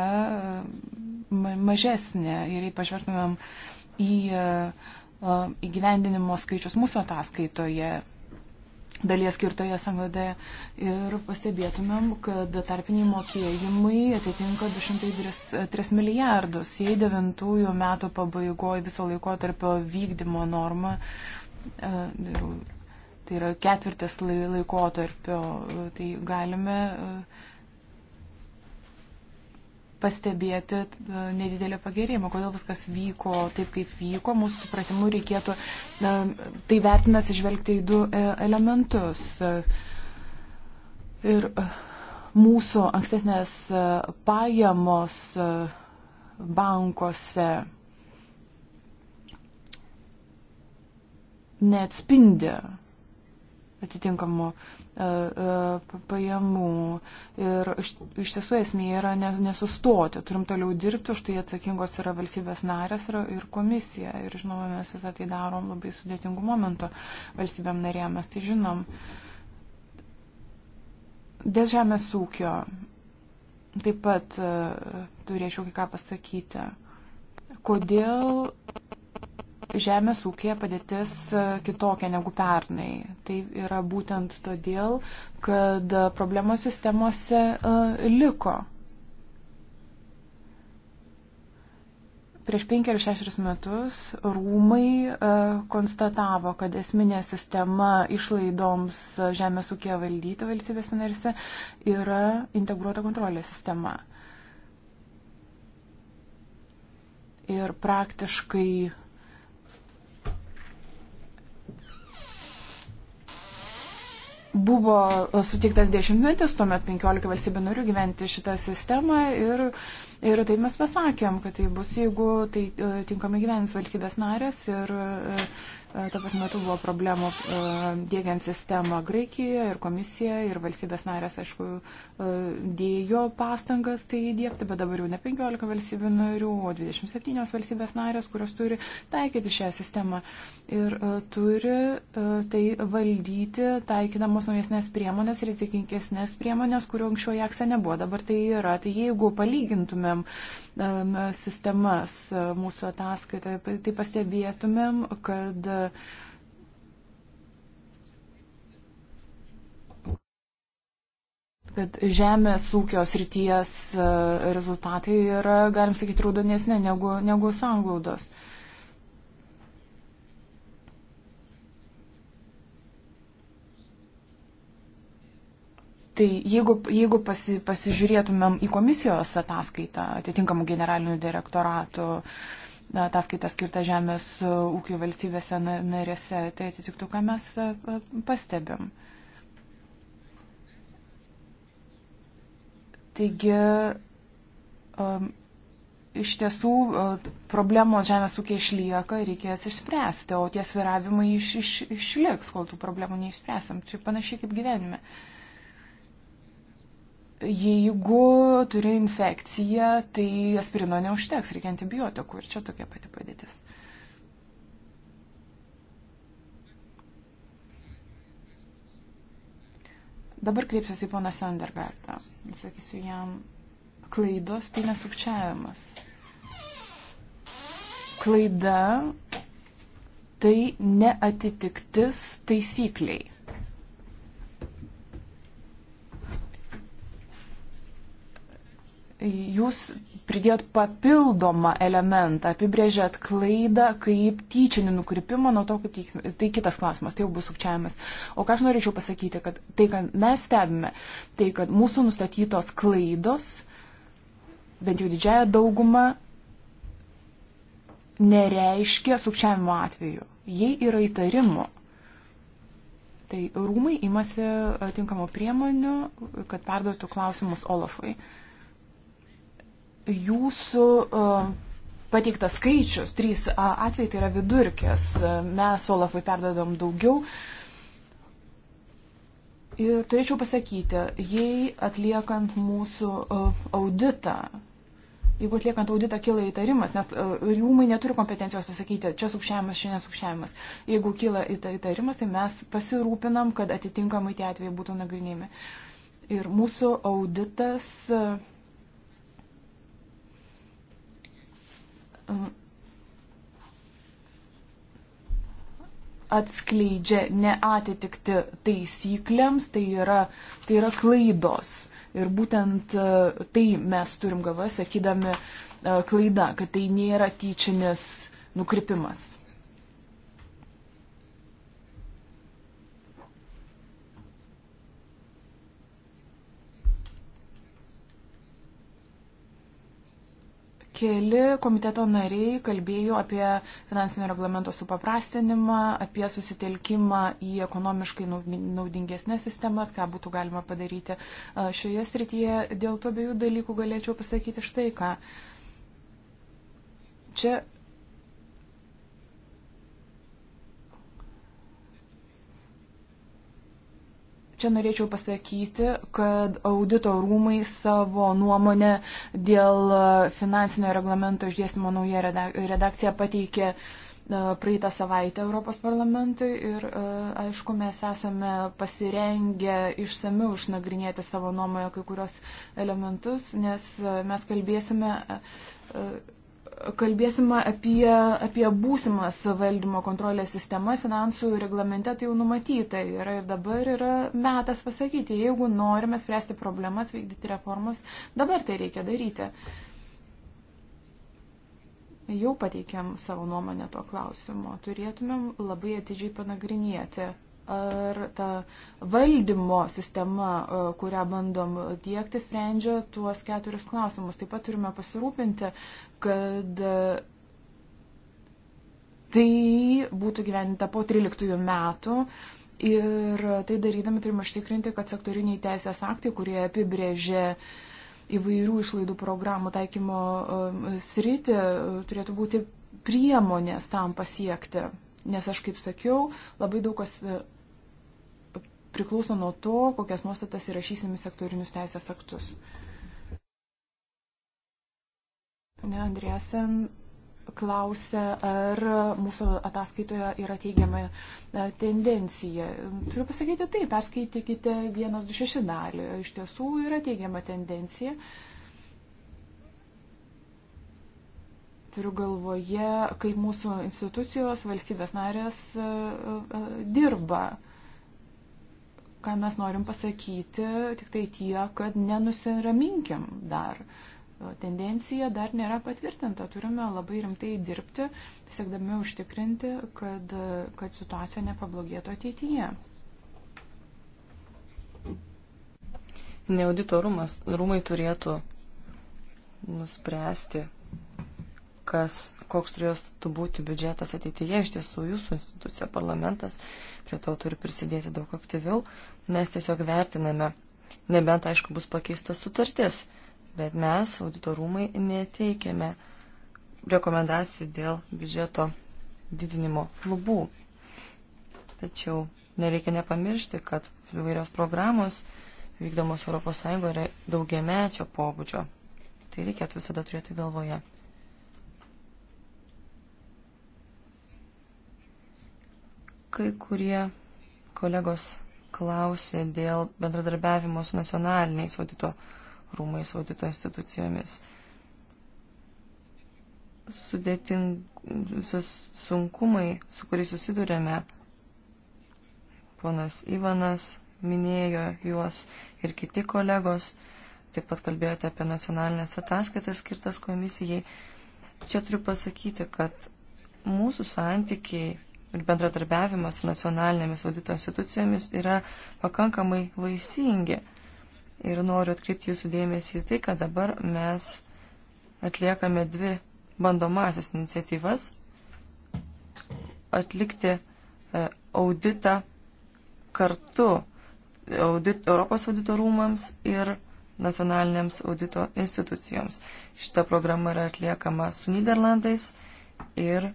mažesnė ir ypač vertumėm į uh, įgyvendinimo skaičius mūsų ataskaitoje dalies skirtoje sangladoje ir pastebėtumėm, kad tarpiniai mokėjimai atitinka 203 milijardus. Jei devintųjų metų pabaigoje viso laiko tarpio vykdymo norma, e, tai yra ketvirtis laikotarpio, tai galime e, pastebėti e, nedidelį pagerėjimą, kodėl viskas vyko taip, kaip vyko. Mūsų supratimu reikėtų tai vertinas išvelgti į du e, elementus. Ir e, mūsų ankstesnės pajamos bankose neatspindi atitinkamų e, e, pajamų. Ir iš tiesų esmė yra nesustoti. Turim toliau dirbti, už tai atsakingos yra valstybės narės ir komisija. Ir žinoma, mes visą tai darom labai sudėtingų momentų valstybėm narėm, mes tai žinom. Dėl žemės ūkio taip pat e, turėčiau kai ką pasakyti. Kodėl žemės ūkėje padėtis e, kitokia negu pernai. Tai yra būtent todėl, kad problemos sistemose e, liko. Prieš penkerius šešerius metus rūmai e, konstatavo, kad esminė sistema išlaidoms žemės ūkėje valdyti valstybės narėse yra integruota kontrolės sistema. Ir praktiškai Buvo sutiktas dešimtmetis, tuomet 15 valstybių norių gyventi šitą sistemą ir, ir taip mes pasakėm, kad tai bus, jeigu tai e, tinkamai gyvens valstybės narės ir e, E, tuo pat metu buvo problemų e, dėgiant sistemą Graikijoje ir komisija ir valstybės narės, aišku, e, dėjo pastangas tai įdėkti, bet dabar jau ne 15 valstybių narių, o 27 valstybės narės, kurios turi taikyti šią sistemą ir turi tai valdyti, taikydamos naujesnės priemonės, rizikinkesnės priemonės, kurių anksčiau jakse nebuvo. Dabar tai yra. Tai jeigu palygintumėm Um, sistemas uh, mūsų ataskaitoje, tai pastebėtumėm, kad kad žemės ūkio srities uh, rezultatai yra, galim sakyti, raudonesnė negu, negu sanglaudos. Uh, Tai jeigu, jeigu pasi, pasižiūrėtumėm į komisijos ataskaitą atitinkamų generalinių direktoratų, ataskaitą skirtą žemės e, ūkio valstybėse narėse, tai atitiktų, ką mes e, e, pastebim. Taigi, iš tiesų problemos žemės ūkiai išlieka ir reikės išspręsti, o tie sviravimai iš, iš, išliks, kol tų problemų neišspręsim. Čia panašiai kaip gyvenime. Uh, Jeigu turi infekciją, tai aspirino neužteks, reikia antibiotikų ir čia tokia pati padėtis. Dabar kreipsiuosi į poną Sandergartą. Sakysiu jam, klaidos tai nesukčiavimas. Klaida tai neatitiktis taisykliai. jūs pridėjot papildomą elementą, apibrėžėt klaidą kaip tyčinį nukrypimą nuo to, kaip teiksime. Tai kitas klausimas, tai jau bus sukčiavimas. O ką aš norėčiau pasakyti, kad tai, ką mes stebime, tai, kad mūsų nustatytos klaidos, bent jau didžiaja dauguma, nereiškia sukčiavimo atveju. Jei yra įtarimo, tai rūmai imasi tinkamų priemonių, kad perduotų klausimus Olafui. Uh, jūsų e, pateiktas skaičius, trys atvejai tai yra vidurkis, e, mes Olafui perdodam daugiau. Ir turėčiau pasakyti, jei atliekant mūsų e, auditą, jeigu atliekant auditą kyla įtarimas, nes rūmai neturi kompetencijos pasakyti, čia sukšiavimas, čia nesukšiavimas. Jeigu kyla įtarimas, tai mes pasirūpinam, kad atitinkamai tie atvejai būtų nagrinėjami. Ir mūsų auditas atskleidžia neatitikti taisyklėms, tai yra, tai yra klaidos. Ir būtent e, tai mes turim galvoje, sakydami e, klaidą, kad tai nėra tyčinis nukrypimas. Keli komiteto nariai kalbėjo apie finansinio reglamento supaprastinimą, apie susitelkimą į ekonomiškai naudingesnės sistemas, ką būtų galima padaryti šioje srityje. Dėl to abiejų dalykų galėčiau pasakyti štai ką. Čia Čia norėčiau pasakyti, kad audito rūmai savo nuomonę dėl finansinio reglamento išdėstymo nauja redakcija pateikė e, praeitą savaitę Europos parlamentui ir, e, aišku, mes esame pasirengę išsamiu išnagrinėti savo nuomoje kai kurios elementus, nes e, mes kalbėsime kalbėsime apie, apie būsimas valdymo kontrolės sistemas, finansų reglamente tai jau numatyta yra ir dabar yra metas pasakyti, jeigu norime spręsti problemas, vykdyti reformas, dabar tai reikia daryti. Jau pateikėm savo nuomonę tuo klausimu, turėtumėm labai atidžiai panagrinėti ar ta valdymo sistema, e, kurią bandom tiekti, sprendžia tuos keturis klausimus. Taip pat turime pasirūpinti, kad e, tai būtų gyveninta po 13 metų. Ir tai darydami turime užtikrinti, kad sektoriniai teisės aktai, kurie apibrėžė įvairių išlaidų programų taikymo e, sritį, turėtų būti priemonės tam pasiekti. Nes aš, kaip sakiau, labai daug kas e, priklauso nuo to, kokias nuostatas įrašysime sektorinius teisės aktus. Ne, Andrėsen klausė, ar mūsų ataskaitoje yra teigiama e, tendencija. Turiu pasakyti taip, perskaitykite 126 dalį. Iš tiesų yra teigiama tendencija. Uh, Turiu galvoje, kaip mūsų institucijos, valstybės narės e, e, dirba. Ką mes norim pasakyti, tik tai tie, kad nenusiraminkim dar. E, tendencija dar nėra patvirtinta. Turime labai rimtai dirbti, siekdami užtikrinti, kad, kad situacija nepablogėtų ateityje. Neaudito rūmai turėtų nuspręsti, kas, koks turėtų būti biudžetas ateityje, iš tiesų jūsų institucija, parlamentas prie to turi prisidėti daug aktyviau. Mes tiesiog vertiname, nebent aišku bus pakeista sutartis, bet mes, auditorumai, neteikėme rekomendacijų dėl biudžeto didinimo lubų. Tačiau nereikia nepamiršti, kad įvairios programos vykdomos ES yra daugiamečio pobūdžio. Tai reikėtų visada turėti galvoje. Kai kurie kolegos klausė dėl bendradarbiavimo su nacionaliniais audito rūmais, audito institucijomis. Sudėtingus sunkumai, su kuriais susidurėme, ponas Ivanas minėjo juos ir kiti kolegos, taip pat kalbėjote apie nacionalinės ataskaitas skirtas komisijai. Čia turiu pasakyti, kad mūsų santykiai ir bendradarbiavimas su nacionalinėmis audito institucijomis yra pakankamai vaisingi. Ir noriu atkreipti jūsų dėmesį į tai, kad dabar mes atliekame dvi bandomasias iniciatyvas atlikti e, auditą kartu audit, Europos audito rūmams ir nacionalinėms audito institucijoms. Šita programa yra atliekama su Niderlandais ir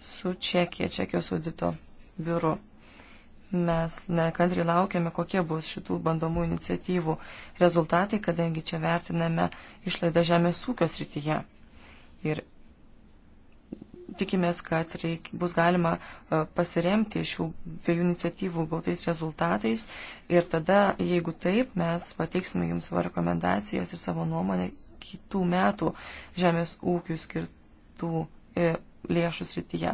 su Čekija, Čekijos audito biuru. Mes nekantriai laukiame, kokie bus šitų bandomų iniciatyvų rezultatai, kadangi čia vertiname išlaidą žemės ūkio srityje. Ir tikimės, kad reik, bus galima e, pasiremti šių dviejų iniciatyvų gautais rezultatais ir tada, jeigu taip, mes pateiksime jums savo rekomendacijas ir savo nuomonę kitų metų žemės ūkių skirtų e, lėšų srityje.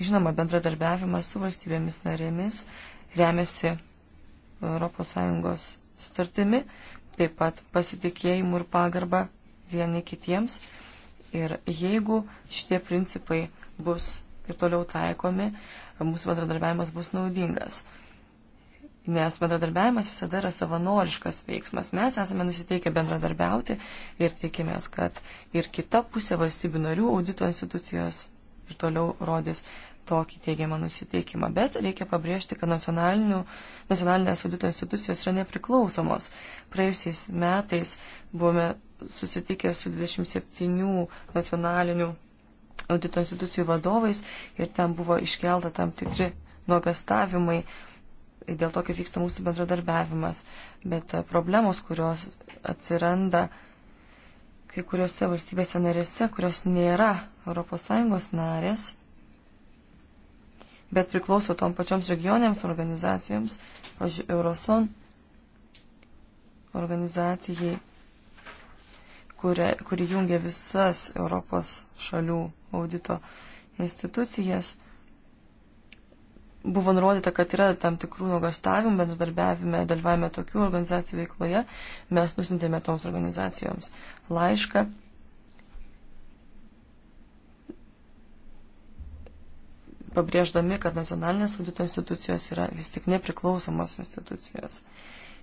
Žinoma, bendradarbiavimas su valstybėmis narėmis remiasi ES sutartimi, taip pat pasitikėjimu ir pagarba vieni kitiems. Ir jeigu šitie principai bus ir toliau taikomi, mūsų bendradarbiavimas bus naudingas nes bendradarbiavimas visada yra savanoriškas veiksmas. Mes esame nusiteikę bendradarbiauti ir tikimės, kad ir kita pusė valstybių narių audito institucijos ir toliau rodys tokį teigiamą nusiteikimą. Bet reikia pabrėžti, kad nacionalinės audito institucijos yra nepriklausomos. Praėjusiais metais buvome susitikę su 27 nacionalinių audito institucijų vadovais ir ten buvo iškelta tam tikri nuogastavimai dėl to, kaip vyksta mūsų bendradarbiavimas, bet e, problemos, kurios atsiranda kai kuriuose valstybėse narėse, kurios nėra ES narės, bet priklauso tom pačioms regioniams organizacijoms, pavyzdžiui, Euroson organizacijai, kuri, kuri jungia visas Europos šalių audito institucijas buvo nurodyta, kad yra tam tikrų nuogastavimų bendradarbiavime, dalyvavime tokių organizacijų veikloje, mes nusintėme toms organizacijoms laišką. pabrėždami, kad nacionalinės audito institucijos yra vis tik nepriklausomos institucijos.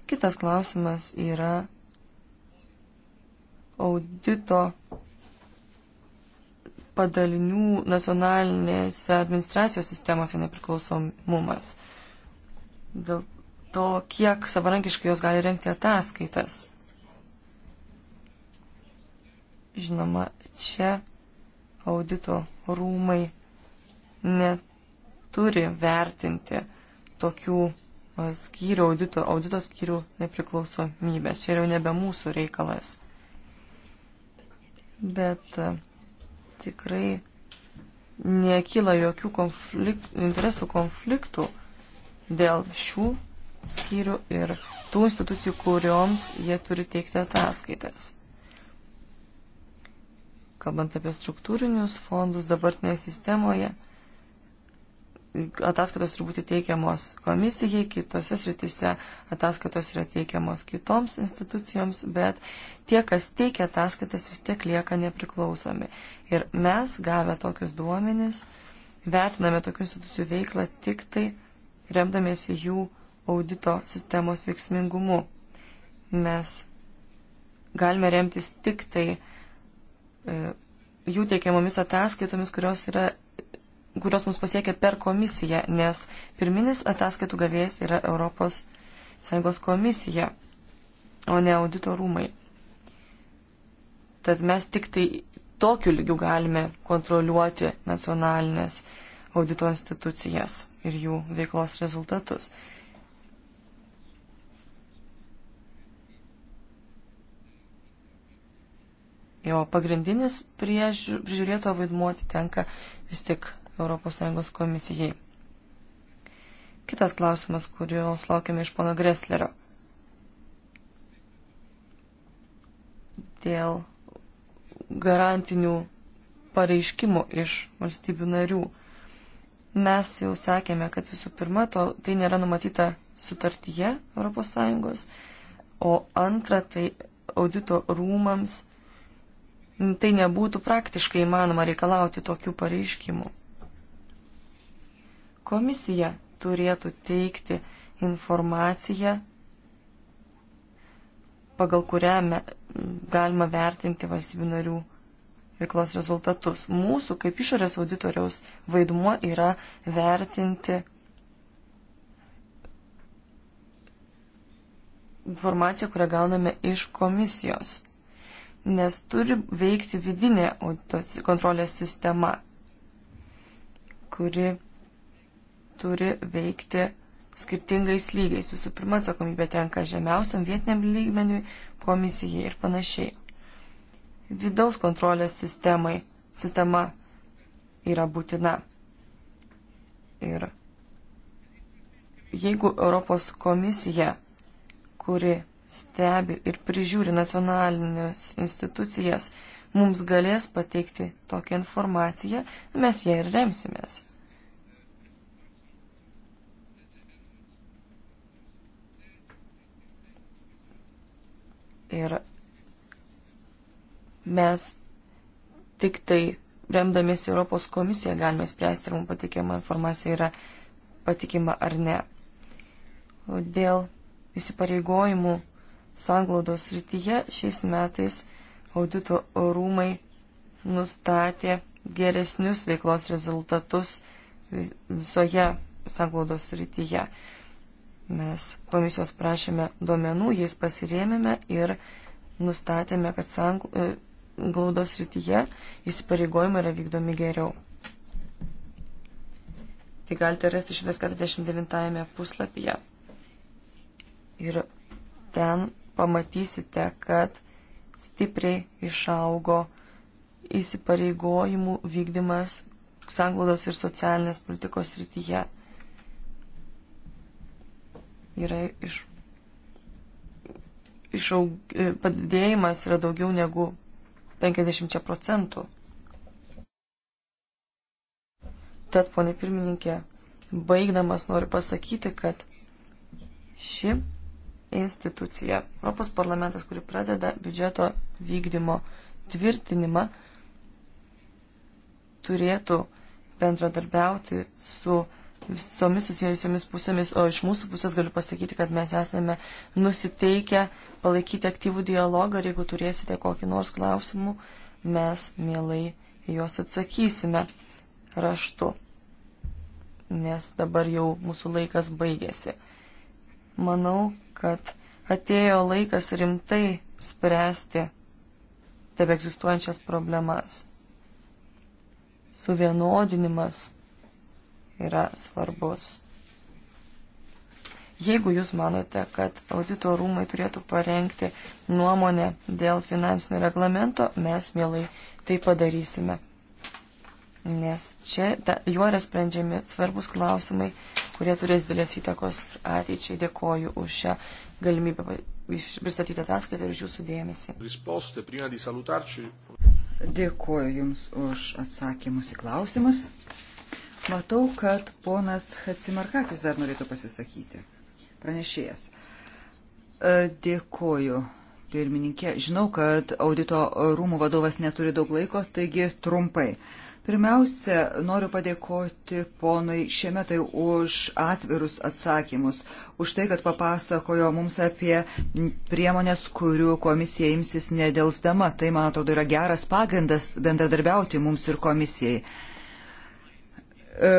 Kitas klausimas yra audito padalinių nacionalinėse administracijos sistemose nepriklausomumas. Dėl to, kiek savarankiškai jos gali renkti ataskaitas. Žinoma, čia audito rūmai neturi vertinti tokių skyrių, audito, audito skyrių nepriklausomybės. Čia jau nebe mūsų reikalas. Bet uh, tikrai nekyla jokių konflikt, interesų konfliktų dėl šių skyrių ir tų institucijų, kurioms jie turi teikti ataskaitas. Kalbant apie struktūrinius fondus dabartinėje sistemoje, ataskaitos turi būti teikiamos komisijai, kitose sritise ataskaitos yra teikiamos kitoms institucijoms, bet tie, kas teikia ataskaitas, vis tiek lieka nepriklausomi. Ir mes, gavę tokius duomenis, vertiname tokių institucijų veiklą tik tai remdamėsi jų audito sistemos veiksmingumu. Mes galime remtis tik tai e, jų teikiamomis ataskaitomis, kurios yra kurios mus pasiekia per komisiją, nes pirminis ataskaitų gavėjas yra Europos Sąjungos komisija, o ne audito rūmai. Tad mes tik tai tokiu lygiu galime kontroliuoti nacionalinės audito institucijas ir jų veiklos rezultatus. Jo pagrindinis priežiūrėto vaidmuo atitenka vis tik ES komisijai. Kitas klausimas, kurios laukiame iš pono Greslerio. Dėl garantinių pareiškimų iš valstybių narių. Mes jau sakėme, kad visų pirma, to, tai nėra numatyta sutartyje ES, o antra, tai audito rūmams tai nebūtų praktiškai įmanoma reikalauti tokių pareiškimų. Komisija turėtų teikti informaciją, pagal kurią me, galima vertinti valstybių narių veiklos rezultatus. Mūsų kaip išorės auditoriaus vaidmuo yra vertinti informaciją, kurią gauname iš komisijos. Nes turi veikti vidinė kontrolės sistema, kuri turi veikti skirtingais lygiais. Visų pirma, atsakomybė tenka žemiausiam vietiniam lygmeniui, komisijai ir panašiai. Vidaus kontrolės sistemai, sistema yra būtina. Ir jeigu Europos komisija, kuri stebi ir prižiūri nacionalinės institucijas, mums galės pateikti tokią informaciją, mes ją ir remsimės. Ir mes tik tai remdamiesi Europos komisiją galime spręsti, ar mums patikima informacija yra patikima ar ne. Dėl įsipareigojimų sanglaudos rytyje šiais metais audito rūmai nustatė geresnius veiklos rezultatus visoje sanglaudos rytyje. Mes komisijos prašėme duomenų, jais pasirėmėme ir nustatėme, kad sanglaudos e, rytyje įsipareigojimai yra vykdomi geriau. Tai galite rasti iš viską 29 puslapyje. Ir ten pamatysite, kad stipriai išaugo įsipareigojimų vykdymas sanglaudos ir socialinės politikos rytyje yra iš, išaug, e, padidėjimas yra daugiau negu 50 procentų. Tad, ponė pirmininkė, baigdamas noriu pasakyti, kad ši institucija, Europos parlamentas, kuri pradeda biudžeto vykdymo tvirtinimą, turėtų bendradarbiauti su visomis susijusiomis pusėmis, o iš mūsų pusės galiu pasakyti, kad mes esame nusiteikę palaikyti aktyvų dialogą ir jeigu turėsite kokį nors klausimų, mes mielai juos atsakysime raštu, nes dabar jau mūsų laikas baigėsi. Manau, kad atėjo laikas rimtai spręsti tebe egzistuojančias problemas. Suvienodinimas yra svarbus. Jeigu jūs manote, kad audito rūmai turėtų parengti nuomonę dėl finansinio reglamento, mes mielai tai padarysime. Nes čia ta, juo yra sprendžiami svarbus klausimai, kurie turės dėlės įtakos ateičiai. Dėkoju už šią galimybę pristatyti ataskaitą ir už jūsų dėmesį. Dėkoju Jums už atsakymus į klausimus. Matau, kad ponas Hatsimarkakis dar norėtų pasisakyti. Pranešėjas. E, dėkoju pirmininkė. Žinau, kad audito rūmų vadovas neturi daug laiko, taigi trumpai. Pirmiausia, noriu padėkoti ponui Šiemetai už atvirus atsakymus, už tai, kad papasakojo mums apie priemonės, kurių komisija imsis nedelsdama. Tai, man atrodo, yra geras pagrindas bendradarbiauti mums ir komisijai. E,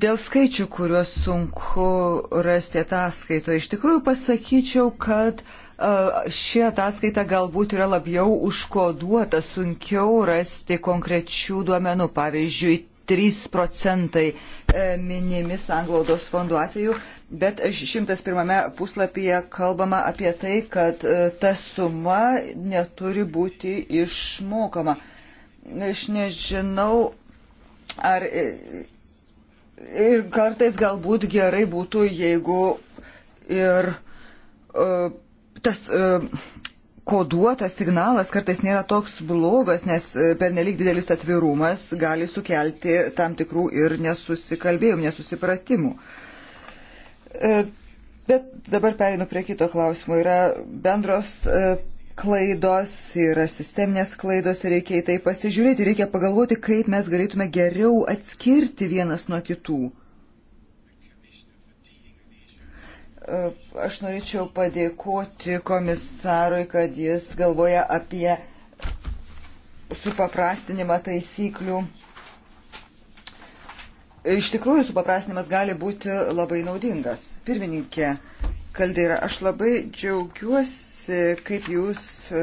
dėl skaičių, kuriuos sunku rasti ataskaitoje, iš tikrųjų pasakyčiau, kad e, ši ataskaita galbūt yra labiau užkoduota, sunkiau rasti konkrečių duomenų. Pavyzdžiui, 3 procentai e, minimi sanglaudos fondų atveju, bet 101 puslapyje kalbama apie tai, kad ta suma neturi būti išmokama. Aš nežinau, Ar e, ir kartais galbūt gerai būtų, jeigu ir uh, tas uh, koduotas signalas kartais nėra toks blogas, nes pernelik didelis atvirumas gali sukelti tam tikrų ir nesusikalbėjimų, nesusipratimų. Uh, bet dabar perinu prie kito klausimo. Yra bendros. Uh, klaidos, yra sisteminės klaidos ir reikia į tai pasižiūrėti, reikia pagalvoti, kaip mes galėtume geriau atskirti vienas nuo kitų. Aš norėčiau padėkoti komisarui, kad jis galvoja apie supaprastinimą taisyklių. Iš tikrųjų, supaprastinimas gali būti labai naudingas. Pirmininkė, Kaldeira, aš labai džiaugiuosi, kaip jūs e,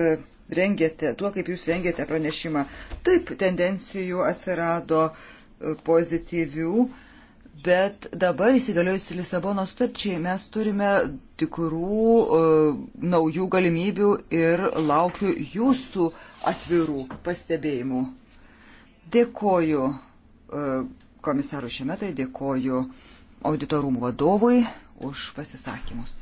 rengėte, tuo, kaip jūs rengėte pranešimą. Taip, tendencijų atsirado e, pozityvių, bet dabar įsigaliojusi Lisabono sutarčiai mes turime tikrų uh, naujų galimybių ir laukiu jūsų atvirų pastebėjimų. Dėkoju uh, komisaru Šemetai, dėkoju auditorumų vadovui už pasisakymus.